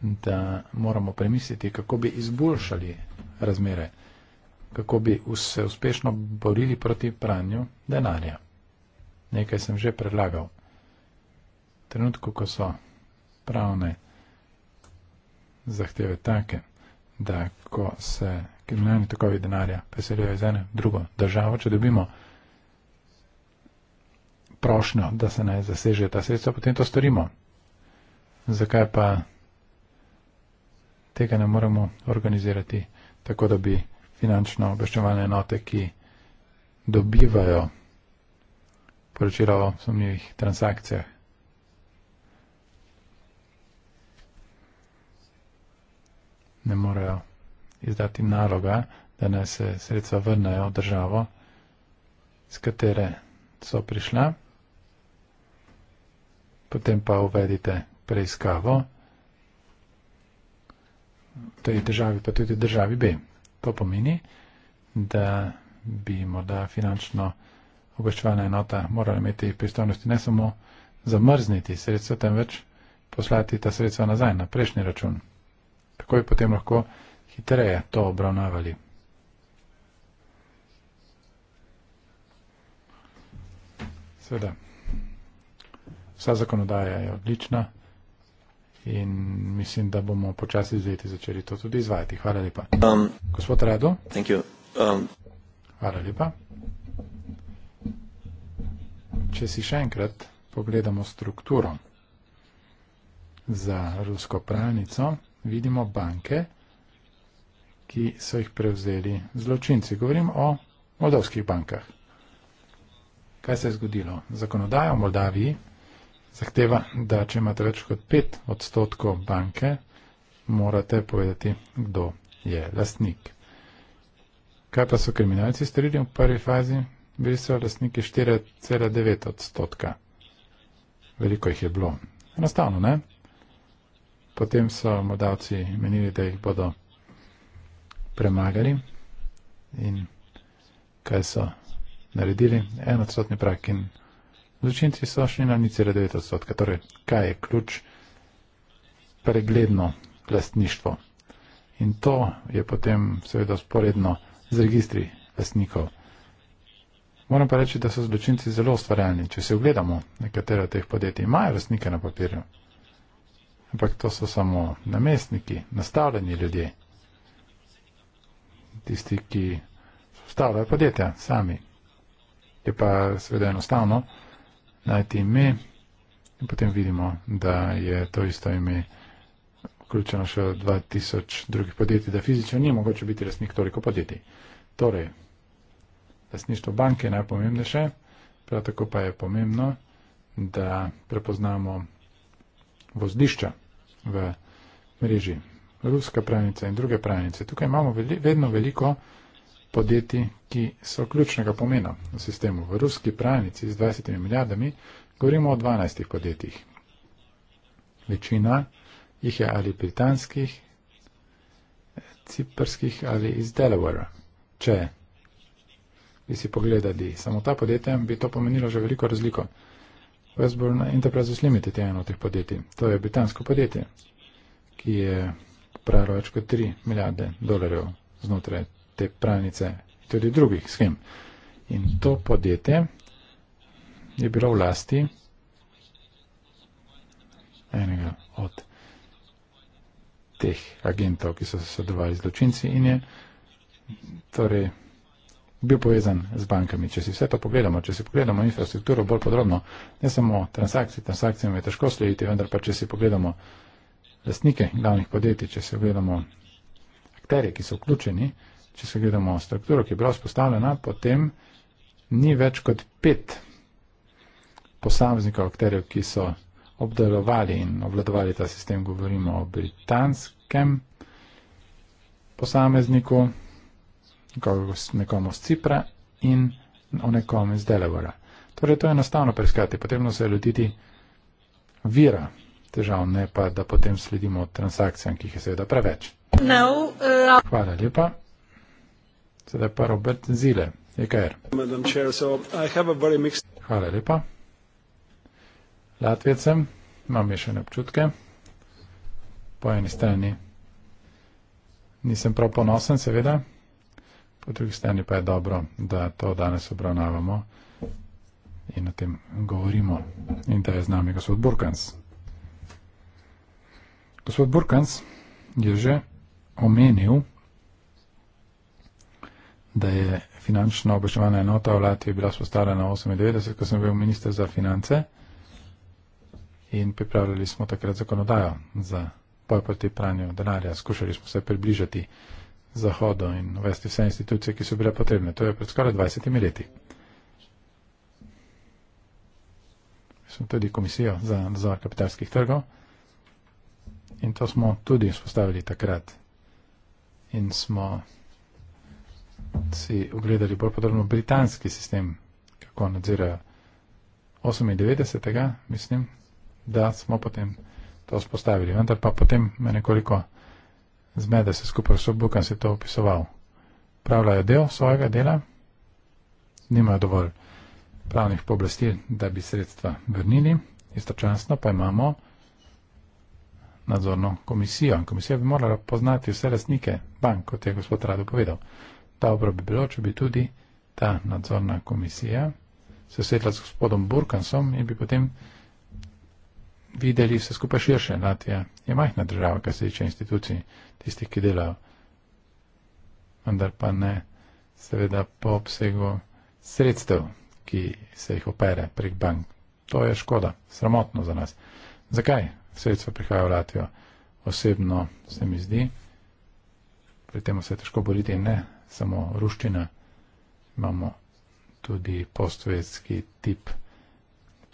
da moramo premisliti, kako bi izboljšali razmere, kako bi se uspešno borili proti pranju denarja. Nekaj sem že predlagal. V trenutku, ko so pravne zahteve take, da ko se kriminalni tokovi denarja preselijo iz ene v drugo državo, če dobimo prošnjo, da se naj zaseže ta sredstva, potem to storimo. Zakaj pa tega ne moremo organizirati tako, da bi finančno obveščevalne enote, ki dobivajo poročila o sumljivih transakcijah. Ne morejo izdati naloga, da naj se sredstva vrnejo v državo, z katere so prišla. Potem pa uvedite preiskavo tej državi, pa tudi državi B. To pomeni, da bi morda finančno obveščevalna enota morala imeti pristojnosti ne samo zamrzniti sredstva, temveč poslati ta sredstva nazaj na prejšnji račun. Tako bi potem lahko hitreje to obravnavali. Seveda, vsa zakonodaja je odlična in mislim, da bomo počasi zveti začeli to tudi izvajati. Hvala lepa. Um, Gospod Rado. Um, Hvala lepa. Če si še enkrat pogledamo strukturo za rusko pranico, vidimo banke, ki so jih prevzeli zločinci. Govorim o moldovskih bankah. Kaj se je zgodilo? Zakonodaja v Moldaviji zahteva, da če imate več kot 5 odstotkov banke, morate povedati, kdo je lastnik. Kaj pa so kriminalci storili v prvi fazi? Bili so lastniki 4,9 odstotka. Veliko jih je bilo. Enostavno, ne? Potem so modavci menili, da jih bodo premagali in kaj so naredili? En odstotni prak in Zločinci so šli na nič red 9 odstotka. Torej, kaj je ključ? Pregledno lastništvo. In to je potem seveda sporedno z registri lastnikov. Moram pa reči, da so zločinci zelo ustvarjalni. Če se ogledamo, nekatere od teh podjetij imajo lastnike na papirju. Ampak to so samo namestniki, nastavljeni ljudje. Tisti, ki ustavljajo podjetja sami. Je pa seveda enostavno najti ime in potem vidimo, da je to isto ime vključeno še v 2000 drugih podjetij, da fizično ni mogoče biti lastnik toliko podjetij. Torej, lastništvo banke je najpomembnejše, prav tako pa je pomembno, da prepoznamo vozdišča v mreži. Ruska pravnica in druge pravnice. Tukaj imamo vedno veliko podjetij, ki so ključnega pomena v sistemu. V ruski pravnici z 20 milijardami govorimo o 12 podjetjih. Večina jih je ali britanskih, ciprskih ali iz Delawarea. Če bi si pogledali samo ta podjetja, bi to pomenilo že veliko razliko. Westbourne Enterprises Limited je eno od teh podjetij. To je britansko podjetje, ki je pravilo več kot 3 milijarde dolarjev znotraj te pralnice, tudi drugih schem. In to podjetje je bilo v lasti enega od teh agentov, ki so se sodelovali z zločinci in je torej bil povezan z bankami. Če si vse to pogledamo, če si pogledamo infrastrukturo bolj podrobno, ne samo transakcije, transakcijam je težko slediti, vendar pa če si pogledamo lastnike glavnih podjetij, če si pogledamo akterje, ki so vključeni, če se gledamo strukturo, ki je bila vzpostavljena, potem ni več kot pet posameznikov akterjev, ki so obdelovali in obvladovali ta sistem. Govorimo o britanskem posamezniku, nekomu z Cipra in o nekom iz Delavora. Torej, to je enostavno preiskati, potrebno se je lotiti vira težav, ne pa da potem sledimo transakcijam, ki jih je seveda preveč. No, uh... Hvala lepa. Sedaj pa Robert Zile, EKR. Chair, so mixed... Hvala lepa. Latvijcem imam mešane občutke. Po eni strani nisem prav ponosen, seveda, po drugi strani pa je dobro, da to danes obravnavamo in o tem govorimo in da je z nami gospod Burkans. Gospod Burkans je že omenil, da je finančna obveščevalna enota v Latviji bila spostavljena 98, ko sem bil minister za finance in pripravljali smo takrat zakonodajo za boj proti pranju denarja. Skušali smo se približati Zahodu in uvesti vse institucije, ki so bile potrebne. To je pred skoraj 20 leti. Smo tudi komisijo za nadzor kapitalskih trgov in to smo tudi vzpostavili takrat. In smo si ogledali bolj podrobno britanski sistem, kako nadzira 98. mislim, da smo potem to spostavili. Vendar pa potem me nekoliko zmede se skupaj s obukam se to opisoval. Pravljajo del svojega dela, nimajo dovolj pravnih pooblastil, da bi sredstva vrnili, istočasno pa imamo nadzorno komisijo. Komisija bi morala poznati vse lastnike bank, kot je gospod Rado povedal dobro bi bilo, če bi tudi ta nadzorna komisija se sedla s gospodom Burkansom in bi potem videli vse skupaj širše. Latvija je majhna država, kar se tiče institucij, tistih, ki delajo. Vendar pa ne, seveda, po obsegu sredstev, ki se jih opere prek bank. To je škoda, sramotno za nas. Zakaj sredstva prihajajo v Latvijo? Osebno se mi zdi, pri tem se je težko boriti in ne samo ruščina, imamo tudi postvedski tip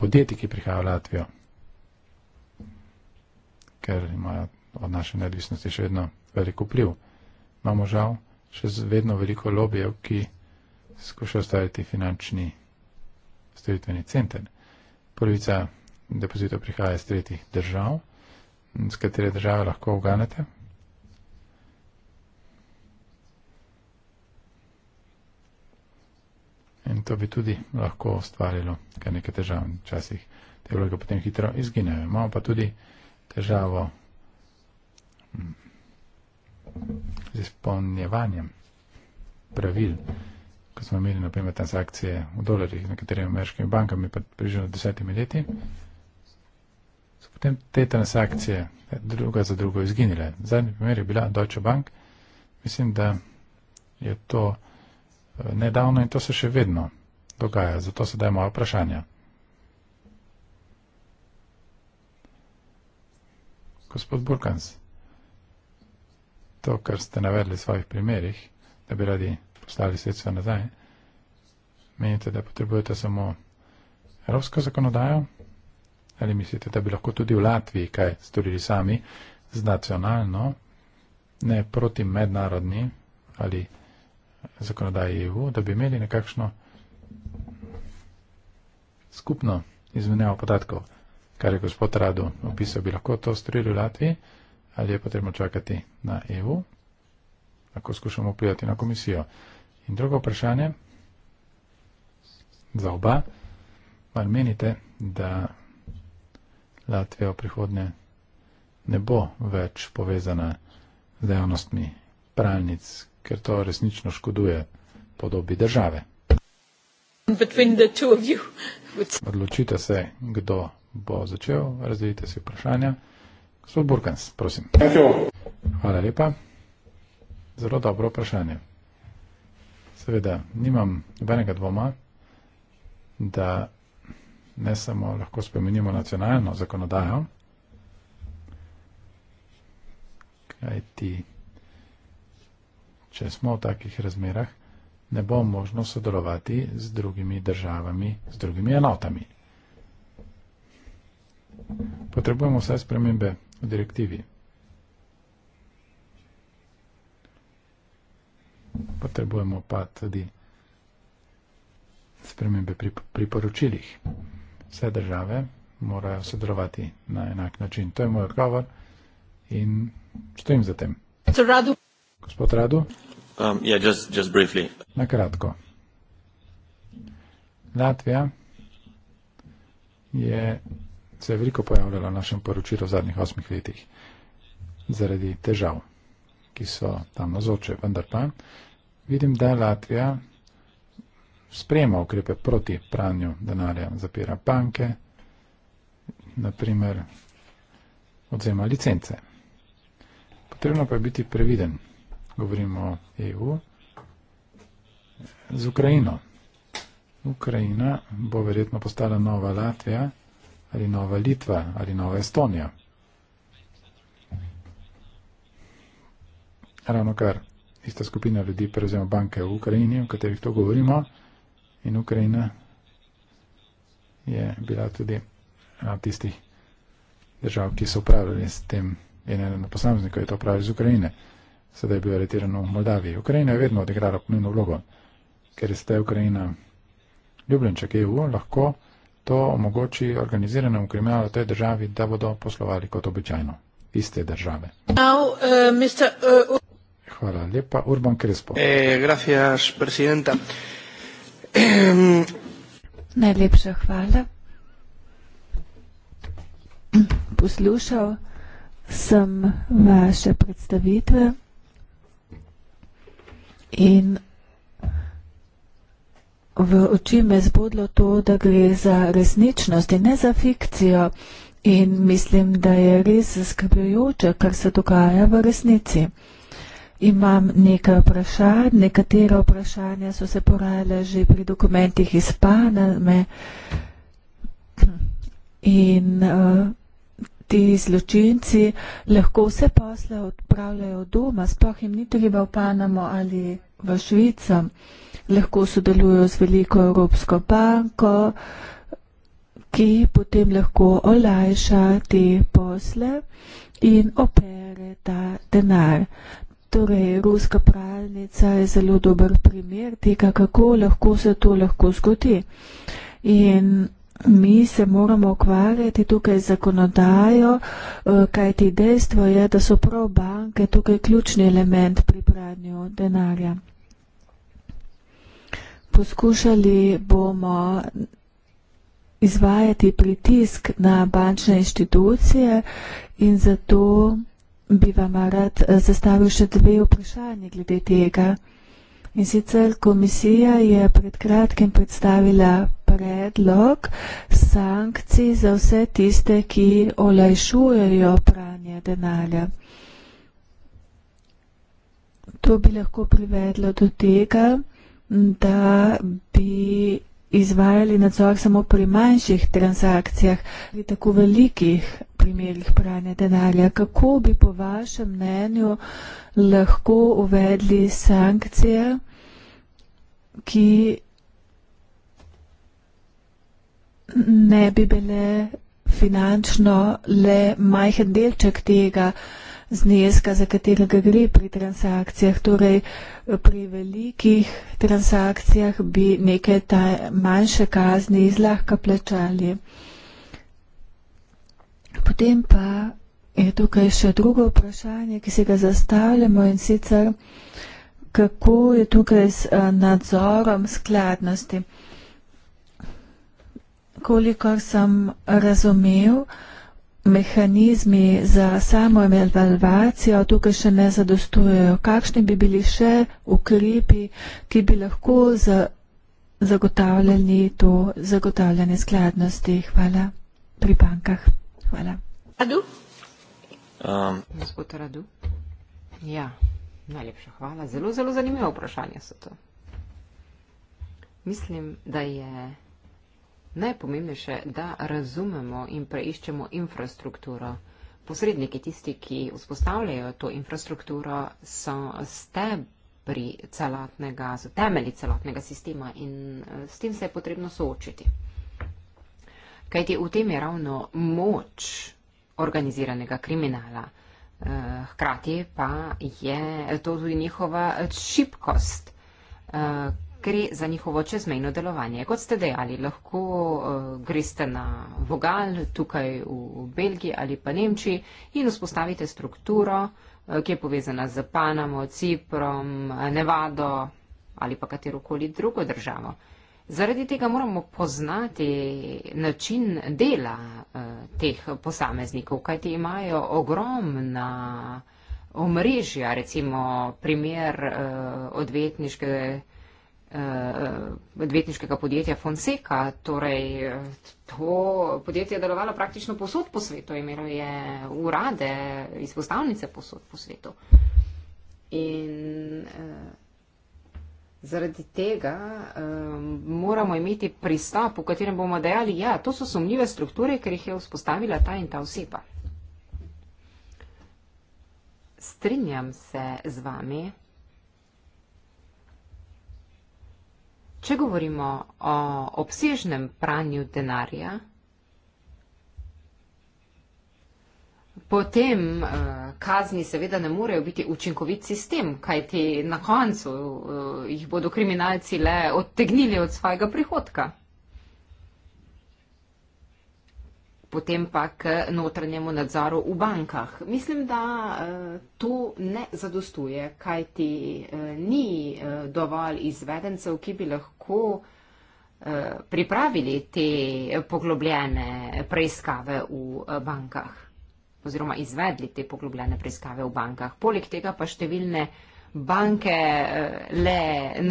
podjetij, ki prihajajo v Latvijo, ker imajo od naše neodvisnosti še vedno veliko vpliv. Imamo žal še vedno veliko lobijev, ki skušajo staviti finančni storitveni center. Polovica depozitov prihaja iz tretjih držav, s katere države lahko uganete In to bi tudi lahko ustvarilo kar nekaj težav. Včasih te vloge potem hitro izginejo. Imamo pa tudi težavo hm, z izpolnjevanjem pravil. Ko smo imeli, naprimer, transakcije v dolarjih z nekaterimi ameriškimi bankami, pa približno desetimi leti, so potem te transakcije druga za drugo izginile. Zadnji primer je bila Deutsche Bank. Mislim, da je to nedavno in to se še vedno dogaja. Zato se dajmo vprašanja. Gospod Burkans, to, kar ste navedli v svojih primerih, da bi radi poslali sredstva nazaj, menite, da potrebujete samo evropsko zakonodajo? Ali mislite, da bi lahko tudi v Latviji kaj storili sami z nacionalno, ne proti mednarodni ali zakonodaji EU, da bi imeli nekakšno skupno izmenjavo podatkov, kar je gospod Rado opisal, bi lahko to storili v Latviji ali je potrebno čakati na EU, lahko skušamo vplivati na komisijo. In drugo vprašanje za oba, mar menite, da Latvija v prihodnje ne bo več povezana z dejavnostmi pralnic, ker to resnično škoduje podobi države. Odločite se, kdo bo začel, razvijte si vprašanja. Gospod Burkans, prosim. Hvala lepa. Zelo dobro vprašanje. Seveda, nimam nobenega dvoma, da ne samo lahko spremenimo nacionalno zakonodajo, kaj ti če smo v takih razmerah, ne bo možno sodelovati z drugimi državami, z drugimi enotami. Potrebujemo vse spremembe v direktivi. Potrebujemo pa tudi spremembe pri priporočilih. Vse države morajo sodelovati na enak način. To je moj odgovor in stojim za tem. Radu. Gospod Radu? Um, yeah, just, just briefly. Na kratko. Latvija je se veliko pojavljala v našem poročilu v zadnjih osmih letih zaradi težav, ki so tam nazoče, vendar pa vidim, da Latvija sprema ukrepe proti pranju denarja, zapira banke, naprimer odzema licence. Potrebno pa je biti previden govorimo o EU, z Ukrajino. Ukrajina bo verjetno postala nova Latvija ali nova Litva ali nova Estonija. Ravno kar ista skupina ljudi prevzema banke v Ukrajini, o katerih to govorimo, in Ukrajina je bila tudi ena od tistih držav, ki so upravljali s tem, in eden od posameznikov je to upravljal iz Ukrajine sedaj je bil aretiran v Moldaviji. Ukrajina je vedno odigrala pomembno vlogo, ker je sedaj Ukrajina ljubljenček EU, lahko to omogoči organiziranemu kriminalu v tej državi, da bodo poslovali kot običajno iz te države. Now, uh, Mr, uh, Hvala lepa, Urban Krespo. Eh, gracias, presidenta. [CLEARS THROAT] Najlepša hvala. [CLEARS THROAT] Poslušal sem vaše predstavitve. In v oči me zbudilo to, da gre za resničnost in ne za fikcijo. In mislim, da je res skrbljujoče, kar se dogaja v resnici. Imam nekaj vprašanj, nekatera vprašanja so se porajala že pri dokumentih iz Paname. In uh, ti zločinci lahko vse posle odpravljajo doma, sploh jim ni treba v Panamo ali v Švico, lahko sodelujo z veliko Evropsko banko, ki potem lahko olajša te posle in opere ta denar. Torej, ruska pralnica je zelo dober primer tega, kako lahko se to lahko zgodi. In Mi se moramo ukvarjati tukaj z zakonodajo, eh, kajti dejstvo je, da so prav banke tukaj ključni element pri pranju denarja. Poskušali bomo izvajati pritisk na bančne inštitucije in zato bi vam rad eh, zastavil še dve vprašanje glede tega. In sicer komisija je pred kratkim predstavila predlog sankcij za vse tiste, ki olajšujejo pranje denarja. To bi lahko privedlo do tega, da bi izvajali nadzor samo pri manjših transakcijah ali tako velikih primerih pranja denarja. Kako bi po vašem mnenju lahko uvedli sankcije, ki ne bi bile finančno le majhen delček tega zneska, za katerega gre pri transakcijah. Torej, pri velikih transakcijah bi neke ta manjše kazni izlahka plačali. Potem pa je tukaj še drugo vprašanje, ki se ga zastavljamo in sicer, kako je tukaj z eh, nadzorom skladnosti kolikor sem razumel, mehanizmi za samo evalvacijo tukaj še ne zadostujejo. Kakšni bi bili še ukrepi, ki bi lahko zagotavljali to zagotavljanje skladnosti? Hvala. Pri bankah. Hvala. Radu? Um. Gospod Radu? Ja, najlepša hvala. Zelo, zelo zanimivo vprašanje so to. Mislim, da je. Najpomembnejše, da razumemo in preiščemo infrastrukturo. Posredniki, tisti, ki vzpostavljajo to infrastrukturo, so stebri celotnega, so temeli celotnega sistema in eh, s tem se je potrebno soočiti. Kajti v tem je ravno moč organiziranega kriminala, eh, hkrati pa je to tudi njihova šibkost, eh, gre za njihovo čezmejno delovanje. Kot ste dejali, lahko uh, greste na vogal tukaj v Belgiji ali pa Nemčiji in vzpostavite strukturo, uh, ki je povezana z Panamo, Ciprom, eh, Nevado ali pa katerokoli drugo državo. Zaradi tega moramo poznati način dela uh, teh posameznikov, kajti imajo ogromna omrežja, recimo primer uh, odvetniške Eh, odvetniškega podjetja Fonseca. Torej, to podjetje je delovalo praktično posod po svetu, imelo je urade, izpostavnice posod po svetu. In uh, zaradi tega uh, moramo imeti pristop, v katerem bomo dejali, ja, to so sumljive strukture, ker jih je vzpostavila ta in ta oseba. Strinjam se z vami, Če govorimo o obsežnem pranju denarja, potem eh, kazni seveda ne morejo biti učinkovit sistem, kajti na koncu eh, jih bodo kriminalci le odtegnili od svojega prihodka. potem pa k notranjemu nadzoru v bankah. Mislim, da eh, to ne zadostuje, kaj ti eh, ni eh, dovolj izvedencev, ki bi lahko pripravili te poglobljene preiskave v bankah oziroma izvedli te poglobljene preiskave v bankah. Poleg tega pa številne banke le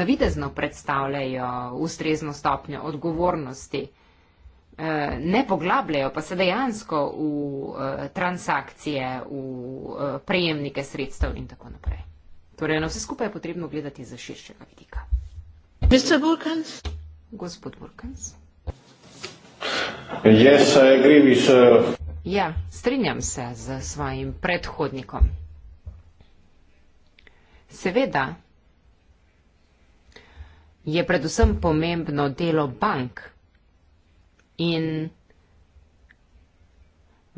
navidezno predstavljajo ustrezno stopnjo odgovornosti Eh, ne poglabljajo, pa se dejansko v uh, transakcije, v uh, prejemnike sredstev in tako naprej. Torej, na vse skupaj je potrebno gledati za širšega vidika. Mr. Burkans? Gospod Burkans? Yes, I agree with you. Uh, ja, strinjam se z svojim predhodnikom. Seveda je predvsem pomembno delo bank, in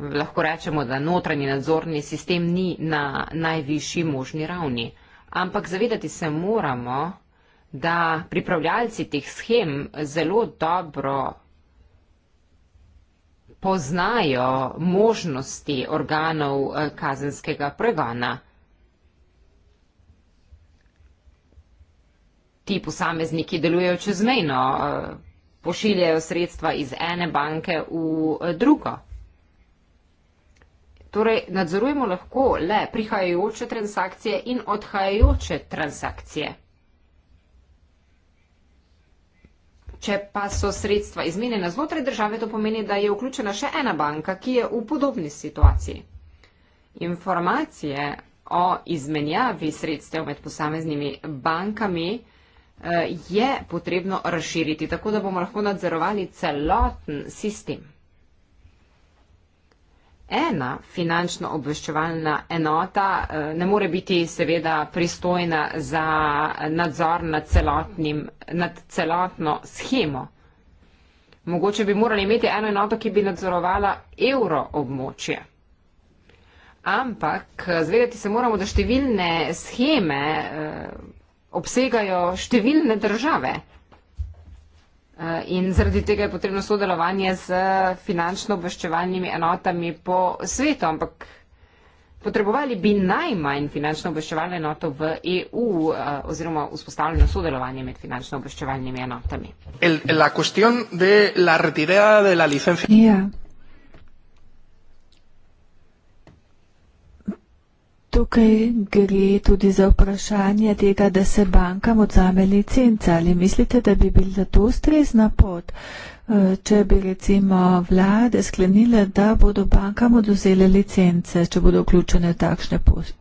lahko rečemo, da notranji nadzorni sistem ni na najvišji možni ravni. Ampak zavedati se moramo, da pripravljalci teh schem zelo dobro poznajo možnosti organov eh, kazenskega pregona. Ti posamezniki delujejo čezmejno, eh, pošiljajo sredstva iz ene banke v eh, drugo. Torej, nadzorujemo lahko le prihajajoče transakcije in odhajajoče transakcije. Če pa so sredstva izmenjena znotraj države, to pomeni, da je vključena še ena banka, ki je v podobni situaciji. Informacije o izmenjavi sredstev med posameznimi bankami Eh, je potrebno razširiti, tako da bomo lahko nadzorovali celoten sistem. Ena finančno obveščevalna enota eh, ne more biti seveda pristojna za nadzor nad, celotnim, nad celotno schemo. Mogoče bi morali imeti eno enoto, ki bi nadzorovala evro območje. Ampak eh, zvedeti se moramo, da številne scheme obsegajo številne države. Eh, in zaradi tega je potrebno sodelovanje z finančno obveščevalnimi enotami po svetu, ampak potrebovali bi najmanj finančno obveščevalno enoto v EU eh, oziroma vzpostavljeno sodelovanje med finančno obveščevalnimi enotami. El, la de la de la licencia... yeah. Ja. Tukaj gre tudi za vprašanje tega, da se bankam odzame licenca. Ali mislite, da bi bila to ustrezna pot, eh, če bi recimo vlade sklenile, da bodo bankam oduzele licence, če bodo vključene v takšne posle?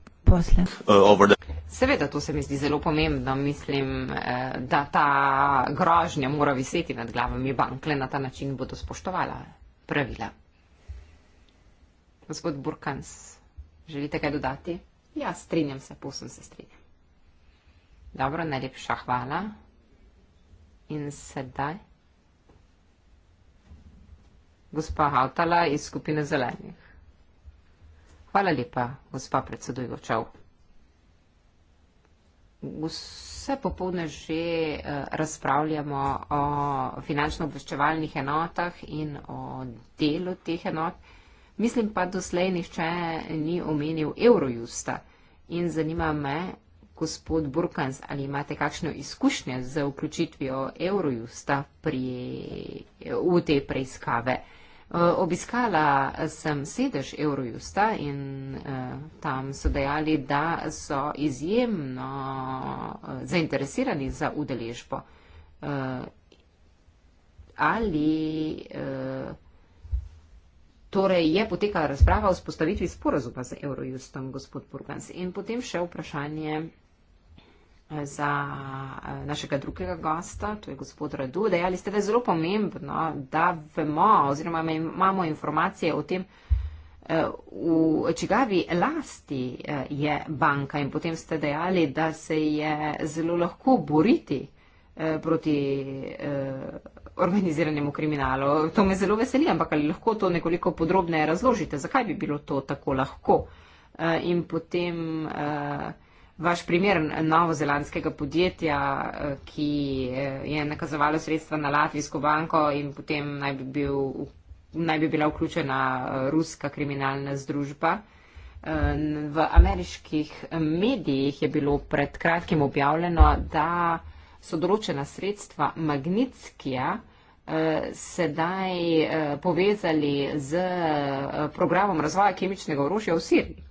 Uh, Seveda, to se mi zdi zelo pomembno. Mislim, eh, da ta grožnja mora viseti nad glavami bank, le na ta način bodo spoštovala pravila. Gospod Burkans. Želite kaj dodati? Ja, strinjam se, posem se strinjam. Dobro, najlepša hvala. In sedaj? Gospa Hautala iz skupine zelenih. Hvala lepa, gospa predsedujoča. Vse popovdne že eh, razpravljamo o finančno obveščevalnih enotah in o delu teh enot. Mislim pa, doslej nišče ni omenil Eurojusta in zanima me, gospod Burkans, ali imate kakšno izkušnje z vključitvijo Eurojusta pri, v te preiskave. Eh, obiskala sem sedež Eurojusta in eh, tam so dejali, da so izjemno eh, zainteresirani za udeležbo. Ali Torej je potekala razprava o spostavitvi sporazuma z Eurojustom, gospod Burgans. In potem še vprašanje eh, za eh, našega drugega gosta, to je gospod Radu. Dejali ste, da je zelo pomembno, da vemo oziroma imamo informacije o tem, eh, v čigavi lasti je banka in potem ste dejali, da se je zelo lahko boriti proti organiziranemu kriminalu. To me zelo veseli, ampak ali lahko to nekoliko podrobneje razložite, zakaj bi bilo to tako lahko? Eh, in potem eh, vaš primer novozelandskega podjetja, eh, ki je nakazovalo sredstva na Latvijsko banko in potem naj bi, bil, naj bi bila vključena ruska kriminalna združba. V ameriških medijih je bilo pred kratkim objavljeno, da so določena sredstva Magnitskija, Eh, sedaj eh, povezali z eh, programom razvoja kemičnega orožja v Siriji.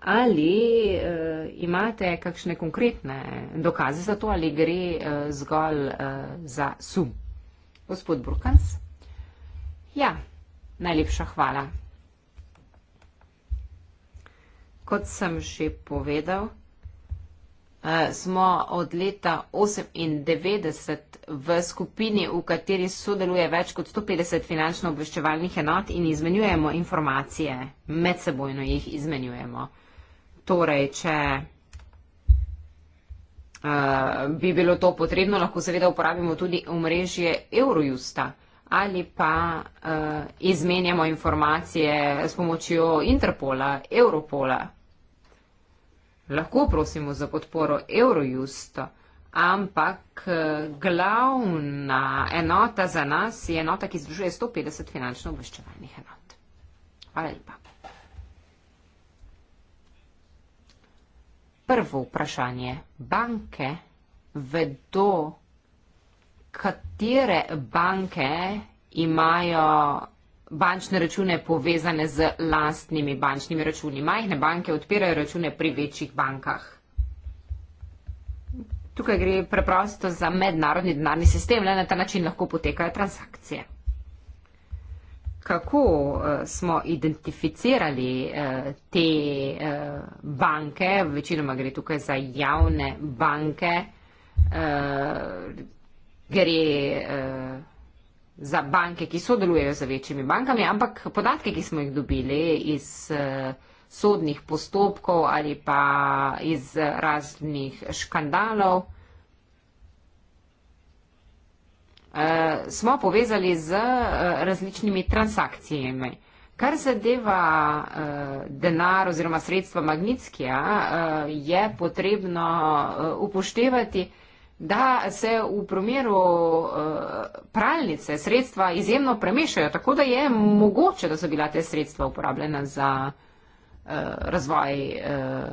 Ali uh, imate kakšne konkretne dokaze za to, ali gre uh, zgolj uh, za sum? Gospod Brukans? Ja, najlepša hvala. Kot sem že povedal, Eh, smo od leta 1998 v skupini, v kateri sodeluje več kot 150 finančno obveščevalnih enot in izmenjujemo informacije, medsebojno jih izmenjujemo. Torej, če uh, bi bilo to potrebno, lahko seveda uporabimo tudi omrežje Eurojusta ali pa uh, izmenjamo informacije s pomočjo Interpola, Europola lahko prosimo za podporo Eurojusta, ampak eh, glavna enota za nas je enota, ki združuje 150 finančno obveščevalnih enot. Hvala lepa. Prvo vprašanje. Banke vedo, katere banke imajo bančne račune povezane z lastnimi bančnimi računi. Majhne banke odpirajo račune pri večjih bankah. Tukaj gre preprosto za mednarodni denarni sistem, le na ta način lahko potekajo transakcije. Kako uh, smo identificirali uh, te uh, banke, večinoma gre tukaj za javne banke, uh, gre. Uh, za banke, ki sodelujejo z večjimi bankami, ampak podatke, ki smo jih dobili iz eh, sodnih postopkov ali pa iz raznih škandalov, eh, smo povezali z eh, različnimi transakcijami. Kar zadeva denar oziroma sredstva Magnitskija, je potrebno upoštevati, da se v primeru eh, pralnice sredstva izjemno premešajo, tako da je mogoče, da so bila te sredstva uporabljena za eh, razvoj eh,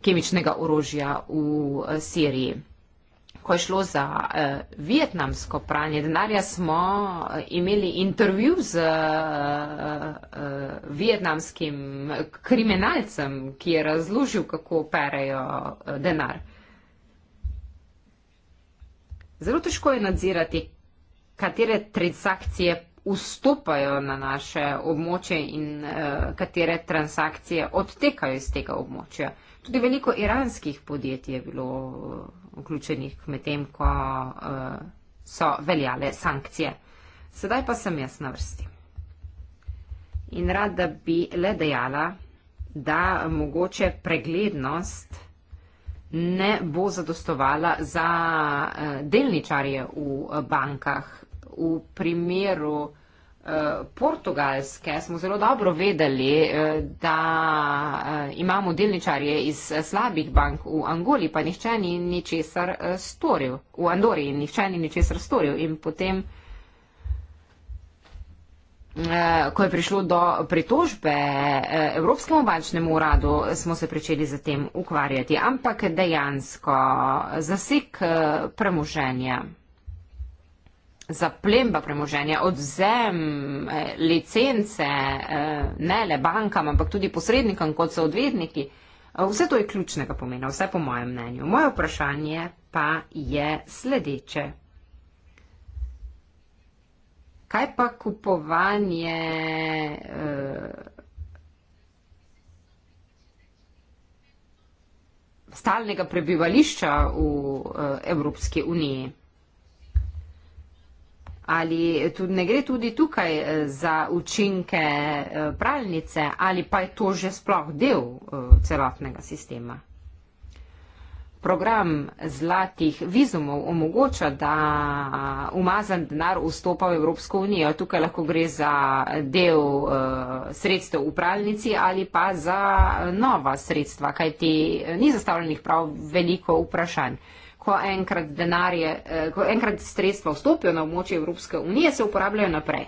kemičnega orožja v Siriji. Ko je šlo za eh, vietnamsko pranje denarja, smo imeli intervju z eh, eh, vietnamskim kriminalcem, ki je razložil, kako perejo denar zelo težko je nadzirati, katere transakcije vstopajo na naše območje in uh, katere transakcije odtekajo iz tega območja. Tudi veliko iranskih podjetij je bilo eh, vključenih med tem, ko uh, so veljale sankcije. Sedaj pa sem jaz na vrsti. In rada bi le dejala, da mogoče preglednost uh, ne bo zadostovala za eh, delničarje v eh, bankah. V primeru eh, Portugalske smo zelo dobro vedeli, da imamo delničarje iz slabih bank v Angoli, pa nihče ni ničesar storil, v Andori nihče ni ničesar storil in potem. Eh, ko je prišlo do pritožbe eh, Evropskemu bančnemu uradu, smo se pričeli zatem ukvarjati, ampak dejansko zasek eh, premoženja, zaplemba premoženja, odzem licence ne le bankam, ampak tudi posrednikom, kot so odvedniki, vse to je ključnega pomena, vse po mojem mnenju. Moje vprašanje pa je sledeče. Kaj pa kupovanje uh, stalnega prebivališča v uh, Evropski uniji? Ali tudi, ne gre tudi tukaj eh, za učinke pralnice, ali pa je to že sploh del celotnega sistema? program zlatih vizumov omogoča, da umazan denar vstopa v Evropsko unijo. Tukaj lahko gre za del eh, sredstev v pralnici ali pa za nova sredstva, kajti eh, ni zastavljenih prav veliko vprašanj. Ko enkrat, denarje, eh, ko enkrat sredstva vstopijo na območje Evropske unije, se uporabljajo naprej.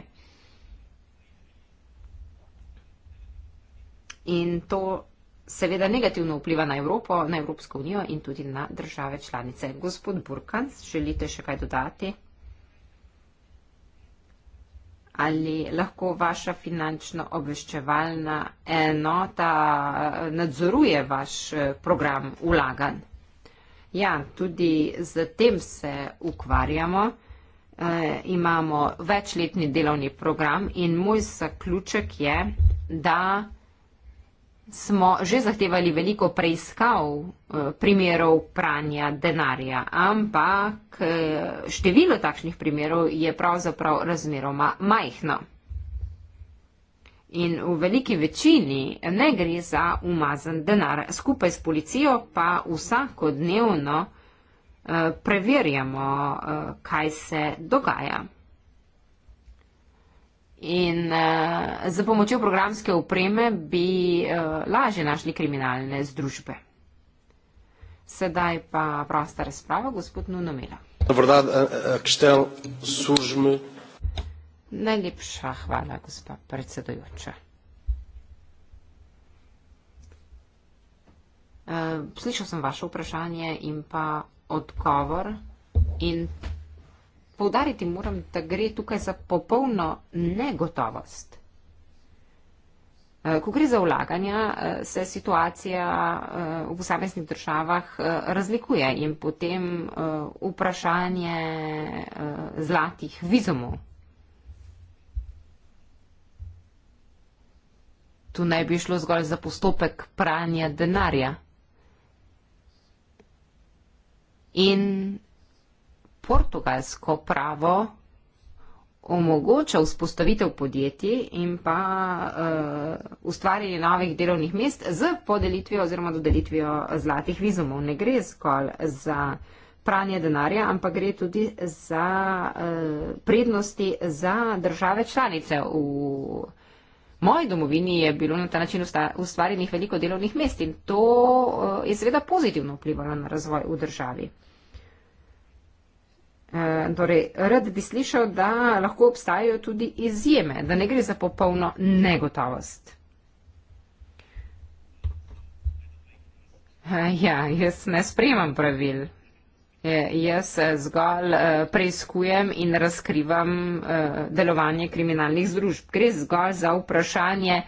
In to seveda negativno vpliva na Evropo, na Evropsko unijo in tudi na države članice. Gospod Burkans, želite še kaj dodati? Ali lahko vaša finančno obveščevalna enota eh, nadzoruje vaš eh, program ulagan? Ja, tudi z tem se ukvarjamo. E, imamo večletni delovni program in moj zaključek je, da smo že zahtevali veliko preiskav eh, primerov pranja denarja, ampak eh, število takšnih primerov je pravzaprav razmeroma majhno. In v veliki večini ne gre za umazan denar. Skupaj s policijo pa vsakodnevno eh, preverjamo, kaj se dogaja. In uh, eh, za pomočjo programske opreme bi uh, lažje našli kriminalne združbe. Sedaj pa prosta razprava, gospod Nunomela. Eh, Najlepša hvala, gospa predsedojoča. Uh, slišal sem vaše vprašanje in pa odgovor. In Poudariti moram, da gre tukaj za popolno negotovost. Eh, ko gre za vlaganja, eh, se situacija eh, v posameznih državah razlikuje in potem vprašanje zlatih vizumov. Tu naj bi šlo zgolj za postopek pranja denarja. In portugalsko pravo omogoča vzpostavitev podjetij in pa uh, ustvarjanje novih delovnih mest z podelitvijo oziroma dodelitvijo zlatih vizumov. Ne gre zgolj za pranje denarja, ampak gre tudi za uh, prednosti za države članice. V moji domovini je bilo na ta način ustvarjenih veliko delovnih mest in to uh, je seveda pozitivno vplivalo na razvoj v državi. Eh, torej, rad bi slišal, da lahko obstajajo tudi izjeme, da ne gre za popolno negotovost. Eh, ja, jaz ne spremam pravil. E, jaz e, zgolj e, preizkujem in razkrivam delovanje kriminalnih združb. Gre zgolj za vprašanje,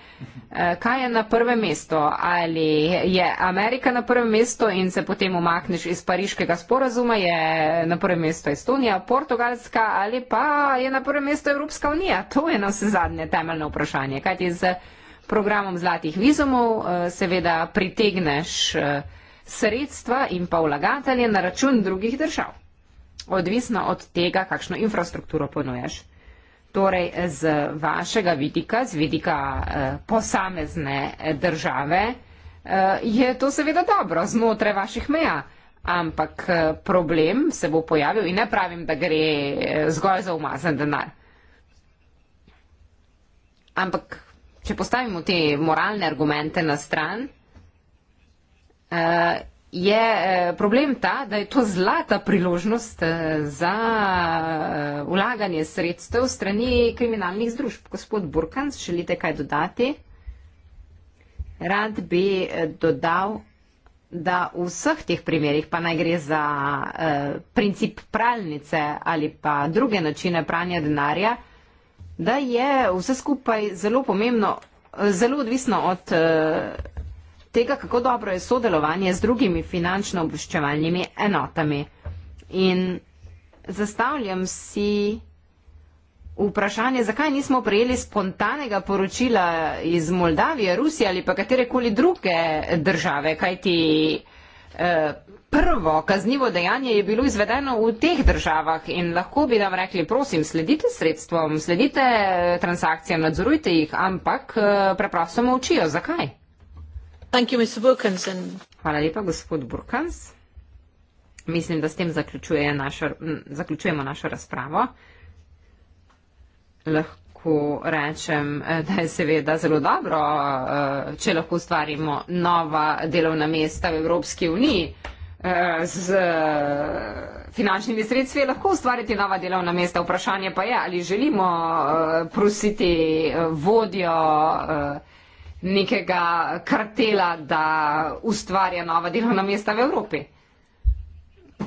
kaj je na prvem mestu. Ali je Amerika na prvem mestu in se potem umakneš iz pariškega sporazuma, je na prvem mestu Estonija, Portugalska ali pa je na prvem mestu Evropska unija. To je na vse zadnje temeljno vprašanje. Kaj ti z programom zlatih vizumov seveda pritegneš? sredstva in pa vlagatelje na račun drugih držav. Odvisno od tega, kakšno infrastrukturo ponujaš. Torej, z vašega vidika, z vidika eh, posamezne eh, države, eh, je to seveda dobro znotraj vaših meja. Ampak eh, problem se bo pojavil in ne pravim, da gre eh, zgolj za umazen denar. Ampak, če postavimo te moralne argumente na stran, je eh, problem ta, da je to zlata priložnost eh, za ulaganje eh, sredstev strani kriminalnih združb. Gospod Burkans, želite kaj dodati? Rad bi dodal, da v vseh teh primerjih, pa naj gre za princip pralnice ali pa druge načine pranja denarja, da je vse skupaj zelo pomembno, zelo odvisno od tega, kako dobro je sodelovanje z drugimi finančno obveščevalnimi enotami. In zastavljam si vprašanje, zakaj nismo prejeli spontanega poročila iz Moldavije, Rusije ali pa katerekoli druge države, kajti eh, prvo kaznivo dejanje je bilo izvedeno v teh državah in lahko bi nam rekli, prosim, sledite sredstvom, sledite eh, transakcijam, nadzorujte jih, ampak eh, preprosto molčijo. Zakaj? Hvala lepa, gospod Burkans. Mislim, da s tem zaključuje našo, zaključujemo našo razpravo. Lahko rečem, da je seveda zelo dobro, eh, če lahko ustvarimo nova delovna mesta v Evropski uniji. Eh, z eh, finančnimi sredstvi lahko ustvariti nova delovna mesta. Vprašanje pa je, ali želimo prositi vodjo nekega kartela, da ustvarja nova delovna mesta v Evropi.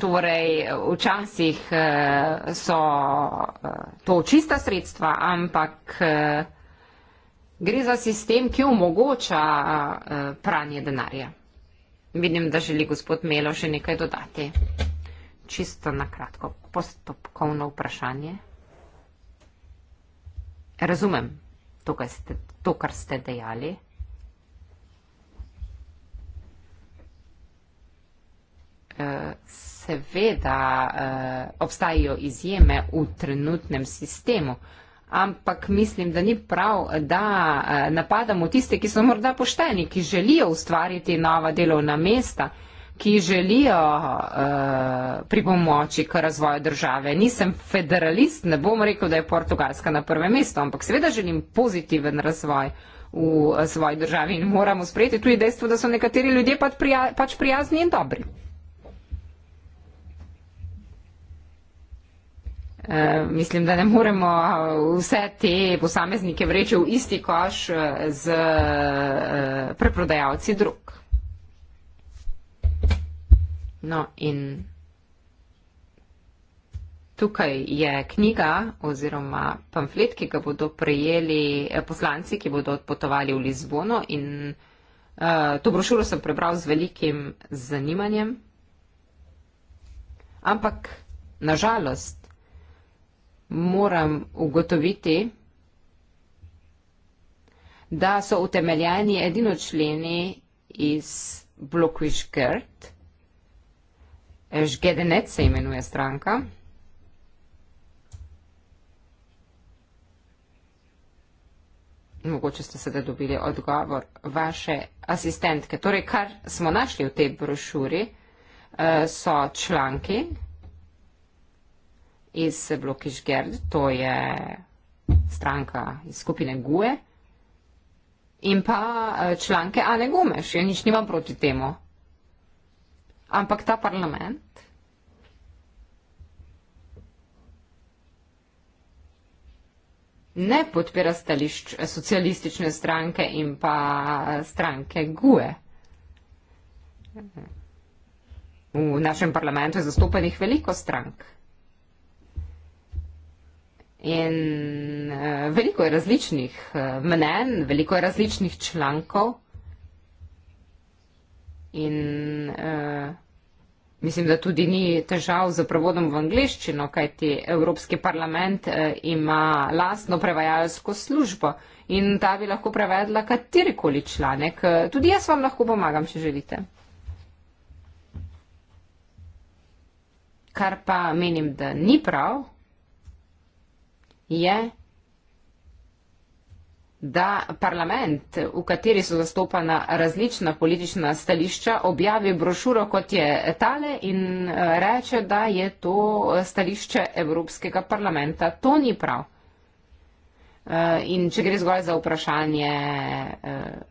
Torej, včasih eh, so eh, to čista sredstva, ampak eh, gre za sistem, ki omogoča eh, pranje denarja. Vidim, da želi gospod Melo še nekaj dodati. Čisto na kratko, postopkovno vprašanje. Razumem to, kar ste to, kar ste dejali? Eh, seveda eh, obstajajo izjeme v trenutnem sistemu, ampak mislim, da ni prav, da eh, napadamo tiste, ki so morda pošteni, ki želijo ustvariti nova delovna mesta ki želijo uh, pripomoči k razvoju države. Nisem federalist, ne bom rekel, da je Portugalska na prvem mestu, ampak seveda želim pozitiven razvoj v eh, svoji državi in moramo sprejeti tudi dejstvo, da so nekateri ljudje pač, prija, pač prijazni in dobri. E, mislim, da ne moremo vse te posameznike vreči v isti koš z e, preprodajalci drug. No, in tukaj je knjiga oziroma pamflet, ki ga bodo prejeli eh, poslanci, ki bodo odpotovali v Lizbono in uh, to brošuro sem prebral z velikim zanimanjem. Ampak, nažalost, moram ugotoviti, da so utemeljeni edino členi iz Blokwish Gert, Žgedenec se imenuje stranka. Mogoče ste sedaj dobili odgovor vaše asistentke. Torej, kar smo našli v tej brošuri, eh, so članki iz bloki Žgerd, to je stranka iz skupine GUE, in pa eh, članke Ane Gumeš. Ja nič nimam proti temu. Ampak ta parlament ne podpira stališč socialistične stranke in pa stranke GUE. V našem parlamentu je zastopenih veliko strank. In eh, veliko je različnih eh, mnen, veliko je različnih člankov. In uh, mislim, da tudi ni težav z prevodom v angliščino, kajti Evropski parlament uh, ima lastno prevajalsko službo in ta bi lahko prevedla katerikoli članek. Eh, tudi jaz vam lahko pomagam, če želite. Kar pa menim, da ni prav, je. Yeah da parlament, v kateri so zastopana različna politična stališča, objavi brošuro, kot je tale, in eh, reče, da je to stališče Evropskega parlamenta. To ni prav. Eh, in če gre zgolj za vprašanje eh,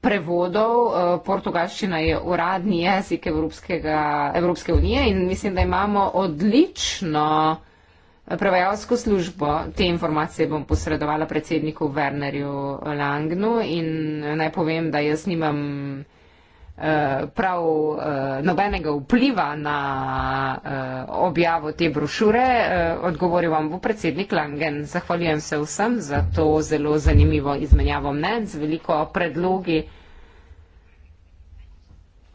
prevodov, portugalščina je uradni jezik Evropske unije in mislim, da imamo odlično Prevajalsko službo te informacije bom posredovala predsedniku Wernerju Langnu in naj povem, da jaz nimam eh, prav eh, nobenega vpliva na eh, objavo te brošure. Odgovoril vam bo predsednik Langen. Zahvaljujem se vsem za to zelo zanimivo izmenjavo mnen z veliko predlogi.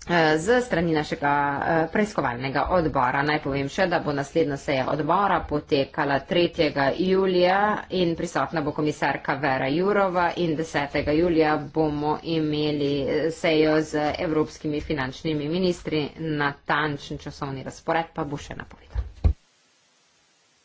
Eh, z strani našega eh, preiskovalnega odbora. Naj povem še, da bo naslednja seja odbora potekala 3. julija in prisotna bo komisarka Vera Jurova in 10. julija bomo imeli eh, sejo z evropskimi finančnimi ministri. Natančen časovni razpored pa bo še napovedan.